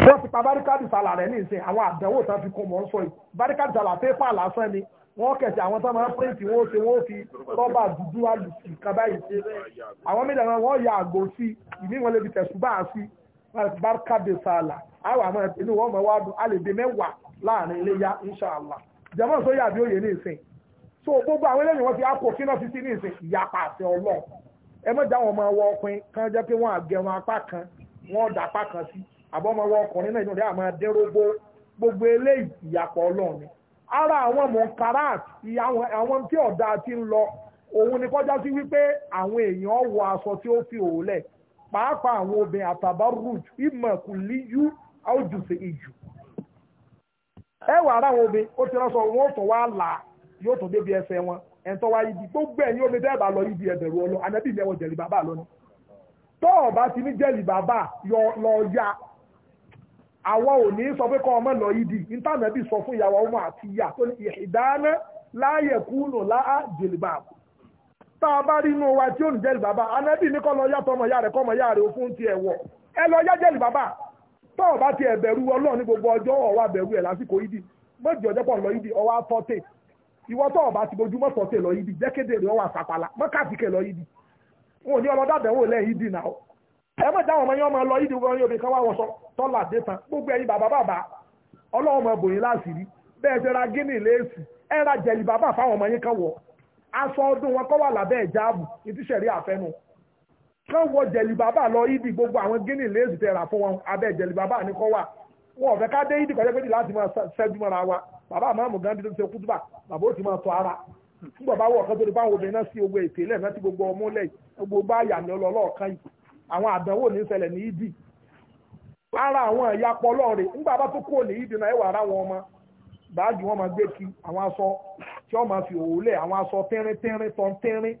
wọ́n ti pa báríkádé sàálà rẹ̀ ní ìsìn àwọn àdánwò tán fi kún mọ́ ń sọ yìí báríkádé sàálà pépà lásán ni wọ́n kẹ̀sẹ̀ àwọn tó máa ń wọ́n ṣe wọ́n fi rọba dúdú àlùsì kan báyìí ṣe àwọn wọ́n ya àgò sí ìmí wọn lè fi tẹ̀sùn bá a sí barka de sàlà àwọn àmọ́ inú wọn mọ̀ wá dùn a lè dé mẹ́wàá láàrin iléyà sọ ní ìsìn so gbogbo àwọn eléyìí wọ́n fi akọ kí fi sí ní ìsìn ìyapa àti ẹ ara àwọn monkarat àwọn tí ọ̀dà ti ń lọ òun ni kọjá sí wípé àwọn èèyàn wọ aṣọ tí ó fi òòlẹ̀ pàápàá àwọn obìnrin àtàbárùj ìmọ̀kùnlíyú àwùjùṣe ìjù ẹ wà ara àwọn obìnrin ó ti rán sọ wọn ò tún wá là yóò tún débi ẹsẹ̀ wọn ẹ̀ńtọ́ wa ibi tó gbẹ̀yìn omi tẹ́ bá lọ ibi ẹ̀bẹ̀rù ọlọ ànábì mẹ́wọ̀n jẹ̀lì bàbá lọ ni tọ́ ọ̀bá ti ní jẹ̀lì bàbá lọ ya àwa ò ní sọ pé kọ́ ọmọ lọ yìí di sọ fún ìyàwó ọmọ àti ìyá tó ní ìdáná láàyè kúrò láà tá a bá rí inú wa tí ó ní jẹ́lì bàbá anábì ní kọ́ lọ yàtọ̀ ọmọ ìyá rẹ̀ kọ́ ọmọ ìyá ẹ lọ yá jẹ́lì bàbá tọ́ ti ẹ̀bẹ̀rù ọlọ́run gbogbo ọjọ́ ọ̀wà bẹ̀rù ẹ̀ lásìkò yìí di ẹ mọ̀ dáwọn ọmọ yẹn ọmọ lọ ìdí wọn yóò bí káwá wọṣọ tọ́lá dé tán gbogbo ẹ̀yin bàbá bàbá ọlọ́run ọmọ bòyìn láṣìírí bẹ́ẹ̀ ṣe ra gíní léèsì ẹ ra jẹ̀lì bàbá fáwọn ọmọ yẹn kan wọ̀ aṣọ ọdún wọn kọ́ wà lábẹ́ ìjáàbù ìtísẹ̀rí àfẹ́nu kán wọ jẹ̀lì bàbá lọ ìdí gbogbo àwọn gíní léèsì tẹ̀ rà fún wọn abẹ́ jẹ̀lì bàbá ní kọ́ wà wọn ọ̀fẹ́ ká dé ìdí kọjá pé láti máa ṣẹ́jú mọ́ra wa bàbá àmọ́ gandhi àwọn àdánwò ní ṣẹlẹ̀ ní ìdí àwọn ẹ̀yà pọlọ rẹ̀ nígbà bá tó kúrò ní ìdí náà ara wọn ọmọ báàgì wọn máa gbé kí àwọn aṣọ tí wọn máa fi òwò àwọn aṣọ tínrín tínrín tán tínrín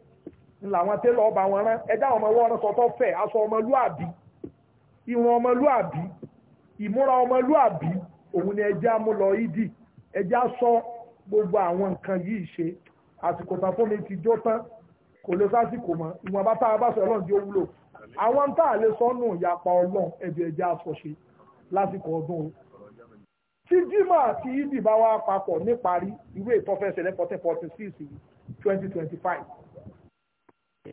ńlá àwọn tẹ́lẹ̀ ọba wọn rán ẹ̀dá ọmọ wọn rán sọtọ́ fẹ̀ aṣọ ọmọlúàbí ìwọ̀n ọmọlúàbí ìmúra ọmọlúàbí òun ni àwọn tá a lè sọnù ìyapa ọlọ́run ẹbí ẹja àsọṣe lásìkò ọdún o tí jimá àti ibi bá wá papọ̀ níparí ìwé ìtọ́fẹ́sẹ̀ lẹ́fọ́tẹ́ forty six twenty twenty five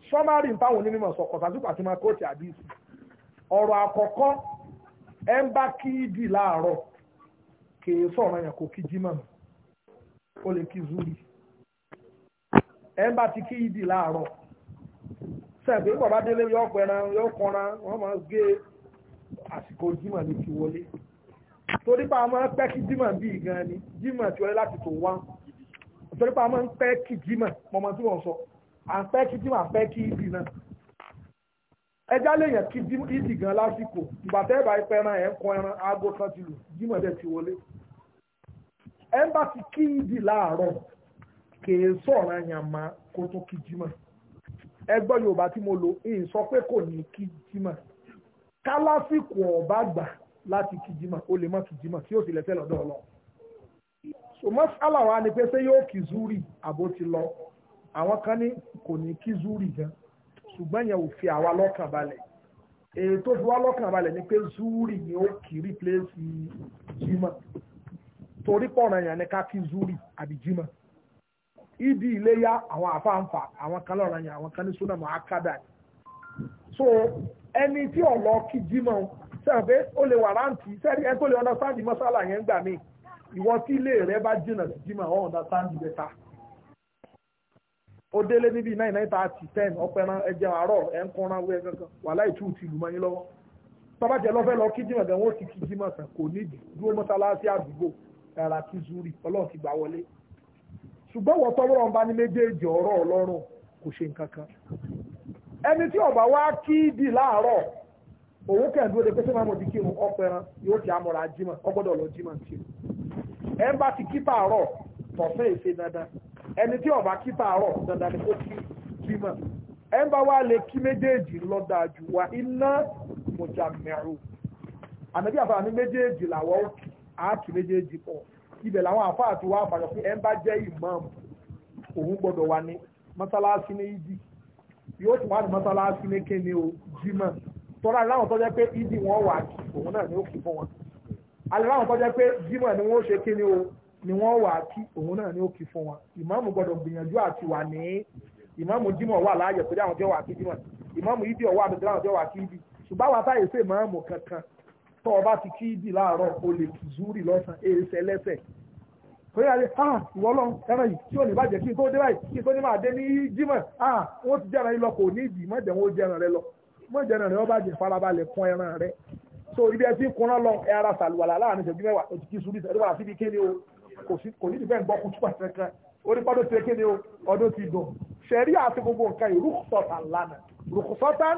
sọ́márì táwọn onímọ̀ sọ kọ̀tàdúkọ̀ àti makóòtì àdìsí ọ̀rọ̀ àkọ́kọ́ ẹ ń bá kí ibi láàárọ̀ kèé sọ̀rọ̀ yẹn kò kí jimá o lè kí zuri ẹ ń bá ti kí ibi láàárọ̀ sẹ́ẹ̀bí bàbá délé yóò pẹran yóò kọran wọ́n máa gé àsìkò jímọ̀ ní ti wọlé torí pa máa pẹ́ kí jímọ̀ bíi gan ni jímọ̀ ti wọlé láti tó wá torí pa máa ń pẹ́ kí jímọ̀ mọ̀mọ́ tí wọ́n sọ à ń pẹ́ kí jímọ̀ à ń pẹ́ kí ìdì náà ẹjá lèèyàn kí ìdì gan lásìkò ìbàtẹ́ ìbá ìpẹran ẹ̀ ń kọ ẹran aago kan ti lù jímọ̀ dẹ̀ ti wọlé ẹ̀ ń bá ti kí ìdì láàárọ̀ kèé sọ̀rọ̀ yàn máa kó tó kí jímọ̀ ẹgbọ́n yorùbá tí mo lò ń sọ pé kò ní kí kálásìkò ọ̀bá gbà láti kí ó lè mọ́ tí ó sì lẹ́sẹ̀ lọ́dọ̀ ọlọ́ so aláwa ni pé ṣé yóò kí zuri àbó ti lọ àwọn kan ní kò ní kí zuri gan ṣùgbọ́n yẹn ò fi àwa lọ́kàn balẹ̀ zuri ni ó kì í replace torí zuri àbí ìdí iléyà àwọn àfáàǹfà àwọn kan lọ́ra yẹn àwọn kan ní súnà mọ́ akádà ni so ẹni tí ọ̀lọ́ kí jímọ̀ sẹ́fẹ́ ó lè wà ráǹtì sẹ́rí ẹ tó lè understand mọ́sálà yẹn gbà mí ìwọ tí ilé rẹ bá jìnà jímọ̀ ọ̀ understand better ó délé níbi nine nine thirty ten ọpẹran ẹjẹ àárọ̀ ẹ ń kọran wẹ kankan wà láì tú ti lù mọ́ yín lọ́wọ́ tọ́bàjẹ lọ́fẹ́ lọ kí jímọ̀ ṣùgbọ́n wọ́n tọ́wọ́rọ̀ ń ní méjèèjì ọ̀rọ̀ ọlọ́run kò ṣe nǹkan kan ẹni tí ọba wá kí di láàárọ̀ òun kẹ̀dúró de pé sọ́mọ́ àmọ́ ti kírun ọpẹran yóò ti amọ̀ra ọgbọ́dọ̀ lọ ti ti kí tọ̀sán èsè dandan ẹni tí ọba kí tààrọ̀ dandan ni kó kí jímọ̀ ẹ bá wá lè kí méjèèjì lọ́dà jù wá iná mọ̀jàmẹ́rù àmì ibẹ̀ làwọn àfáà ti wá àfàyọ pé ẹ ń bá jẹ́ ìmáàmù òun gbọ́dọ̀ wà ní mọ́sálásí ní ìdí yóò tún wà ní mọ́sálásí ní kéne o jímọ̀ tọ́lá láwọn tó jẹ́ pé ìdí wọn wà kí òun náà ni ó kì fún wọn alẹ́ láwọn tó jẹ́ pé jímọ̀ ni wọ́n ṣe kéne o ni wọ́n wà kí òun náà ni ó kì fún wọn ìmáàmù gbọ́dọ̀ gbìyànjú àti wà ní ìmáàmù jímọ̀ wà láàyè pẹ̀lú àwọn tí wà kí jímọ̀ ìmáàmù ìdí ọ̀wọ́ àbẹ̀tẹ̀ láwọn tí wà kí ìdí ṣùgbọ́n àwọn àtàyè sí ìmáàmù kankan tọ́ ọba ti kí ìdì láàárọ̀ o lè kì zúrì lọ́sàn èèṣẹ lẹ́sẹ̀ kò yára ah ìwọ lọ ẹran yìí tí ò ní bàjẹ́ kí n tó dé báyìí kí n tó ní máa dé ní jímọ̀ ah wọ́n ti jẹ́ran yìí lọ kò ní ìdì mọ̀jẹ̀ wọn ó jẹ́ran rẹ lọ mọ̀jẹ̀ rẹ ọba jẹ farabalẹ̀ kún ẹran rẹ so ibi ẹ ti ń kunná lọ ẹ ara sàlùwàlà láàrin ìṣẹ́jú mẹ́wàá o ti kí zúrì ìṣẹ́jú wàrà síbi kéde o kò ní ìbẹ́ ń gbọ́ kutu pàtẹ́kẹ́ orí pọ́dọ̀ ti kéde o ọdún ti dùn ṣẹ̀rí àti gbogbo nǹkan yìí rúkùsọ̀tàn lánàá rúkùsọ̀tàn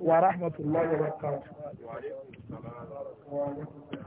ورحمة الله وبركاته